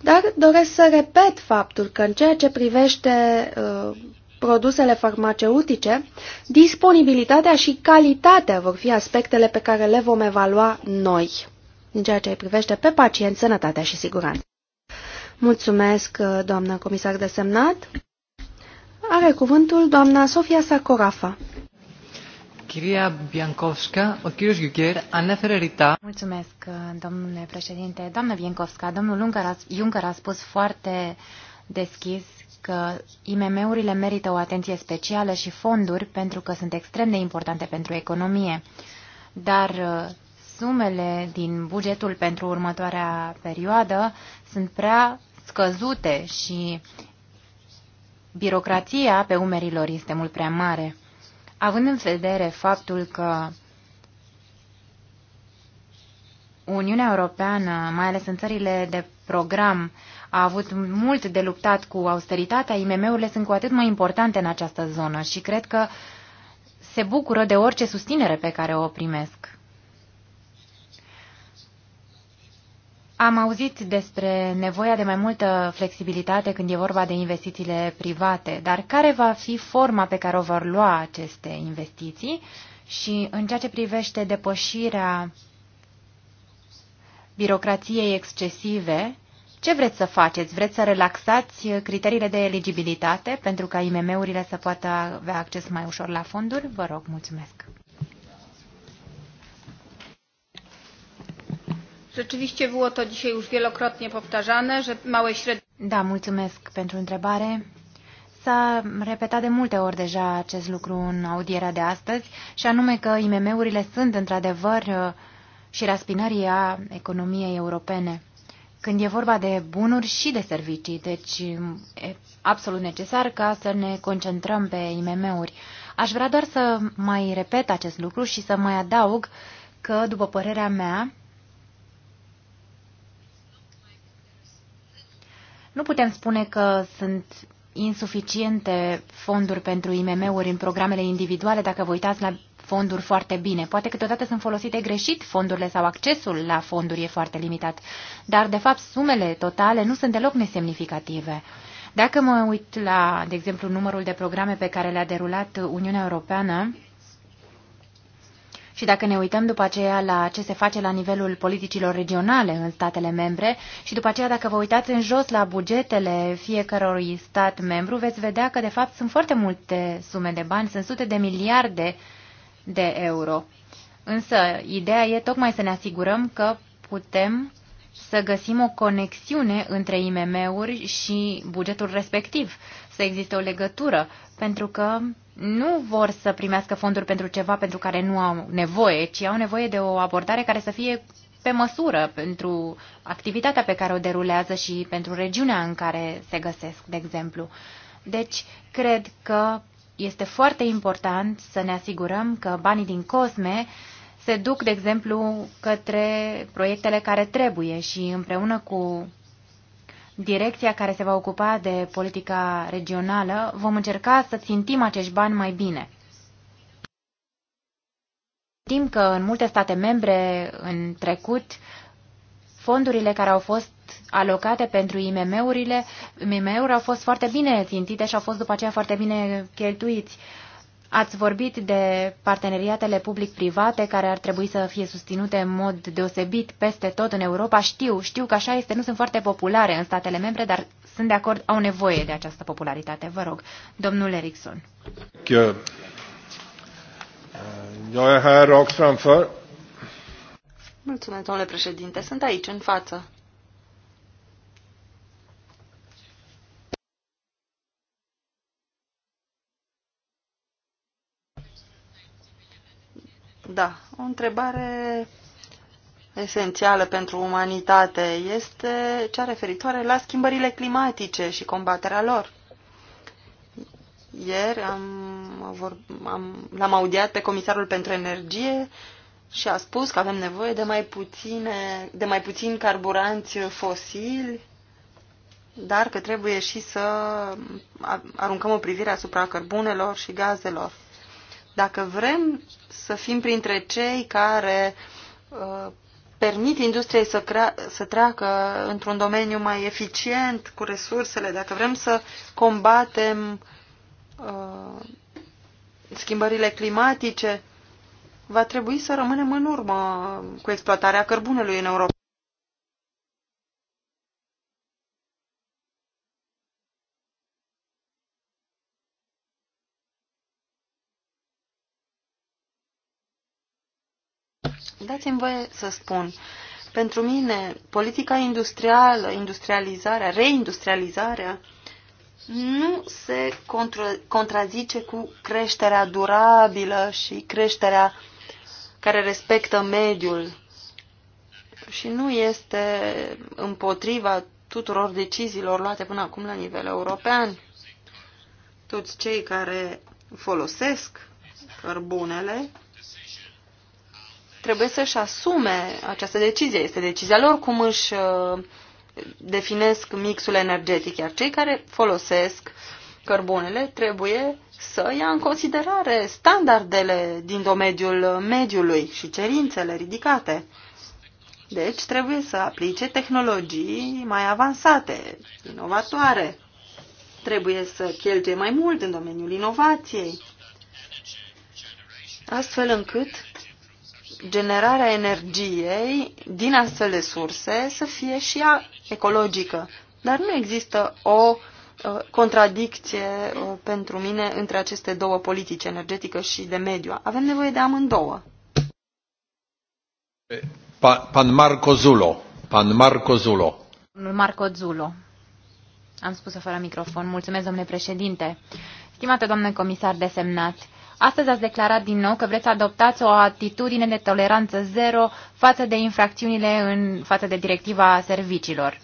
Dar doresc să repet faptul că în ceea ce privește uh, produsele farmaceutice, disponibilitatea și calitatea vor fi aspectele pe care le vom evalua noi, în ceea ce îi privește pe pacient, sănătatea și siguranța. Mulțumesc, uh, doamnă comisar desemnat. Are cuvântul doamna Sofia Sacorafa. Κυρία Μπιανκόφσκα, ο κύριος Γιουγκέρ ανέφερε ρητά. Mulțumesc, domnule președinte. Doamna Biancovska, domnul a, Juncker a spus foarte deschis că IMM-urile merită o atenție specială și fonduri pentru că sunt extrem de importante pentru economie. Dar uh, sumele din bugetul pentru următoarea perioadă sunt prea scăzute și birocrația pe umerilor este mult prea mare având în vedere faptul că Uniunea Europeană, mai ales în țările de program, a avut mult de luptat cu austeritatea, IMM-urile sunt cu atât mai importante în această zonă și cred că se bucură de orice susținere pe care o primesc. Am auzit despre nevoia de mai multă flexibilitate când e vorba de investițiile private, dar care va fi forma pe care o vor lua aceste investiții și în ceea ce privește depășirea birocrației excesive, ce vreți să faceți? Vreți să relaxați criteriile de eligibilitate pentru ca IMM-urile să poată avea acces mai ușor la fonduri? Vă rog, mulțumesc! Rzeczywiście było to dzisiaj już wielokrotnie powtarzane, że małe średnie... Da, mulțumesc pentru întrebare. S-a repetat de multe ori deja acest lucru în audierea de astăzi, și anume că IMM-urile sunt într-adevăr uh, și raspinării a economiei europene. Când e vorba de bunuri și de servicii, deci um, e absolut necesar ca să ne concentrăm pe IMM-uri. Aș vrea doar să mai repet acest lucru și să mai adaug că, după părerea mea, Nu putem spune că sunt insuficiente fonduri pentru IMM-uri în programele individuale, dacă vă uitați la fonduri foarte bine. Poate că câteodată sunt folosite greșit fondurile sau accesul la fonduri e foarte limitat, dar de fapt sumele totale nu sunt deloc nesemnificative. Dacă mă uit la, de exemplu, numărul de programe pe care le-a derulat Uniunea Europeană, și dacă ne uităm după aceea la ce se face la nivelul politicilor regionale în statele membre și după aceea dacă vă uitați în jos la bugetele fiecărui stat membru, veți vedea că de fapt sunt foarte multe sume de bani, sunt sute de miliarde de euro. Însă ideea e tocmai să ne asigurăm că putem să găsim o conexiune între IMM-uri și bugetul respectiv să existe o legătură, pentru că nu vor să primească fonduri pentru ceva pentru care nu au nevoie, ci au nevoie de o abordare care să fie pe măsură pentru activitatea pe care o derulează și pentru regiunea în care se găsesc, de exemplu. Deci, cred că este foarte important să ne asigurăm că banii din COSME se duc, de exemplu, către proiectele care trebuie și împreună cu direcția care se va ocupa de politica regională, vom încerca să țintim acești bani mai bine. Știm că în multe state membre în trecut, fondurile care au fost alocate pentru IMM-urile, IMM-uri au fost foarte bine țintite și au fost după aceea foarte bine cheltuiți. Ați vorbit de parteneriatele public-private care ar trebui să fie susținute în mod deosebit peste tot în Europa. Știu, știu că așa este, nu sunt foarte populare în statele membre, dar sunt de acord, au nevoie de această popularitate. Vă rog, domnul Erickson. Eu uh, Mulțumesc, domnule președinte. Sunt aici, în față. Da, o întrebare esențială pentru umanitate este cea referitoare la schimbările climatice și combaterea lor. Ieri am, am, l-am audiat pe comisarul pentru energie și a spus că avem nevoie de mai, puține, de mai puțini carburanți fosili, dar că trebuie și să aruncăm o privire asupra cărbunelor și gazelor. Dacă vrem să fim printre cei care uh, permit industriei să, crea, să treacă într-un domeniu mai eficient cu resursele, dacă vrem să combatem uh, schimbările climatice, va trebui să rămânem în urmă cu exploatarea cărbunelui în Europa. dați-mi voie să spun. Pentru mine, politica industrială, industrializarea, reindustrializarea, nu se contra, contrazice cu creșterea durabilă și creșterea care respectă mediul și nu este împotriva tuturor deciziilor luate până acum la nivel european. Toți cei care folosesc cărbunele trebuie să-și asume această decizie. Este decizia lor cum își uh, definesc mixul energetic, iar cei care folosesc cărbunele trebuie să ia în considerare standardele din domeniul mediului și cerințele ridicate. Deci trebuie să aplice tehnologii mai avansate, inovatoare. Trebuie să cheltuie mai mult în domeniul inovației, astfel încât generarea energiei din astfel de surse să fie și ea ecologică. Dar nu există o uh, contradicție uh, pentru mine între aceste două politici, energetică și de mediu. Avem nevoie de amândouă. Pa, pan Marco Zulo. Pan Marco Zulo. Marco Zulo. Am spus-o fără microfon. Mulțumesc, domnule președinte. Stimată doamnă comisar desemnat, Astăzi ați declarat din nou că vreți să adoptați o atitudine de toleranță zero față de infracțiunile în față de directiva serviciilor.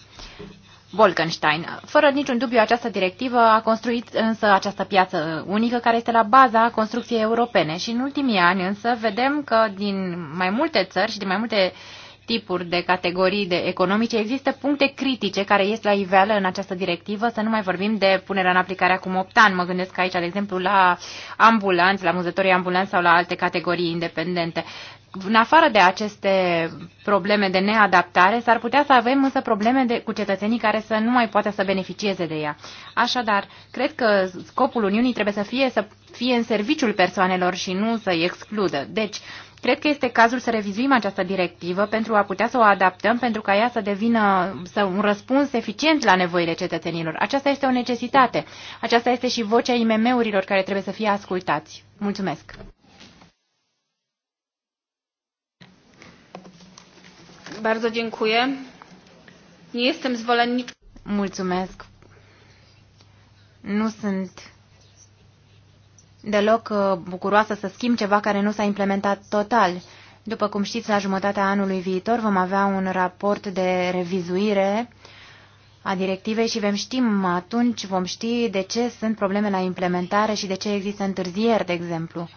Wolkenstein. Fără niciun dubiu, această directivă a construit însă această piață unică care este la baza construcției europene și în ultimii ani însă vedem că din mai multe țări și din mai multe uh, tipuri de categorii de economice, există puncte critice care ies la iveală în această directivă, să nu mai vorbim de punerea în aplicare acum 8 ani. Mă gândesc aici, de exemplu, la ambulanți, la muzătorii ambulanți sau la alte categorii independente. În afară de aceste probleme de neadaptare, s-ar putea să avem însă probleme de, cu cetățenii care să nu mai poată să beneficieze de ea. Așadar, cred că scopul Uniunii trebuie să fie să fie în serviciul persoanelor și nu să-i excludă. Deci, Cred că este cazul să revizuim această directivă pentru a putea să o adaptăm, pentru ca ea să devină să un răspuns eficient la nevoile cetățenilor. Aceasta este o necesitate. Aceasta este și vocea IMM-urilor care trebuie să fie ascultați. Mulțumesc! Bardzo dziękuję. Nie jestem zwolennikiem. Mulțumesc. Nu sunt deloc uh, bucuroasă să schimb ceva care nu s-a implementat total. După cum știți, la jumătatea anului viitor vom avea un raport de revizuire a directivei și vom ști atunci vom ști de ce sunt probleme la implementare și de ce există întârzieri, de exemplu.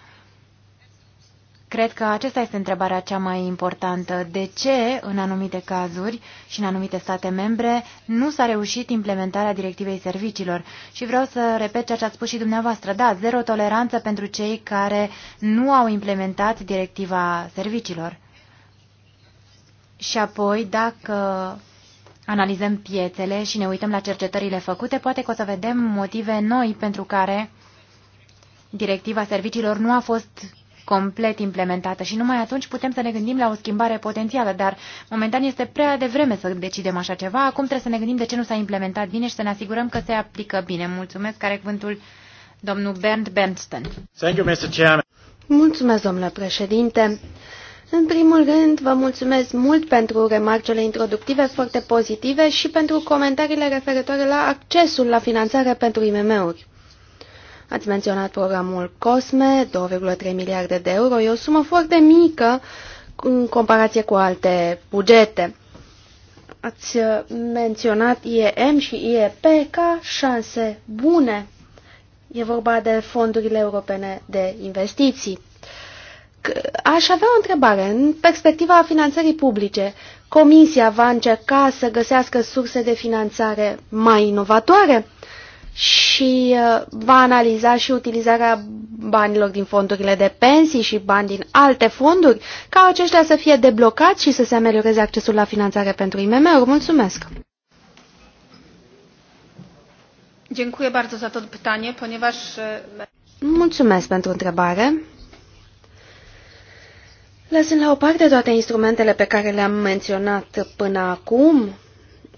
Cred că acesta este întrebarea cea mai importantă. De ce, în anumite cazuri și în anumite state membre, nu s-a reușit implementarea directivei serviciilor? Și vreau să repet ceea ce ați spus și dumneavoastră. Da, zero toleranță pentru cei care nu au implementat directiva serviciilor. Și apoi, dacă analizăm piețele și ne uităm la cercetările făcute, poate că o să vedem motive noi pentru care directiva serviciilor nu a fost complet implementată și numai atunci putem să ne gândim la o schimbare potențială, dar momentan este prea devreme să decidem așa ceva. Acum trebuie să ne gândim de ce nu s-a implementat bine și să ne asigurăm că se aplică bine. Mulțumesc, care cuvântul domnul Bernd Bernstein. Thank you, Mr. Chairman. Mulțumesc, domnule președinte. În primul rând, vă mulțumesc mult pentru remarcele introductive foarte pozitive și pentru comentariile referitoare la accesul la finanțare pentru IMM-uri. Ați menționat programul COSME, 2,3 miliarde de euro. E o sumă foarte mică în comparație cu alte bugete. Ați uh, menționat IEM și IEP ca șanse bune. E vorba de fondurile europene de investiții. Aș avea o întrebare. În perspectiva finanțării publice, Comisia va încerca să găsească surse de finanțare mai inovatoare? și uh, va analiza și utilizarea banilor din fondurile de pensii și bani din alte fonduri, ca aceștia să fie deblocați și să se amelioreze accesul la finanțare pentru IMM-uri. Mulțumesc! Mulțumesc pentru întrebare. Lăsând la o parte toate instrumentele pe care le-am menționat până acum,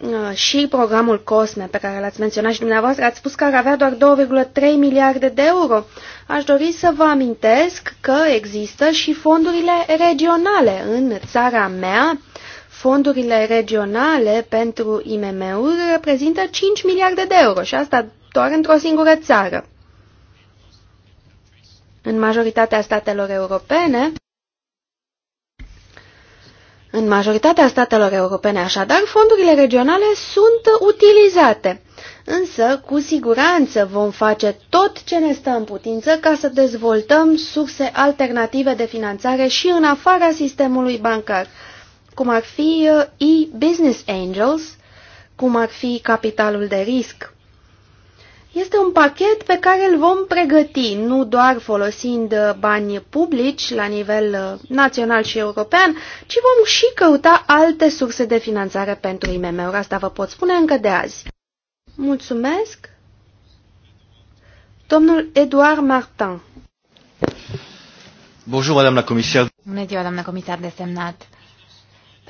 Uh, și programul COSME, pe care l-ați menționat și dumneavoastră, ați spus că ar avea doar 2,3 miliarde de euro. Aș dori să vă amintesc că există și fondurile regionale în țara mea. Fondurile regionale pentru IMM-uri reprezintă 5 miliarde de euro și asta doar într-o singură țară. În majoritatea statelor europene, în majoritatea statelor europene, așadar, fondurile regionale sunt utilizate. Însă, cu siguranță vom face tot ce ne stă în putință ca să dezvoltăm surse alternative de finanțare și în afara sistemului bancar, cum ar fi uh, e-business angels, cum ar fi capitalul de risc. Este un pachet pe care îl vom pregăti, nu doar folosind uh, bani publici la nivel uh, național și european, ci vom și căuta alte surse de finanțare pentru IMM-uri. Asta vă pot spune încă de azi. Mulțumesc! Domnul Eduard Martin. Bună ziua, la comisar. Bună ziua, doamna comisar desemnat.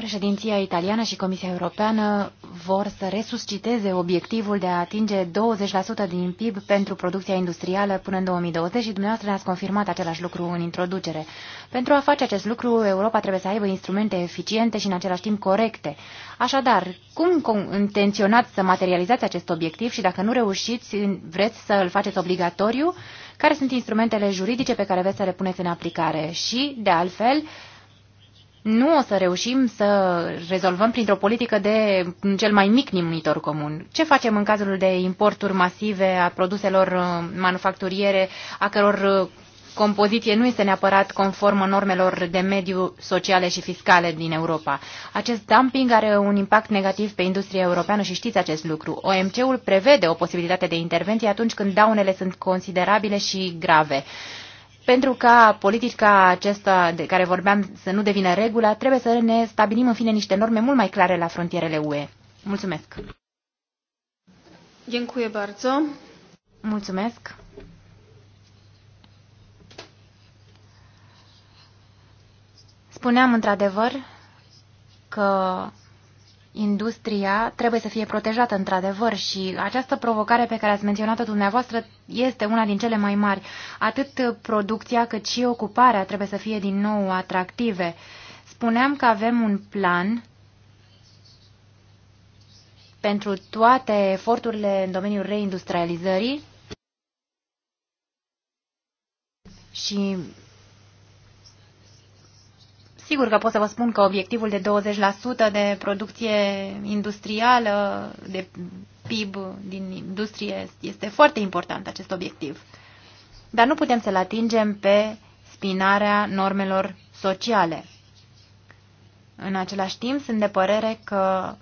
Președinția italiană și Comisia Europeană vor să resusciteze obiectivul de a atinge 20% din PIB pentru producția industrială până în 2020 și dumneavoastră ne-ați confirmat același lucru în introducere. Pentru a face acest lucru, Europa trebuie să aibă instrumente eficiente și în același timp corecte. Așadar, cum intenționați să materializați acest obiectiv și dacă nu reușiți, vreți să îl faceți obligatoriu? Care sunt instrumentele juridice pe care veți să le puneți în aplicare? Și, de altfel, nu o să reușim să rezolvăm printr-o politică de cel mai mic numitor comun. Ce facem în cazul de importuri masive a produselor uh, manufacturiere, a căror uh, compoziție nu este neapărat conformă normelor de mediu sociale și fiscale din Europa. Acest dumping are un impact negativ pe industria europeană și știți acest lucru. OMC-ul prevede o posibilitate de intervenție atunci când daunele sunt considerabile și grave. Pentru ca politica aceasta de care vorbeam să nu devină regulă trebuie să ne stabilim în fine niște norme mult mai clare la frontierele UE. Mulțumesc! Dziękuję bardzo. Mulțumesc! Spuneam într-adevăr că industria trebuie să fie protejată într-adevăr și această provocare pe care ați menționat-o dumneavoastră este una din cele mai mari. Atât producția cât și ocuparea trebuie să fie din nou atractive. Spuneam că avem un plan pentru toate eforturile în domeniul reindustrializării și Sigur că pot să vă spun că obiectivul de 20% de producție industrială, de PIB din industrie, este foarte important acest obiectiv. Dar nu putem să-l atingem pe spinarea normelor sociale. În același timp, sunt de părere că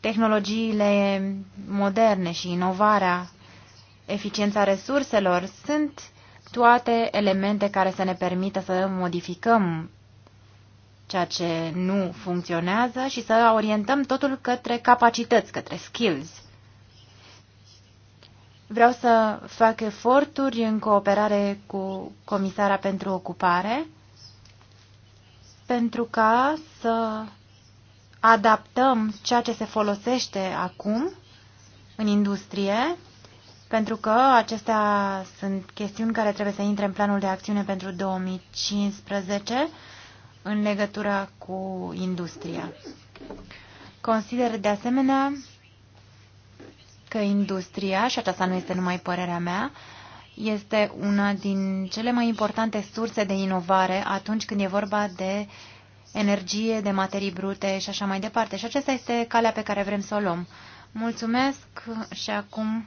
tehnologiile moderne și inovarea, eficiența resurselor sunt toate elemente care să ne permită să modificăm ceea ce nu funcționează și să orientăm totul către capacități, către skills. Vreau să fac eforturi în cooperare cu Comisara pentru Ocupare pentru ca să adaptăm ceea ce se folosește acum în industrie pentru că acestea sunt chestiuni care trebuie să intre în planul de acțiune pentru 2015 în legătură cu industria. Consider de asemenea că industria, și aceasta nu este numai părerea mea, este una din cele mai importante surse de inovare atunci când e vorba de energie, de materii brute și așa mai departe. Și aceasta este calea pe care vrem să o luăm. Mulțumesc și acum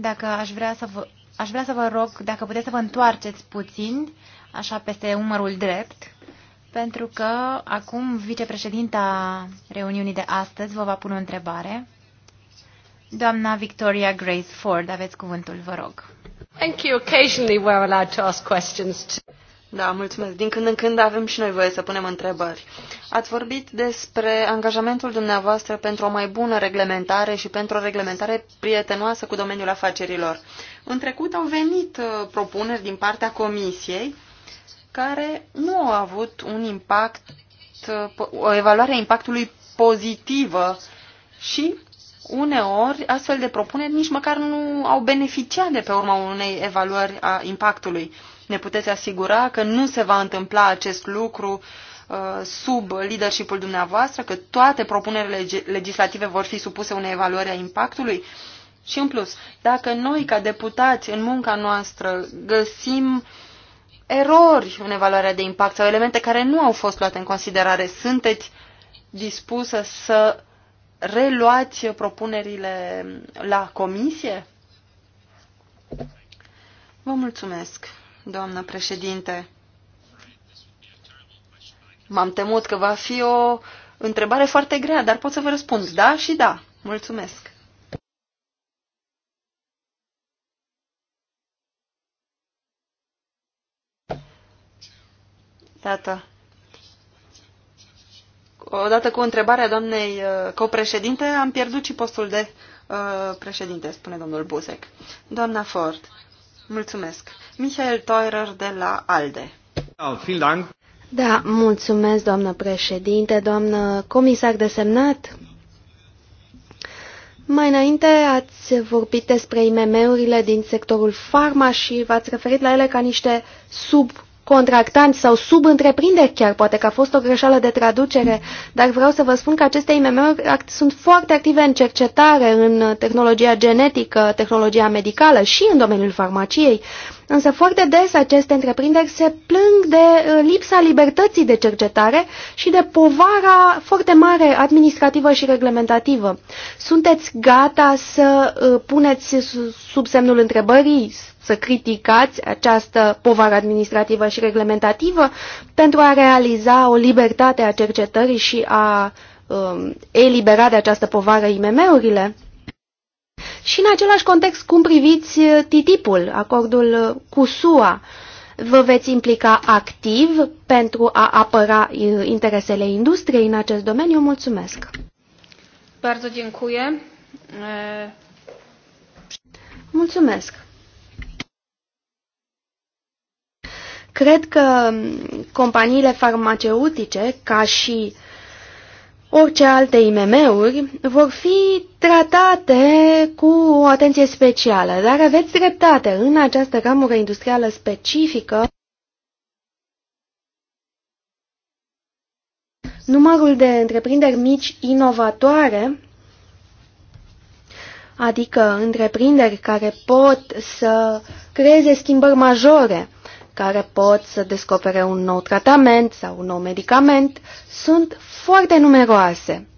dacă aș vrea să vă, aș vrea să vă rog, dacă puteți să vă întoarceți puțin, așa peste umărul drept, pentru că acum vicepreședinta reuniunii de astăzi vă va pune o întrebare. Doamna Victoria Grace Ford, aveți cuvântul, vă rog. Thank you. Occasionally we're allowed to ask questions. Da, mulțumesc. Din când în când avem și noi voie să punem întrebări. Ați vorbit despre angajamentul dumneavoastră pentru o mai bună reglementare și pentru o reglementare prietenoasă cu domeniul afacerilor. În trecut au venit uh, propuneri din partea Comisiei care nu au avut un impact, uh, o evaluare a impactului pozitivă și uneori astfel de propuneri nici măcar nu au beneficiat de pe urma unei evaluări a impactului ne puteți asigura că nu se va întâmpla acest lucru uh, sub leadership-ul dumneavoastră, că toate propunerile legislative vor fi supuse unei evaluări a impactului? Și în plus, dacă noi ca deputați în munca noastră găsim erori în evaluarea de impact sau elemente care nu au fost luate în considerare, sunteți dispusă să reluați propunerile la comisie? Vă mulțumesc doamnă președinte. M-am temut că va fi o întrebare foarte grea, dar pot să vă răspund da și da. Mulțumesc. Tată. Odată cu întrebarea doamnei uh, copreședinte, am pierdut și postul de uh, președinte, spune domnul Buzek. Doamna Ford, Mulțumesc. Michael Teurer de la ALDE. Da, da mulțumesc, doamnă președinte, doamnă comisar desemnat. Mai înainte ați vorbit despre IMM-urile din sectorul farma și v-ați referit la ele ca niște sub contractanți sau subîntreprinderi chiar, poate că a fost o greșeală de traducere, dar vreau să vă spun că aceste IMM-uri sunt foarte active în cercetare, în tehnologia genetică, tehnologia medicală și în domeniul farmaciei, însă foarte des aceste întreprinderi se plâng de uh, lipsa libertății de cercetare și de povara foarte mare administrativă și reglementativă. Sunteți gata să uh, puneți sub semnul întrebării să criticați această povară administrativă și reglementativă pentru a realiza o libertate a cercetării și a um, elibera de această povară IMM-urile? Și în același context, cum priviți uh, TTIP-ul, acordul uh, cu SUA? Vă veți implica activ pentru a apăra uh, interesele industriei în acest domeniu? Mulțumesc! Bardzo dziękuję. Mulțumesc! Cred că companiile farmaceutice, ca și orice alte IMM-uri, vor fi tratate cu o atenție specială, dar aveți dreptate, în această ramură industrială specifică, numărul de întreprinderi mici inovatoare, adică întreprinderi care pot să creeze schimbări majore, care pot să descopere un nou tratament sau un nou medicament sunt foarte numeroase.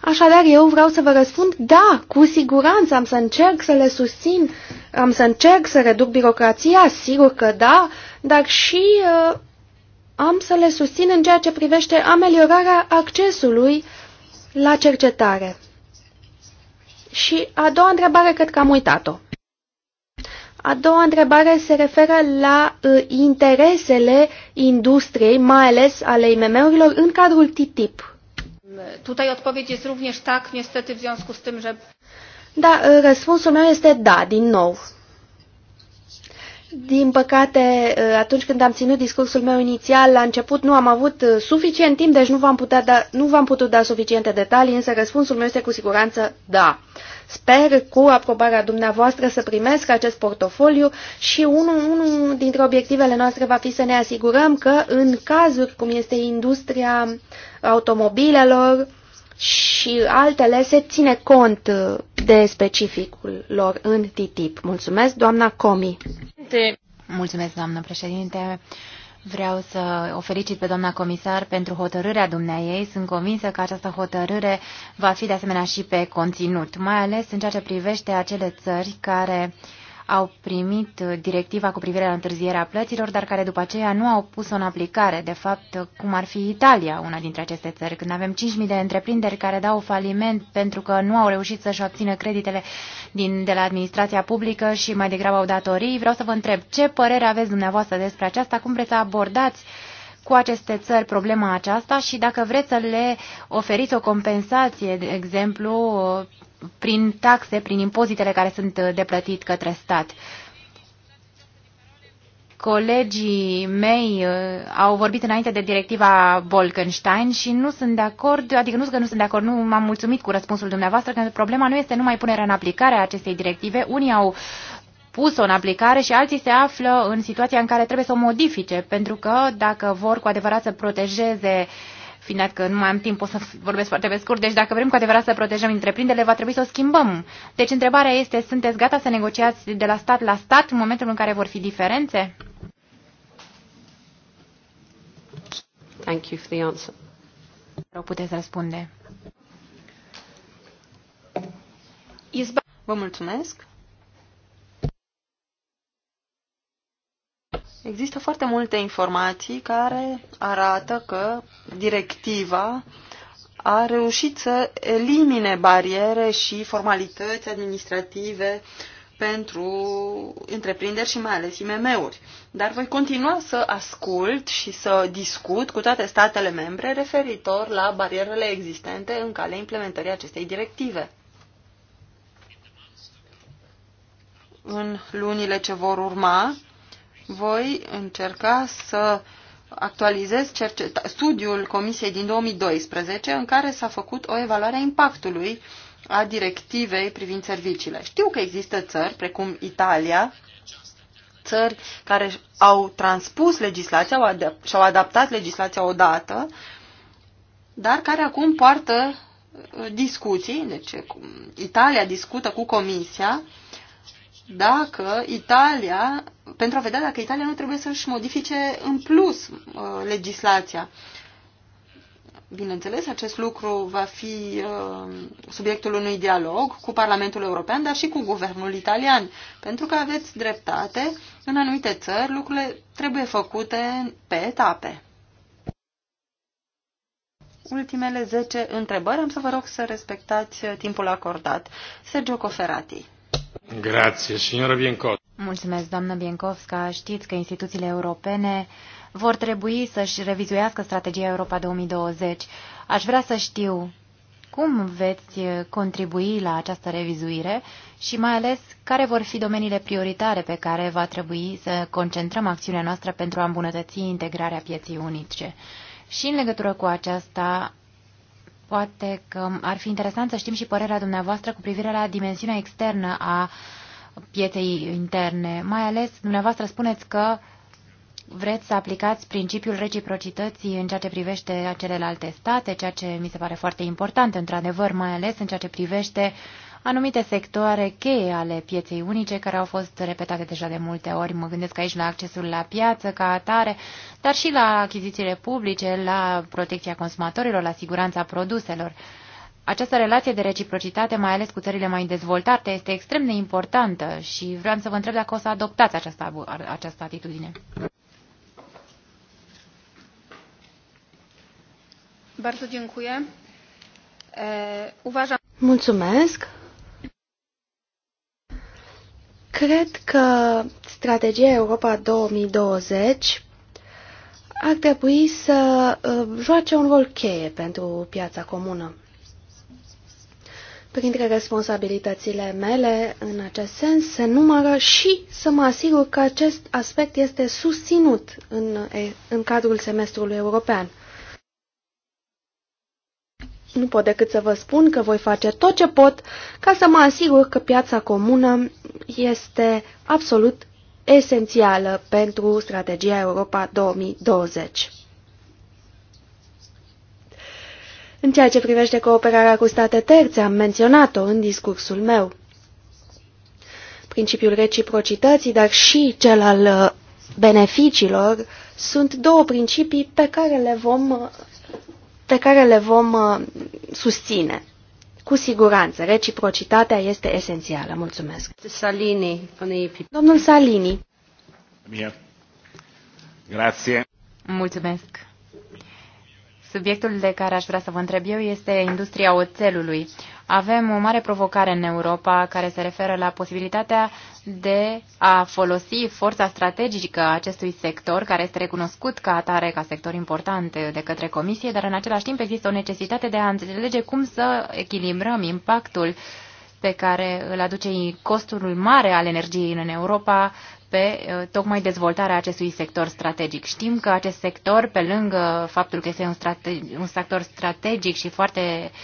Așadar, eu vreau să vă răspund, da, cu siguranță am să încerc să le susțin, am să încerc să reduc birocrația, sigur că da, dar și uh, am să le susțin în ceea ce privește ameliorarea accesului la cercetare. Și a doua întrebare, cred că am uitat-o. A doua întrebare se referă la uh, interesele industriei, mai ales ale IMM-urilor, în cadrul TTIP. Tutaj odpowiedź jest również tak, niestety w związku z tym, że... Da, ă, răspunsul meu este da, din nou. Din păcate, ă, atunci când am ținut discursul meu inițial, la început nu am avut ă, suficient timp, deci nu v-am, putea da, nu v-am putut da suficiente detalii, însă răspunsul meu este cu siguranță da. Sper cu aprobarea dumneavoastră să primesc acest portofoliu și unul, unul dintre obiectivele noastre va fi să ne asigurăm că în cazuri cum este industria automobilelor, și altele se ține cont uh, de specificul lor în TTIP. Mulțumesc, doamna Comi. Mulțumesc, doamnă președinte. Vreau să o felicit pe doamna comisar pentru hotărârea ei. Sunt convinsă că această hotărâre va fi de asemenea și pe conținut, mai ales în ceea ce privește acele țări care uh, au primit uh, directiva cu privire la întârzierea plăților, dar care după aceea nu au pus-o în aplicare, de fapt, uh, cum ar fi Italia, una dintre aceste țări, când avem 5.000 de întreprinderi care dau faliment pentru că nu au reușit să-și obțină creditele din, de la administrația publică și mai degrabă au datorii. Vreau să vă întreb ce părere aveți dumneavoastră despre aceasta, cum vreți să abordați uh, cu aceste țări problema aceasta și dacă vreți să le oferiți o compensație, de exemplu, prin taxe, prin impozitele care sunt uh, de plătit către stat. Colegii mei uh, au vorbit înainte de directiva Bolkenstein și nu sunt de acord, adică nu că nu sunt de acord, nu m-am mulțumit cu răspunsul dumneavoastră, că problema nu este numai punerea în aplicare a acestei directive. Unii au pus-o în aplicare și alții se află în situația în care trebuie să o modifice, pentru că dacă vor cu adevărat să protejeze fiind că nu mai am timp, o să vorbesc foarte pe scurt, deci dacă vrem cu adevărat să protejăm întreprinderile, va trebui să o schimbăm. Deci întrebarea este, sunteți gata să negociați de la stat la stat în momentul în care vor fi diferențe? Thank you for the answer. Vă puteți răspunde. Vă mulțumesc. Există foarte multe informații care arată că directiva a reușit să elimine bariere și formalități administrative pentru întreprinderi și mai ales IMM-uri. Dar voi continua să ascult și să discut cu toate statele membre referitor la barierele existente în calea implementării acestei directive. În lunile ce vor urma, voi încerca să actualizez studiul Comisiei din 2012 în care s-a făcut o evaluare a impactului a directivei privind serviciile. Știu că există țări, precum Italia, țări care au transpus legislația și-au adaptat legislația odată, dar care acum poartă uh, discuții, deci Italia discută cu Comisia dacă Italia, pentru a vedea dacă Italia nu trebuie să-și modifice în plus uh, legislația. Bineînțeles, acest lucru va fi uh, subiectul unui dialog cu Parlamentul European, dar și cu guvernul italian, pentru că aveți dreptate, în anumite țări lucrurile trebuie făcute pe etape. Ultimele 10 întrebări, am să vă rog să respectați timpul acordat. Sergio Coferati. Mulțumesc, doamnă Biencovska. Știți că instituțiile europene vor trebui să-și revizuiască strategia Europa 2020. Aș vrea să știu cum veți contribui la această revizuire și mai ales care vor fi domeniile prioritare pe care va trebui să concentrăm acțiunea noastră pentru a îmbunătăți integrarea pieței unice. Și în legătură cu aceasta Poate că ar fi interesant să știm și părerea dumneavoastră cu privire la dimensiunea externă a pieței interne. Mai ales, dumneavoastră spuneți că vreți să aplicați principiul reciprocității în ceea ce privește celelalte state, ceea ce mi se pare foarte important, într-adevăr, mai ales în ceea ce privește uh, anumite sectoare cheie ale pieței unice care au fost repetate deja de multe ori. Mă gândesc aici la accesul la piață ca atare, dar și la achizițiile publice, la protecția consumatorilor, la siguranța produselor. Această relație de reciprocitate, mai ales cu țările mai dezvoltate, este extrem de importantă și vreau să vă întreb dacă o să adoptați această, această atitudine. Mulțumesc. Cred că strategia Europa 2020 ar trebui să uh, joace un rol cheie pentru piața comună. Printre responsabilitățile mele în acest sens se numără și să mă asigur că acest aspect este susținut în, în cadrul semestrului european. Nu pot decât să vă spun că voi face tot ce pot ca să mă asigur că piața comună este absolut esențială pentru strategia Europa 2020. În ceea ce privește cooperarea cu state terțe, am menționat-o în discursul meu. Principiul reciprocității, dar și cel al beneficiilor, sunt două principii pe care le vom pe care le vom uh, susține. Cu siguranță, reciprocitatea este esențială. Mulțumesc. Salini, Domnul Salini. Bine. Grazie. Mulțumesc. Subiectul de care aș vrea să vă întreb eu este industria oțelului. Avem o mare provocare în Europa care se referă la posibilitatea de a folosi forța strategică a acestui sector, care este recunoscut ca atare, ca sector important de către Comisie, dar în același timp există o necesitate de a înțelege cum să echilibrăm impactul pe care îl aduce costul mare al energiei în Europa pe uh, tocmai dezvoltarea acestui sector strategic. Știm că acest sector, pe lângă faptul că este un, strate- un sector strategic și foarte uh,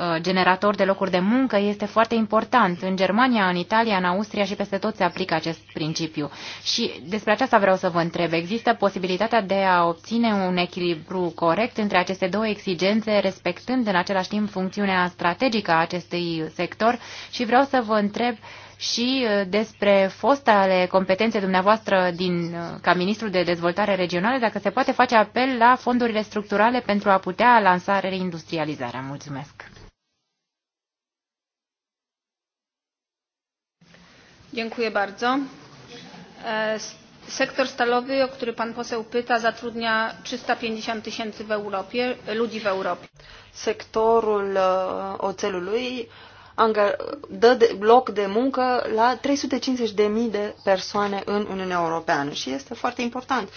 Uh, generator de locuri de muncă este foarte important. În Germania, în Italia, în Austria și peste tot se aplică acest principiu. Și despre aceasta vreau să vă întreb. Există posibilitatea de a obține un echilibru corect între aceste două exigențe, respectând în același timp funcțiunea strategică a acestui sector? Și vreau să vă întreb și uh, despre fostale competențe dumneavoastră din, uh, ca ministru de dezvoltare regională, dacă se poate face apel la fondurile structurale pentru a putea lansa reindustrializarea. Mulțumesc! Dziękuję bardzo. Sektor stalowy, o który pan poseł pyta, zatrudnia 350 tysięcy w Europie, ludzi w Europie. Sectorul oțelului dă loc de muncă la 350.000 de persoane în Uniunea Europeană și este foarte important.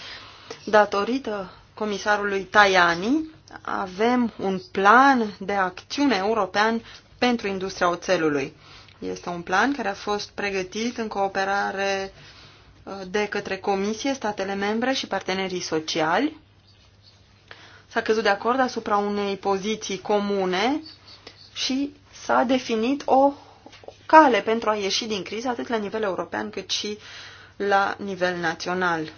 Datorită comisarului Tajani, avem un plan de acțiune european pentru industria oțelului. Este un plan care a fost pregătit în cooperare uh, de către Comisie, statele membre și partenerii sociali. S-a căzut de acord asupra unei poziții comune și s-a definit o cale pentru a ieși din criză atât la nivel european cât și la nivel național.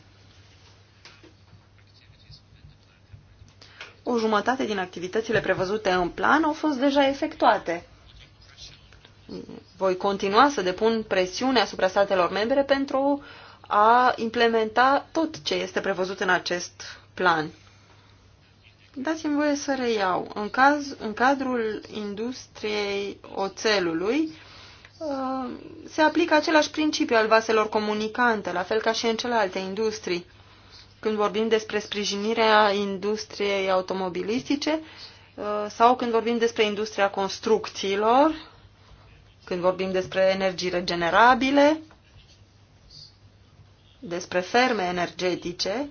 O jumătate din activitățile prevăzute în plan au fost deja efectuate voi continua să depun presiune asupra statelor membre pentru a implementa tot ce este prevăzut în acest plan. Dați-mi voie să reiau. În, caz, în cadrul industriei oțelului uh, se aplică același principiu al vaselor comunicante, la fel ca și în celelalte industrii. Când vorbim despre sprijinirea industriei automobilistice uh, sau când vorbim despre industria construcțiilor, când vorbim despre energii regenerabile, despre ferme energetice,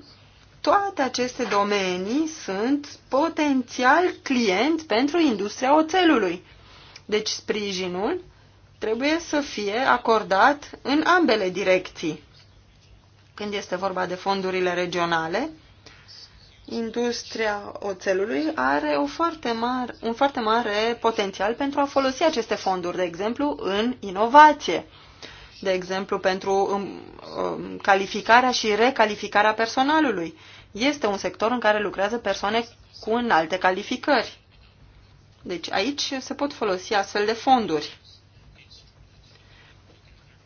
toate aceste domenii sunt potențial client pentru industria oțelului. Deci sprijinul trebuie să fie acordat în ambele direcții. Când este vorba de fondurile regionale, industria oțelului are o foarte mar, un foarte mare potențial pentru a folosi aceste fonduri, de exemplu, în inovație, de exemplu, pentru um, um, calificarea și recalificarea personalului. Este un sector în care lucrează persoane cu înalte calificări. Deci aici se pot folosi astfel de fonduri.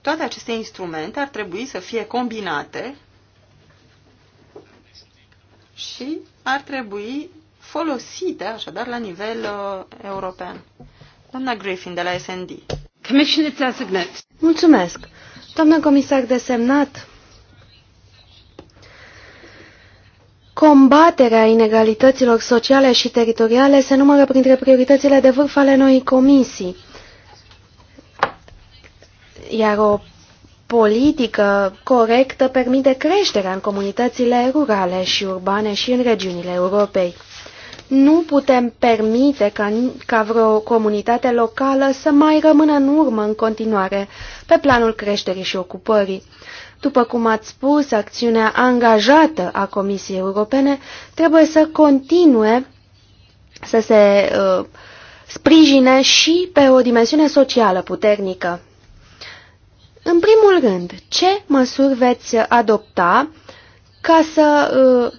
Toate aceste instrumente ar trebui să fie combinate și ar trebui folosite, așadar, la nivel uh, european. Doamna Griffin, de la SND. Mulțumesc. Doamna comisar desemnat, Combaterea inegalităților sociale și teritoriale se numără printre prioritățile de vârf ale noii comisii. Iar o politică corectă permite creșterea în comunitățile rurale și urbane și în regiunile Europei. Nu putem permite ca, ca vreo comunitate locală să mai rămână în urmă în continuare pe planul creșterii și ocupării. După cum ați spus, acțiunea angajată a Comisiei Europene trebuie să continue să se uh, sprijine și pe o dimensiune socială puternică. În primul rând, ce măsuri veți adopta ca să uh,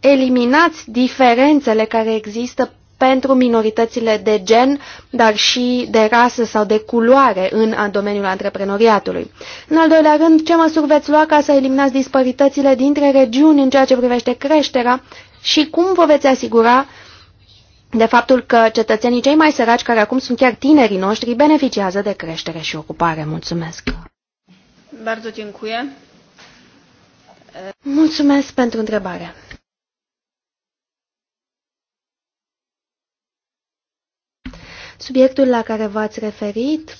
eliminați diferențele care există pentru minoritățile de gen, dar și de rasă sau de culoare în domeniul antreprenoriatului. În al doilea rând, ce măsuri veți lua ca să eliminați disparitățile dintre regiuni în ceea ce privește creșterea și cum vă veți asigura de faptul că cetățenii cei mai săraci, care acum sunt chiar tinerii noștri, beneficiază de creștere și ocupare. Mulțumesc! Bardzo dziękuję. Mulțumesc pentru întrebare. Subiectul la care v-ați referit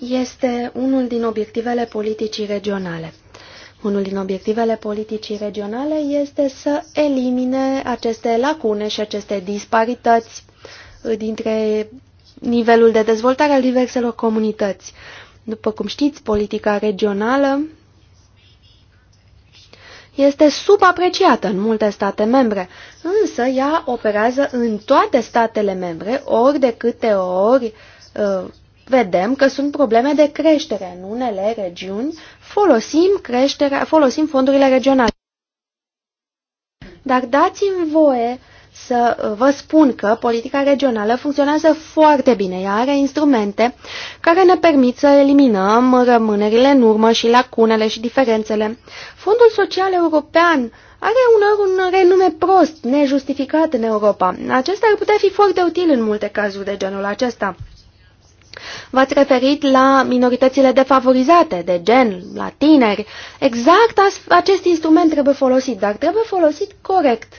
este unul din obiectivele politicii regionale. Unul din obiectivele politicii regionale este să elimine aceste lacune și aceste disparități dintre nivelul de dezvoltare al diverselor comunități. După cum știți, politica regională este subapreciată în multe state membre, însă ea operează în toate statele membre, ori de câte ori uh, vedem că sunt probleme de creștere în unele regiuni, folosim, creșterea, folosim fondurile regionale. Dar dați-mi voie să uh, vă spun că politica regională funcționează foarte bine. Ea are instrumente care ne permit să eliminăm rămânerile în urmă și lacunele și diferențele. Fondul Social European are uneori un renume prost, nejustificat în Europa. Acesta ar putea fi foarte util în multe cazuri de genul acesta. V-ați referit la minoritățile defavorizate, de gen, la tineri. Exact acest instrument trebuie folosit, dar trebuie folosit corect.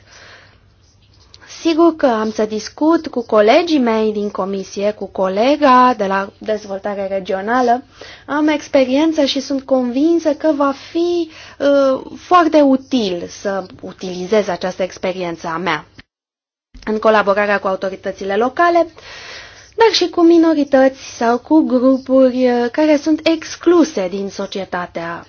Sigur că am să discut cu colegii mei din comisie, cu colega de la dezvoltare regională. Am experiență și sunt convinsă că va fi uh, foarte util să utilizez această experiență a mea. În colaborarea cu autoritățile locale, uh, dar și cu minorități sau cu grupuri uh, care sunt excluse din societatea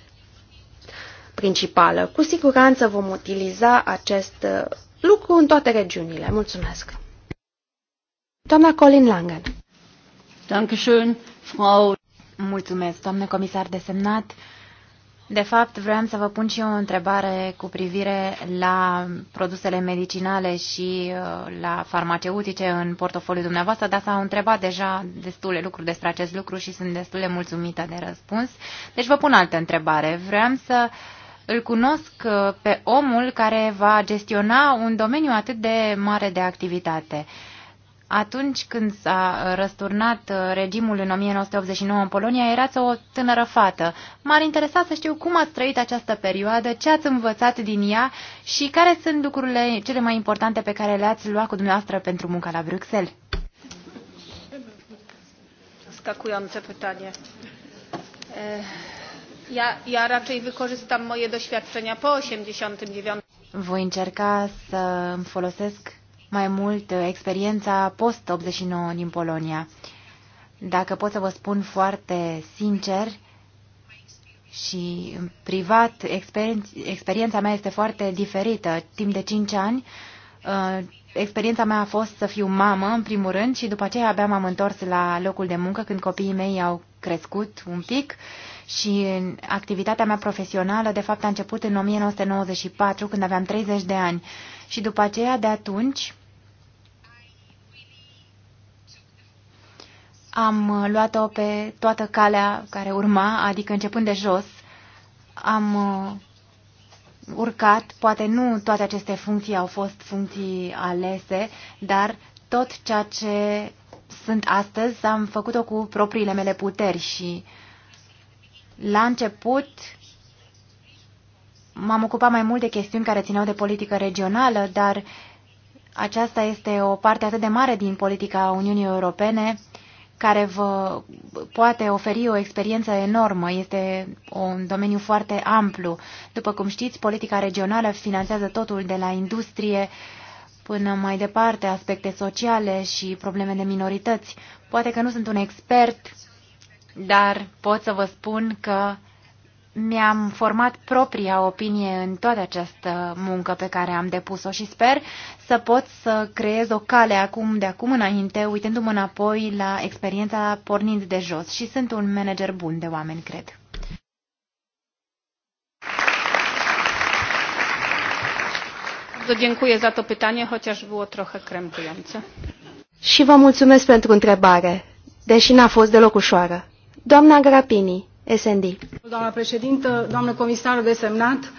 principală. Cu siguranță vom utiliza acest uh, lucru în toate regiunile. Mulțumesc! Doamna Colin Langen. Dankeschön, Frau. Mulțumesc, doamnă comisar desemnat. De fapt, vreau să vă pun și eu o întrebare cu privire la produsele medicinale și uh, la farmaceutice în portofoliul dumneavoastră, dar s-au întrebat deja destule lucruri despre acest lucru și sunt destule mulțumită de răspuns. Deci vă pun altă întrebare. Vreau să îl cunosc uh, pe omul care va gestiona un domeniu atât de mare de activitate. Uh, atunci când s-a răsturnat uh, regimul în 1989 în Polonia, erați o tânără fată. M-ar interesa să știu cum ați trăit această perioadă, ce ați învățat din ea și care sunt lucrurile cele mai importante pe care le-ați luat cu dumneavoastră pentru munca la Bruxelles. Skakujące pytanie. Ja, ja raczej wykorzystam moje doświadczenia po 89. Voi încerca să folosesc mai mult experiența post-89 din Polonia. Dacă pot să vă spun foarte sincer și privat, experiența mea este foarte diferită. Timp de 5 ani, uh, experiența mea a fost să fiu mamă, în primul rând, și după aceea abia m-am întors la locul de muncă când copiii mei au crescut un pic și activitatea mea profesională, de fapt, a început în 1994, când aveam 30 de ani. Și după aceea, de atunci, am uh, luat-o pe toată calea care urma, adică începând de jos, am uh, urcat, poate nu toate aceste funcții au fost funcții alese, dar tot ceea ce sunt astăzi am făcut-o cu propriile mele puteri și la început m-am ocupat mai mult de chestiuni care țineau de politică regională, dar aceasta este o parte atât de mare din politica Uniunii Europene care vă poate oferi o experiență enormă. Este un domeniu foarte amplu. După cum știți, politica regională finanțează totul de la industrie până mai departe, aspecte sociale și probleme de minorități. Poate că nu sunt un expert, dar pot să vă spun că mi-am format propria opinie în toată această muncă pe care am depus-o și sper să pot să creez o cale acum de acum înainte, uitându-mă înapoi la experiența pornind de jos și sunt un manager bun de oameni, cred. Dziękuję za to pytanie, chociaż było trochę krępujące. Și vă mulțumesc pentru întrebare, deși n-a fost deloc ușoară. Doamna Grapini, SND doamnă președintă doamnă comisar desemnat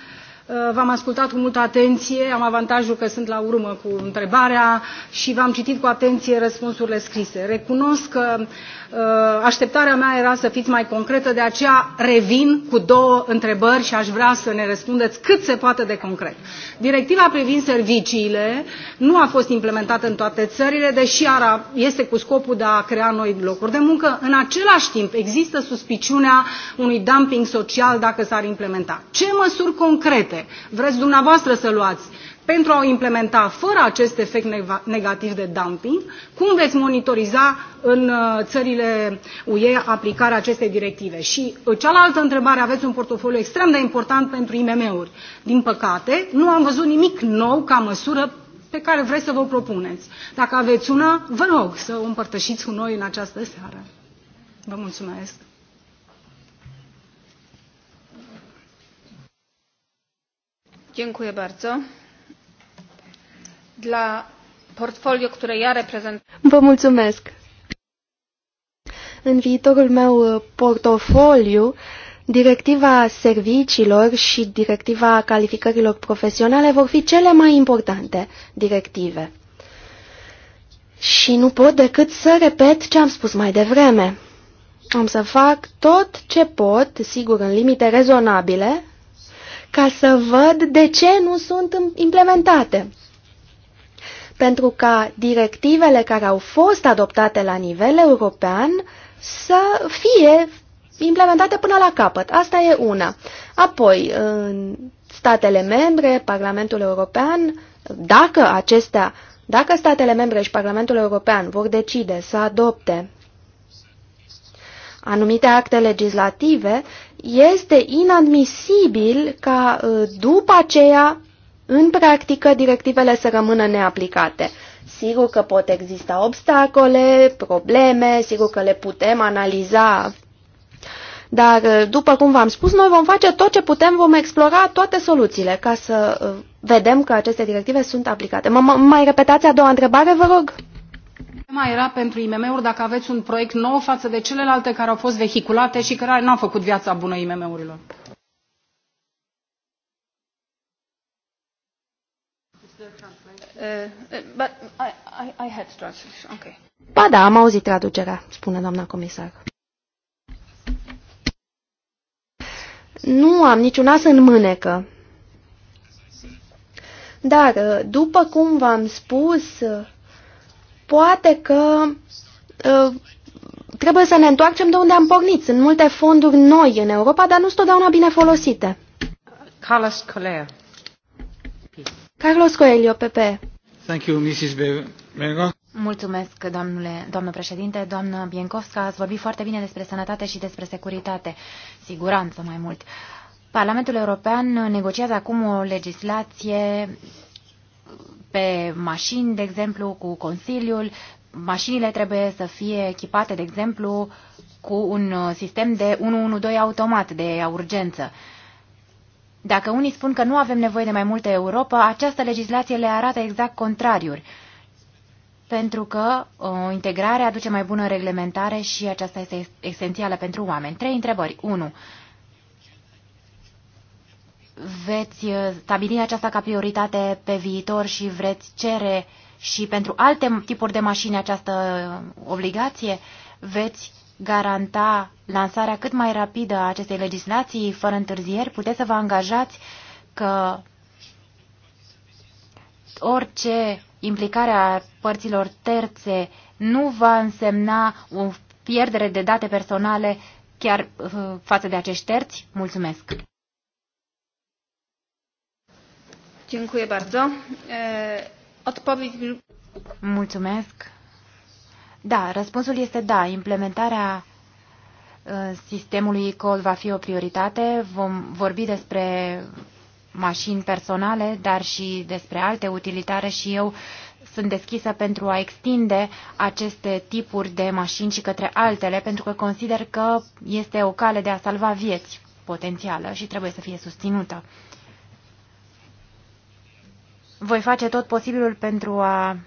Uh, v-am ascultat cu multă atenție, am avantajul că sunt la urmă cu întrebarea și v-am citit cu atenție răspunsurile scrise. Recunosc că uh, așteptarea mea era să fiți mai concretă, de aceea revin cu două întrebări și aș vrea să ne răspundeți cât se poate de concret. Directiva privind serviciile nu a fost implementată în toate țările, deși ara este cu scopul de a crea noi locuri de muncă. În același timp există suspiciunea unui dumping social dacă s-ar implementa. Ce măsuri concrete concrete vreți dumneavoastră să luați pentru a o implementa fără acest efect negativ de dumping? Cum veți monitoriza în uh, țările UE aplicarea acestei directive? Și uh, cealaltă întrebare, aveți un portofoliu extrem de important pentru IMM-uri. Din păcate, nu am văzut nimic nou ca măsură pe care vreți să vă propuneți. Dacă aveți una, vă rog să o împărtășiți cu noi în această seară. Vă mulțumesc. Dla portfolio, które ja Vă mulțumesc. În viitorul meu portofoliu, directiva serviciilor și directiva calificărilor profesionale vor fi cele mai importante directive. Și nu pot decât să repet ce am spus mai devreme. Am să fac tot ce pot, sigur în limite rezonabile, ca să văd de ce nu sunt implementate. Pentru ca directivele care au fost adoptate la nivel european să fie implementate până la capăt. Asta e una. Apoi, în statele membre, Parlamentul European, dacă acestea, dacă statele membre și Parlamentul European vor decide să adopte anumite acte legislative, este inadmisibil ca ă, după aceea, în practică, directivele să rămână neaplicate. Sigur că pot exista obstacole, probleme, sigur că le putem analiza, dar, ă, după cum v-am spus, noi vom face tot ce putem, vom explora toate soluțiile ca să ă, vedem că aceste directive sunt aplicate. M mai repetați a doua întrebare, vă rog? Mai era pentru IMM-uri dacă aveți un proiect nou față de celelalte care au fost vehiculate și care n-au făcut viața bună IMM-urilor. Uh, ba da, am auzit traducerea, spune doamna comisar. Nu am niciun as în mânecă. Dar, uh, după cum v-am spus, uh, Poate că uh, trebuie să ne întoarcem de unde am pornit. Sunt multe fonduri noi în Europa, dar nu sunt totdeauna bine folosite. Carlos Coelho. Carlos Coelho, PP. Thank you, Mrs. Bienkovska. Mulțumesc, domnule, doamnă președinte. Doamnă Biencovska, ați vorbit foarte bine despre sănătate și despre securitate. Siguranță mai mult. Parlamentul European negociază acum o legislație pe mașini, de exemplu, cu Consiliul. Mașinile trebuie să fie echipate, de exemplu, cu un uh, sistem de 112 automat de urgență. Dacă unii spun că nu avem nevoie de mai multă Europa, această legislație le arată exact contrariuri, pentru că o uh, integrare aduce mai bună reglementare și aceasta este esențială pentru oameni. Trei întrebări. 1 veți uh, stabili aceasta ca prioritate pe viitor și vreți cere și pentru alte tipuri de mașini această uh, obligație, veți garanta lansarea cât mai rapidă a acestei legislații, fără întârzieri, puteți să vă angajați că orice implicare a părților terțe nu va însemna o pierdere de date personale chiar uh, față de acești terți? Mulțumesc! Dziękuję bardzo. Odpowiedź... Mulțumesc. Da, răspunsul este da. Implementarea sistemului ECOL va fi o prioritate. Vom vorbi despre mașini personale, dar și despre alte utilitare și eu sunt deschisă pentru a extinde aceste tipuri de mașini și către altele, pentru că consider că este o cale de a salva vieți potențială și trebuie să fie susținută. Voi face tot posibilul pentru a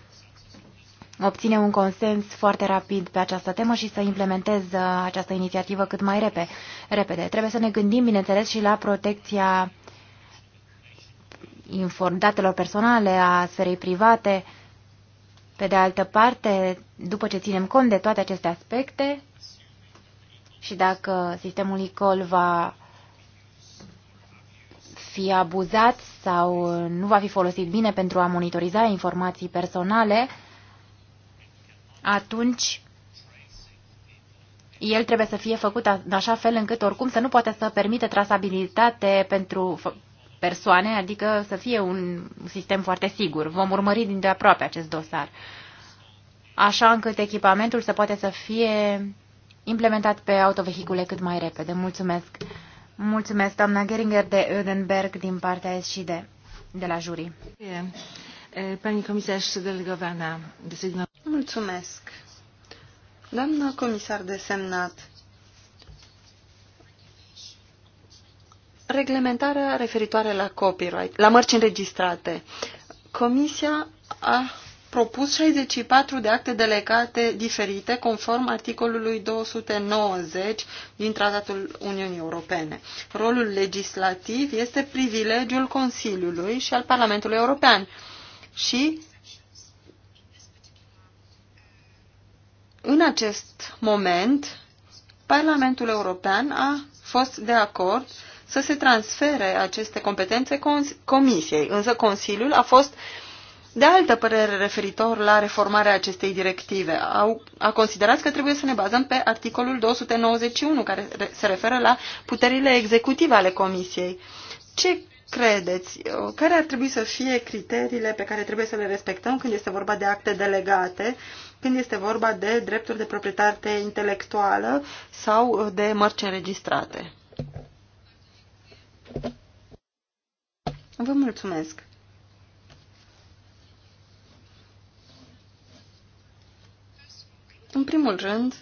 obține un consens foarte rapid pe această temă și să implementez uh, această inițiativă cât mai repede. Trebuie să ne gândim, bineînțeles, și la protecția datelor personale, a sferei private. Pe de altă parte, după ce ținem cont de toate aceste aspecte și dacă sistemul ICOL va fi abuzat sau uh, nu va fi folosit bine pentru a monitoriza informații personale, atunci el trebuie să fie făcut în așa fel încât oricum să nu poate să permite trasabilitate pentru persoane, adică să fie un sistem foarte sigur. Vom urmări din de aproape acest dosar, așa încât echipamentul să poate să fie implementat pe autovehicule cât mai repede. Mulțumesc! Mulțumesc, doamna Geringer de Ödenberg, din partea SCD, de la jurii. Pani comisar delegowana, desigur. Mulțumesc. Doamna comisar desemnat, reglementarea referitoare la copyright, la mărci înregistrate. Comisia a propus 64 de acte delegate diferite conform articolului 290 din Tratatul Uniunii Europene. Rolul legislativ este privilegiul Consiliului și al Parlamentului European și în acest moment Parlamentul European a fost de acord să se transfere aceste competențe Comisiei, însă Consiliul a fost uh, de altă părere referitor la reformarea acestei directive. Au, a considerat că trebuie să ne bazăm pe articolul 291, care se referă la puterile executive ale Comisiei. Ce credeți? Care ar trebui să fie criteriile pe care trebuie să le respectăm când este vorba de acte delegate, când este vorba de drepturi de proprietate intelectuală sau de mărci înregistrate? Vă mulțumesc! În primul rând,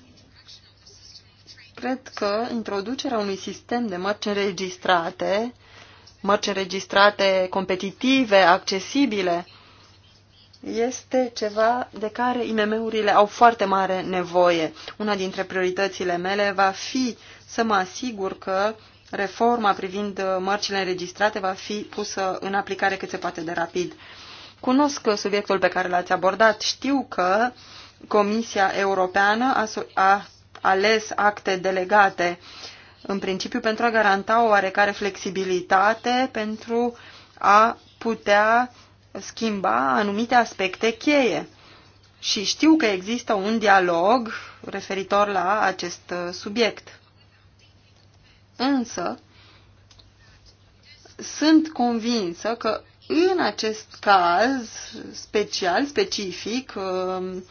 cred că introducerea unui sistem de mărci înregistrate, mărci înregistrate competitive, accesibile, este ceva de care IMM-urile au foarte mare nevoie. Una dintre prioritățile mele va fi să mă asigur că reforma privind mărcile înregistrate va fi pusă în aplicare cât se poate de rapid. Cunosc subiectul pe care l-ați abordat, știu că uh, Comisia Europeană a, a ales acte delegate în principiu pentru a garanta o oarecare flexibilitate pentru a putea schimba anumite aspecte cheie. Și știu că există un dialog referitor la acest uh, subiect. Însă, sunt convinsă că în acest caz special, specific, um,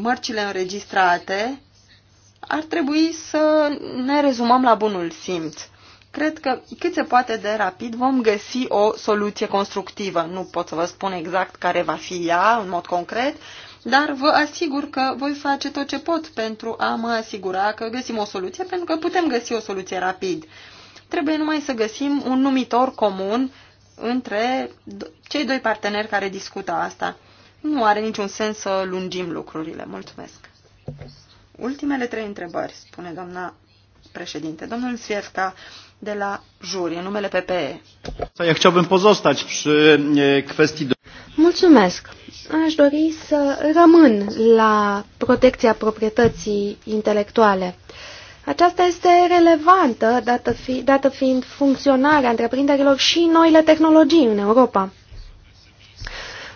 mărcile înregistrate, ar trebui să ne rezumăm la bunul simț. Cred că cât se poate de rapid vom găsi o soluție constructivă. Nu pot să vă spun exact care va fi ea în mod concret, dar vă asigur că voi face tot ce pot pentru a mă asigura că găsim o soluție, pentru că putem găsi o soluție rapid. Trebuie numai să găsim un numitor comun între cei doi parteneri care discută asta nu are niciun sens să lungim lucrurile. Mulțumesc. Ultimele trei întrebări, spune doamna președinte. Domnul Svievca de la juri, în numele PPE. Mulțumesc. Aș dori să rămân la protecția proprietății intelectuale. Aceasta este relevantă, dată, fi, dată fiind funcționarea întreprinderilor și noile tehnologii în Europa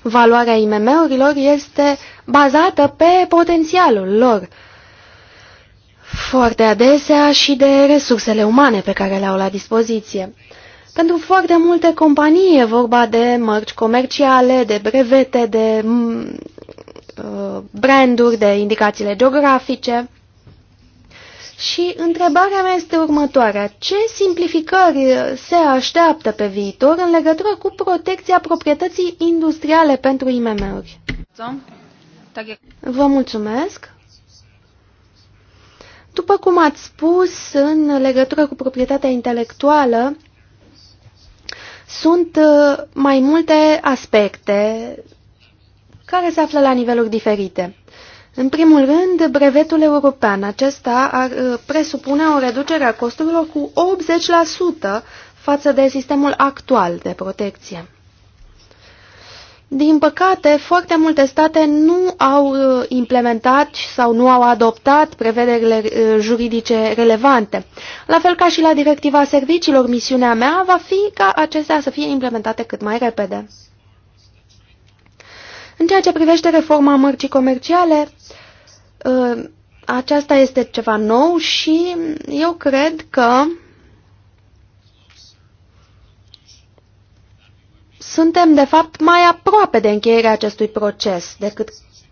valoarea IMM-urilor este bazată pe potențialul lor, foarte adesea și de resursele umane pe care le au la dispoziție. Pentru foarte multe companii e vorba de mărci comerciale, de brevete, de mm, uh, branduri, de indicațiile geografice. Și întrebarea mea este următoarea. Ce simplificări se așteaptă pe viitor în legătură cu protecția proprietății industriale pentru IMM-uri? Vă mulțumesc. După cum ați spus, în legătură cu proprietatea intelectuală, sunt uh, mai multe aspecte care se află la niveluri diferite. În primul rând, brevetul european. Acesta ar uh, presupune o reducere a costurilor cu 80% față de sistemul actual de protecție. Din păcate, foarte multe state nu au uh, implementat sau nu au adoptat prevederile uh, juridice relevante. La fel ca și la directiva serviciilor, misiunea mea va fi ca acestea să fie implementate cât mai repede. În ceea ce privește reforma mărcii comerciale, uh, aceasta este ceva nou și eu cred că suntem, de fapt, mai aproape de încheierea acestui proces decât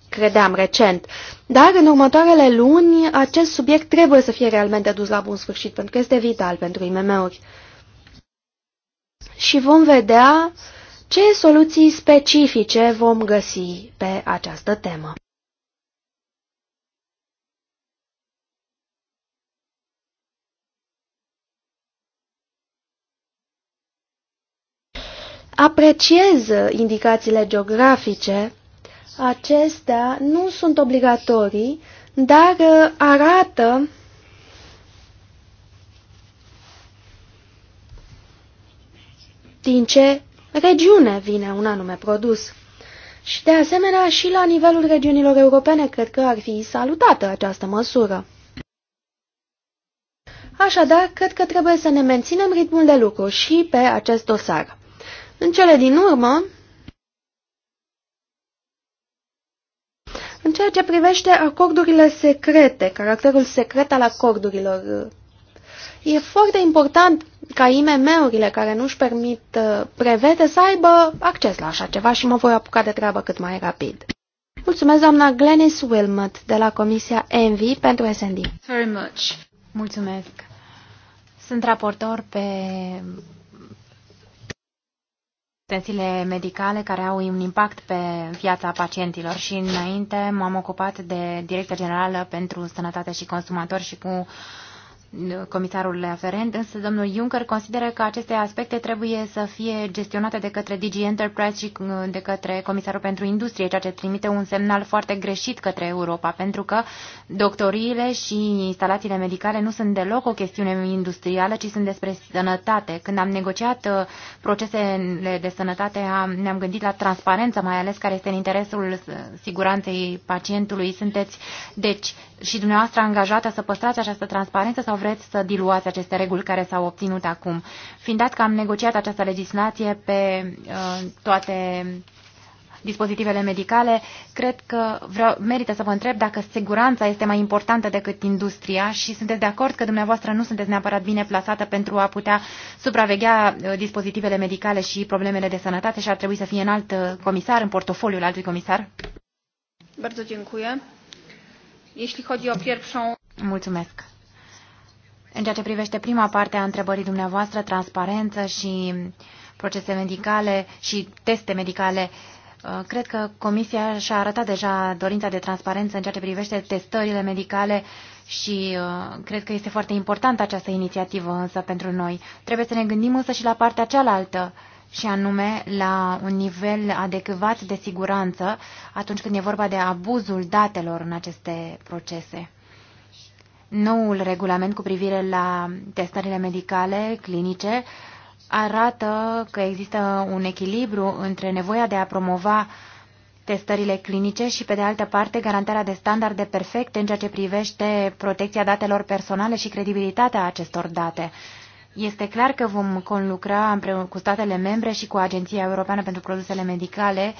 credeam recent. Dar în următoarele luni acest subiect trebuie să fie realmente dus la bun sfârșit, pentru că este vital pentru IMM-uri. Și vom vedea uh, ce soluții specifice vom găsi pe această temă? Apreciez indicațiile geografice, acestea nu sunt obligatorii, dar arată din ce regiune vine un anume produs. Și de asemenea și la nivelul regiunilor europene cred că ar fi salutată această măsură. Așadar, cred că trebuie să ne menținem ritmul de lucru și pe acest dosar. În cele din urmă, în ceea ce privește acordurile secrete, caracterul secret al acordurilor E foarte important ca IMM-urile care nu-și permit uh, prevede să aibă acces la așa ceva și mă voi apuca de treabă cât mai rapid. Mulțumesc, doamna Glenis Wilmot, de la Comisia ENVI pentru SND. Very much. Mulțumesc. Sunt raportor pe tensiile medicale care au un impact pe viața pacientilor și înainte m-am ocupat de director generală pentru sănătate și consumatori și cu comisarul aferent, însă domnul Juncker consideră că aceste aspecte trebuie să fie gestionate de către DG Enterprise și uh, de către Comisarul pentru Industrie, ceea ce trimite un semnal foarte greșit către Europa, pentru că doctoriile și instalațiile medicale nu sunt deloc o chestiune industrială, ci sunt despre sănătate. Când am negociat uh, procesele de sănătate, am, ne-am gândit la transparență, mai ales care este în interesul siguranței pacientului. Sunteți, deci, și dumneavoastră angajată să păstrați această transparență sau vreți să diluați aceste reguli care s-au obținut acum? Fiind dat că am negociat această legislație pe uh, toate dispozitivele medicale, cred că vreau, merită să vă întreb dacă siguranța este mai importantă decât industria și sunteți de acord că dumneavoastră nu sunteți neapărat bine plasată pentru a putea supraveghea uh, dispozitivele medicale și problemele de sănătate și ar trebui să fie în alt uh, comisar, în portofoliul altui comisar? Bardzo dziękuję. Mulțumesc. În ceea ce privește prima parte a întrebării dumneavoastră, transparență și procese medicale și teste medicale, uh, cred că Comisia și-a arătat deja dorința de transparență în ceea ce privește testările medicale și uh, cred că este foarte importantă această inițiativă însă pentru noi. Trebuie să ne gândim însă și la partea cealaltă și anume la un nivel adecvat de siguranță atunci când e vorba de abuzul datelor în aceste procese. Noul regulament cu privire la testările medicale, clinice, arată că există un echilibru între nevoia de a promova testările clinice și, pe de altă parte, garantarea de standarde perfecte în ceea ce privește protecția datelor personale și credibilitatea acestor date. Este clar că vom conlucra împreună cu statele membre și cu Agenția Europeană pentru Produsele Medicale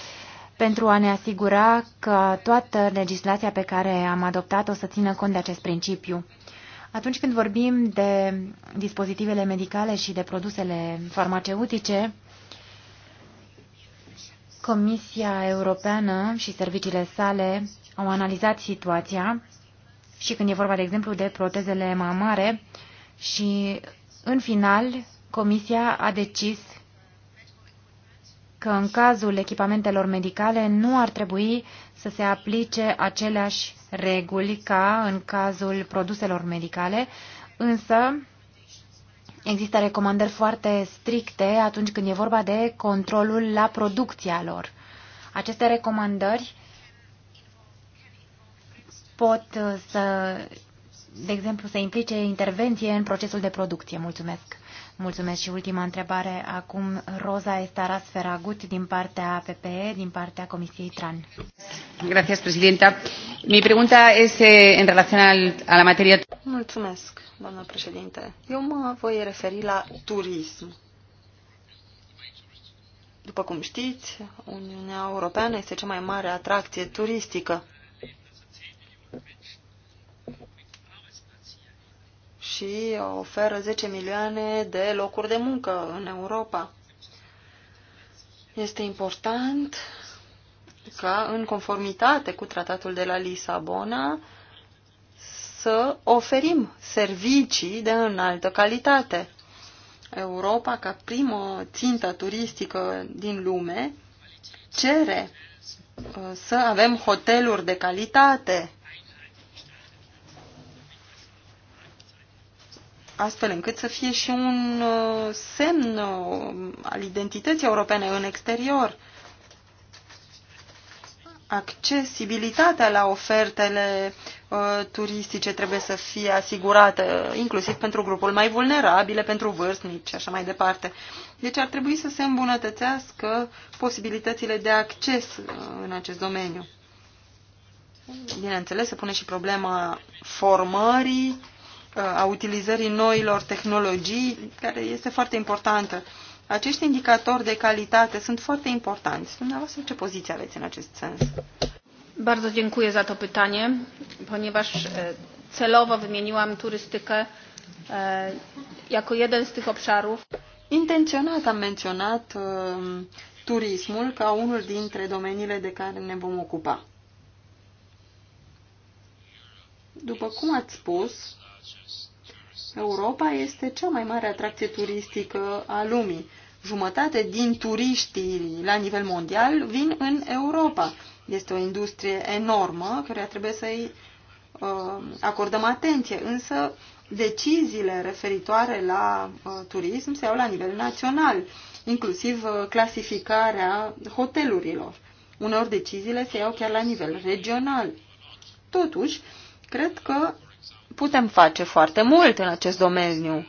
pentru a ne asigura că toată legislația pe care am adoptat-o să țină cont de acest principiu. Atunci când vorbim de dispozitivele medicale și de produsele farmaceutice, Comisia Europeană și serviciile sale au analizat situația și când e vorba, de exemplu, de protezele mamare și în final, Comisia a decis că în cazul echipamentelor medicale nu ar trebui să se aplice aceleași reguli ca în cazul produselor medicale, însă există recomandări foarte stricte atunci când e vorba de controlul la producția lor. Aceste recomandări pot să de exemplu, să implice intervenție în procesul de producție. Mulțumesc! Mulțumesc și ultima întrebare. Acum Roza Estaras Feragut din partea PPE, din partea Comisiei TRAN. Gracias, presidenta. Mi pregunta este eh, în relație a la materia... Mulțumesc, doamnă președinte. Eu mă voi referi la turism. După cum știți, Uniunea Europeană este cea mai mare atracție turistică și oferă 10 milioane de locuri de muncă în Europa. Este important ca, în conformitate cu tratatul de la Lisabona, să oferim servicii de înaltă calitate. Europa, ca primă țintă turistică din lume, cere uh, să avem hoteluri de calitate, astfel încât să fie și un uh, semn uh, al identității europene în exterior. Accesibilitatea la ofertele uh, turistice trebuie să fie asigurată, inclusiv pentru grupul mai vulnerabile, pentru vârstnici și așa mai departe. Deci ar trebui să se îmbunătățească posibilitățile de acces în acest domeniu. Bineînțeles, se pune și problema formării a utilizării noilor tehnologii, care este foarte importantă. Acești indicatori de calitate sunt foarte importanți. Dumneavoastră, ce poziție aveți în acest sens? Bardzo dziękuję za to pytanie, ponieważ celowo wymieniłam turystykę jako jeden z tych obszarów. Intenționat am menționat turismul ca unul dintre domeniile de care ne vom ocupa. După cum ați spus, Europa este cea mai mare atracție turistică a lumii. Jumătate din turiștii la nivel mondial vin în Europa. Este o industrie enormă care trebuie să-i uh, acordăm atenție, însă deciziile referitoare la uh, turism se iau la nivel național, inclusiv uh, clasificarea hotelurilor. Uneori deciziile se iau chiar la nivel regional. Totuși, cred că putem face foarte mult în acest domeniu.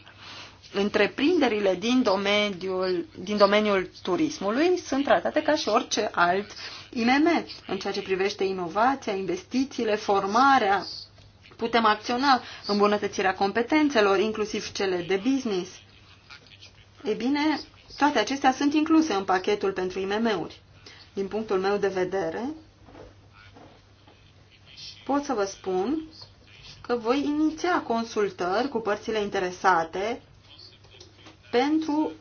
Întreprinderile din domeniul, din domeniul turismului sunt tratate ca și orice alt IMM. În ceea ce privește inovația, investițiile, formarea, putem acționa îmbunătățirea competențelor, inclusiv cele de business. Ei bine, toate acestea sunt incluse în pachetul pentru IMM-uri. Din punctul meu de vedere, pot să vă spun că voi iniția consultări cu părțile interesate pentru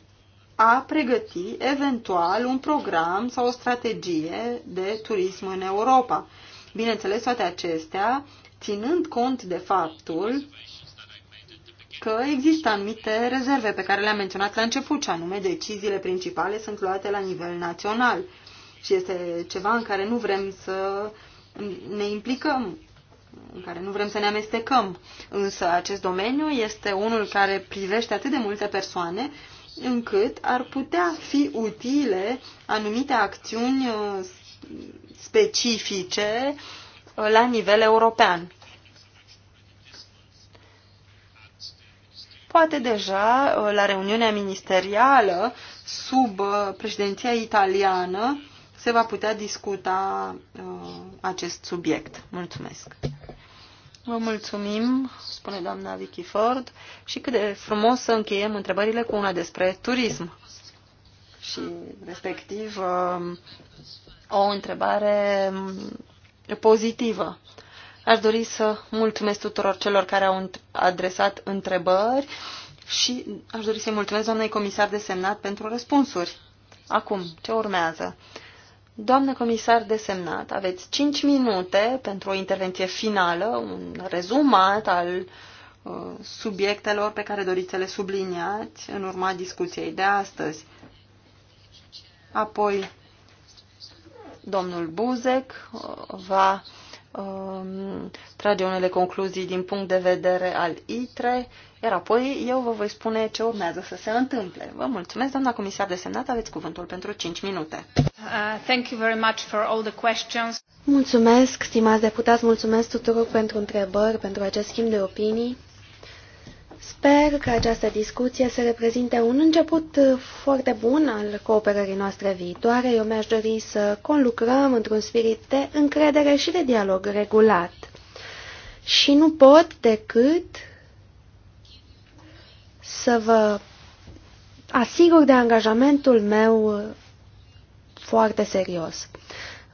a pregăti eventual un program sau o strategie de turism în Europa. Bineînțeles, toate acestea ținând cont de faptul că există anumite rezerve pe care le-am menționat la început, și anume deciziile principale sunt luate la nivel național și este ceva în care nu vrem să ne implicăm în care nu vrem să ne amestecăm. Însă acest domeniu este unul care privește atât de multe persoane încât ar putea fi utile anumite acțiuni uh, specifice uh, la nivel european. Poate deja uh, la reuniunea ministerială sub președinția italiană se va putea discuta uh, acest subiect. Mulțumesc! Vă mulțumim, spune doamna Vicky Ford, și cât de frumos să încheiem întrebările cu una despre turism. Și, respectiv, uh, o întrebare um, pozitivă. Aș dori să mulțumesc tuturor celor care au adresat întrebări și aș dori să-i mulțumesc doamnei comisar desemnat pentru răspunsuri. Acum, ce urmează? Doamnă comisar desemnat, aveți 5 minute pentru o intervenție finală, un rezumat al uh, subiectelor pe care doriți să le subliniați în urma discuției de astăzi. Apoi, domnul Buzek uh, va um, trage unele concluzii din punct de vedere al ITRE iar apoi eu vă voi spune ce urmează să se întâmple. Vă mulțumesc, doamna comisar de semnat, aveți cuvântul pentru 5 minute. Uh, thank you very much for all the questions. Mulțumesc, stimați deputați, mulțumesc tuturor pentru întrebări, pentru acest schimb de opinii. Sper că această discuție să reprezinte un început uh, foarte bun al cooperării noastre viitoare. Eu mi-aș dori să conlucrăm într-un spirit de încredere și de dialog regulat. Și nu pot decât să vă asigur de angajamentul meu uh, foarte serios.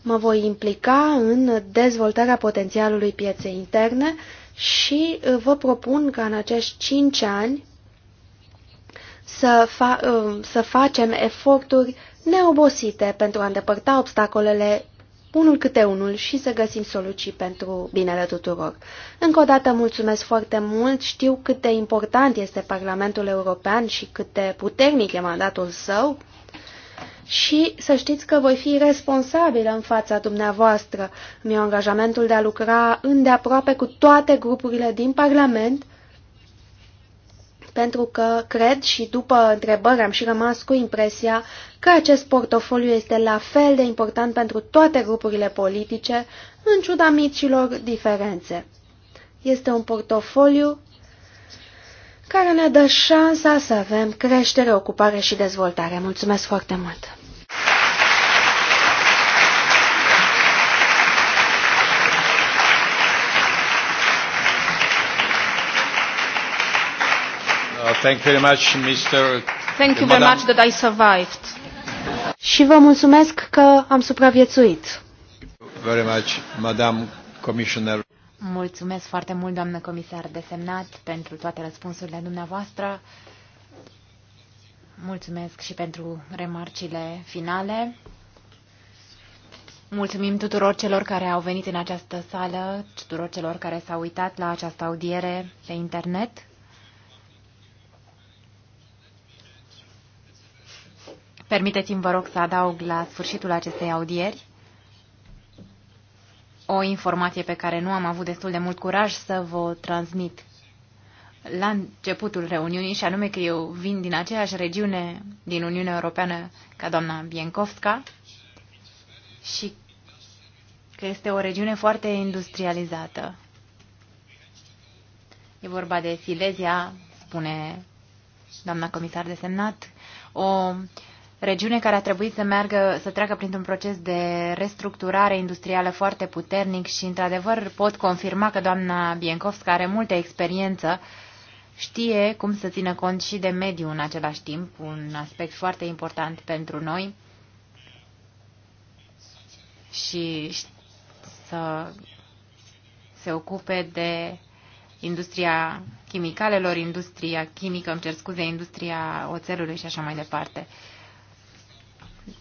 Mă voi implica în dezvoltarea potențialului pieței interne și uh, vă propun ca în acești 5 ani să, fa uh, să facem eforturi neobosite pentru a îndepărta obstacolele unul câte unul și să găsim soluții pentru binele tuturor. Încă o dată mulțumesc foarte mult, știu cât de important este Parlamentul European și cât de puternic e mandatul său și să știți că voi fi responsabilă în fața dumneavoastră. Mi-au angajamentul de a lucra îndeaproape cu toate grupurile din Parlament pentru că cred și după întrebări am și rămas cu impresia că acest portofoliu este la fel de important pentru toate grupurile politice, în ciuda micilor diferențe. Este un portofoliu care ne dă șansa să avem creștere, ocupare și dezvoltare. Mulțumesc foarte mult! Thank you very much, Mr. Thank you very much that I survived. Și vă mulțumesc că am supraviețuit. Very much, Madam Commissioner. Mulțumesc foarte mult, doamnă comisar desemnat, pentru toate răspunsurile dumneavoastră. Mulțumesc și pentru remarcile finale. Mulțumim tuturor celor care au venit în această sală, tuturor celor care s-au uitat la această audiere pe internet. Permiteți-mi, vă rog, să adaug la sfârșitul acestei audieri o informație pe care nu am avut destul de mult curaj să vă transmit la începutul reuniunii, și anume că eu vin din aceeași regiune din Uniunea Europeană ca doamna Bienkovska și că este o regiune foarte industrializată. E vorba de Silezia, spune doamna comisar desemnat, o regiune care a trebuit să, meargă, să treacă printr-un proces de restructurare industrială foarte puternic și, într-adevăr, pot confirma că doamna Biencovska are multă experiență, știe cum să țină cont și de mediu în același timp, un aspect foarte important pentru noi și să se ocupe de industria chimicalelor, industria chimică, îmi cer scuze, industria oțelului și așa mai departe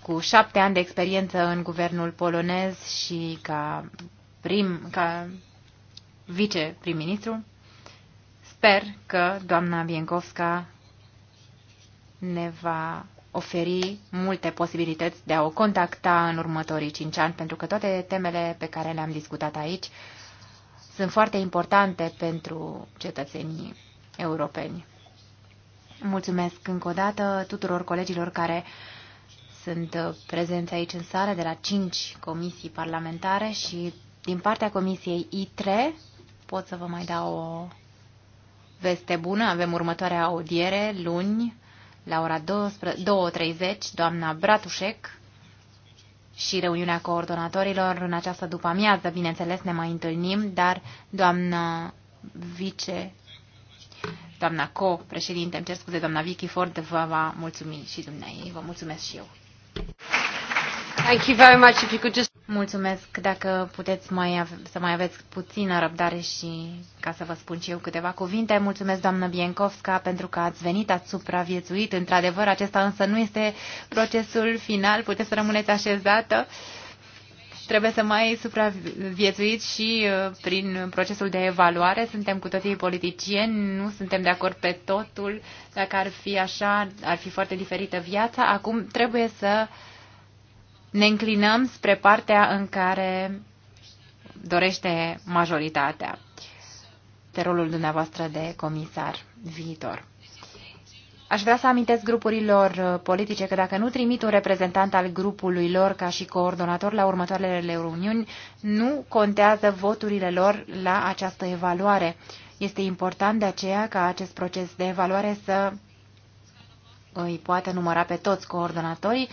cu șapte ani de experiență în guvernul polonez și ca prim, ca vice-prim-ministru. Sper că doamna Bienkowska ne va oferi multe posibilități de a o contacta în următorii cinci ani, pentru că toate temele pe care le-am discutat aici sunt foarte importante pentru cetățenii europeni. Mulțumesc încă o dată tuturor colegilor care sunt uh, prezenți aici în sală de la cinci comisii parlamentare și din partea comisiei I I3 pot să vă mai dau o veste bună. Avem următoarea audiere luni la ora 2.30, doamna Bratușec și reuniunea coordonatorilor în această după-amiază. Bineînțeles, ne mai întâlnim, dar doamna vice doamna co-președinte, îmi cer scuze, doamna Vicky Ford, vă va mulțumi și dumneavoastră. Vă mulțumesc și eu. Thank you very much. If you could just... Mulțumesc dacă puteți mai să mai aveți puțină răbdare și ca să vă spun și eu câteva cuvinte. Mulțumesc, doamnă Biencovska, pentru că ați venit, ați supraviețuit. Într-adevăr, acesta însă nu este procesul final. Puteți să rămâneți așezată. Uh, trebuie să mai supraviețuiți și uh, prin procesul de evaluare. Suntem cu toții politicieni, nu suntem de acord pe totul. Dacă ar fi așa, ar fi foarte diferită viața. Acum trebuie să ne înclinăm spre partea în care dorește majoritatea de rolul dumneavoastră de comisar viitor. Aș vrea să amintesc grupurilor uh, politice că dacă nu trimit un reprezentant al grupului lor ca și coordonator la următoarele reuniuni, nu contează voturile lor la această evaluare. Este important de aceea ca acest proces de evaluare să îi poată număra pe toți coordonatorii.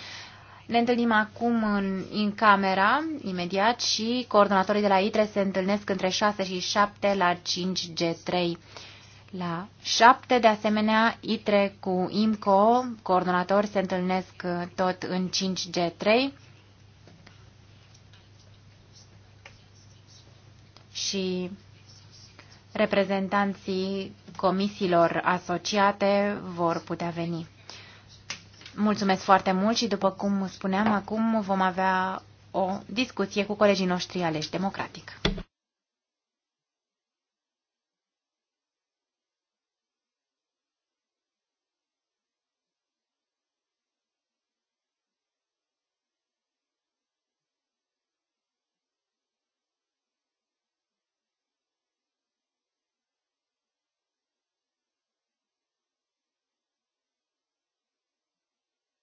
Ne întâlnim acum în, în camera, imediat, și coordonatorii de la ITRE se întâlnesc între 6 și 7 la 5G3 la 7. De asemenea, ITRE cu IMCO, coordonatori, se întâlnesc uh, tot în 5G3. Și reprezentanții comisiilor asociate vor putea veni. Mulțumesc foarte mult și, după cum spuneam, acum vom avea o discuție cu colegii noștri aleși democratic.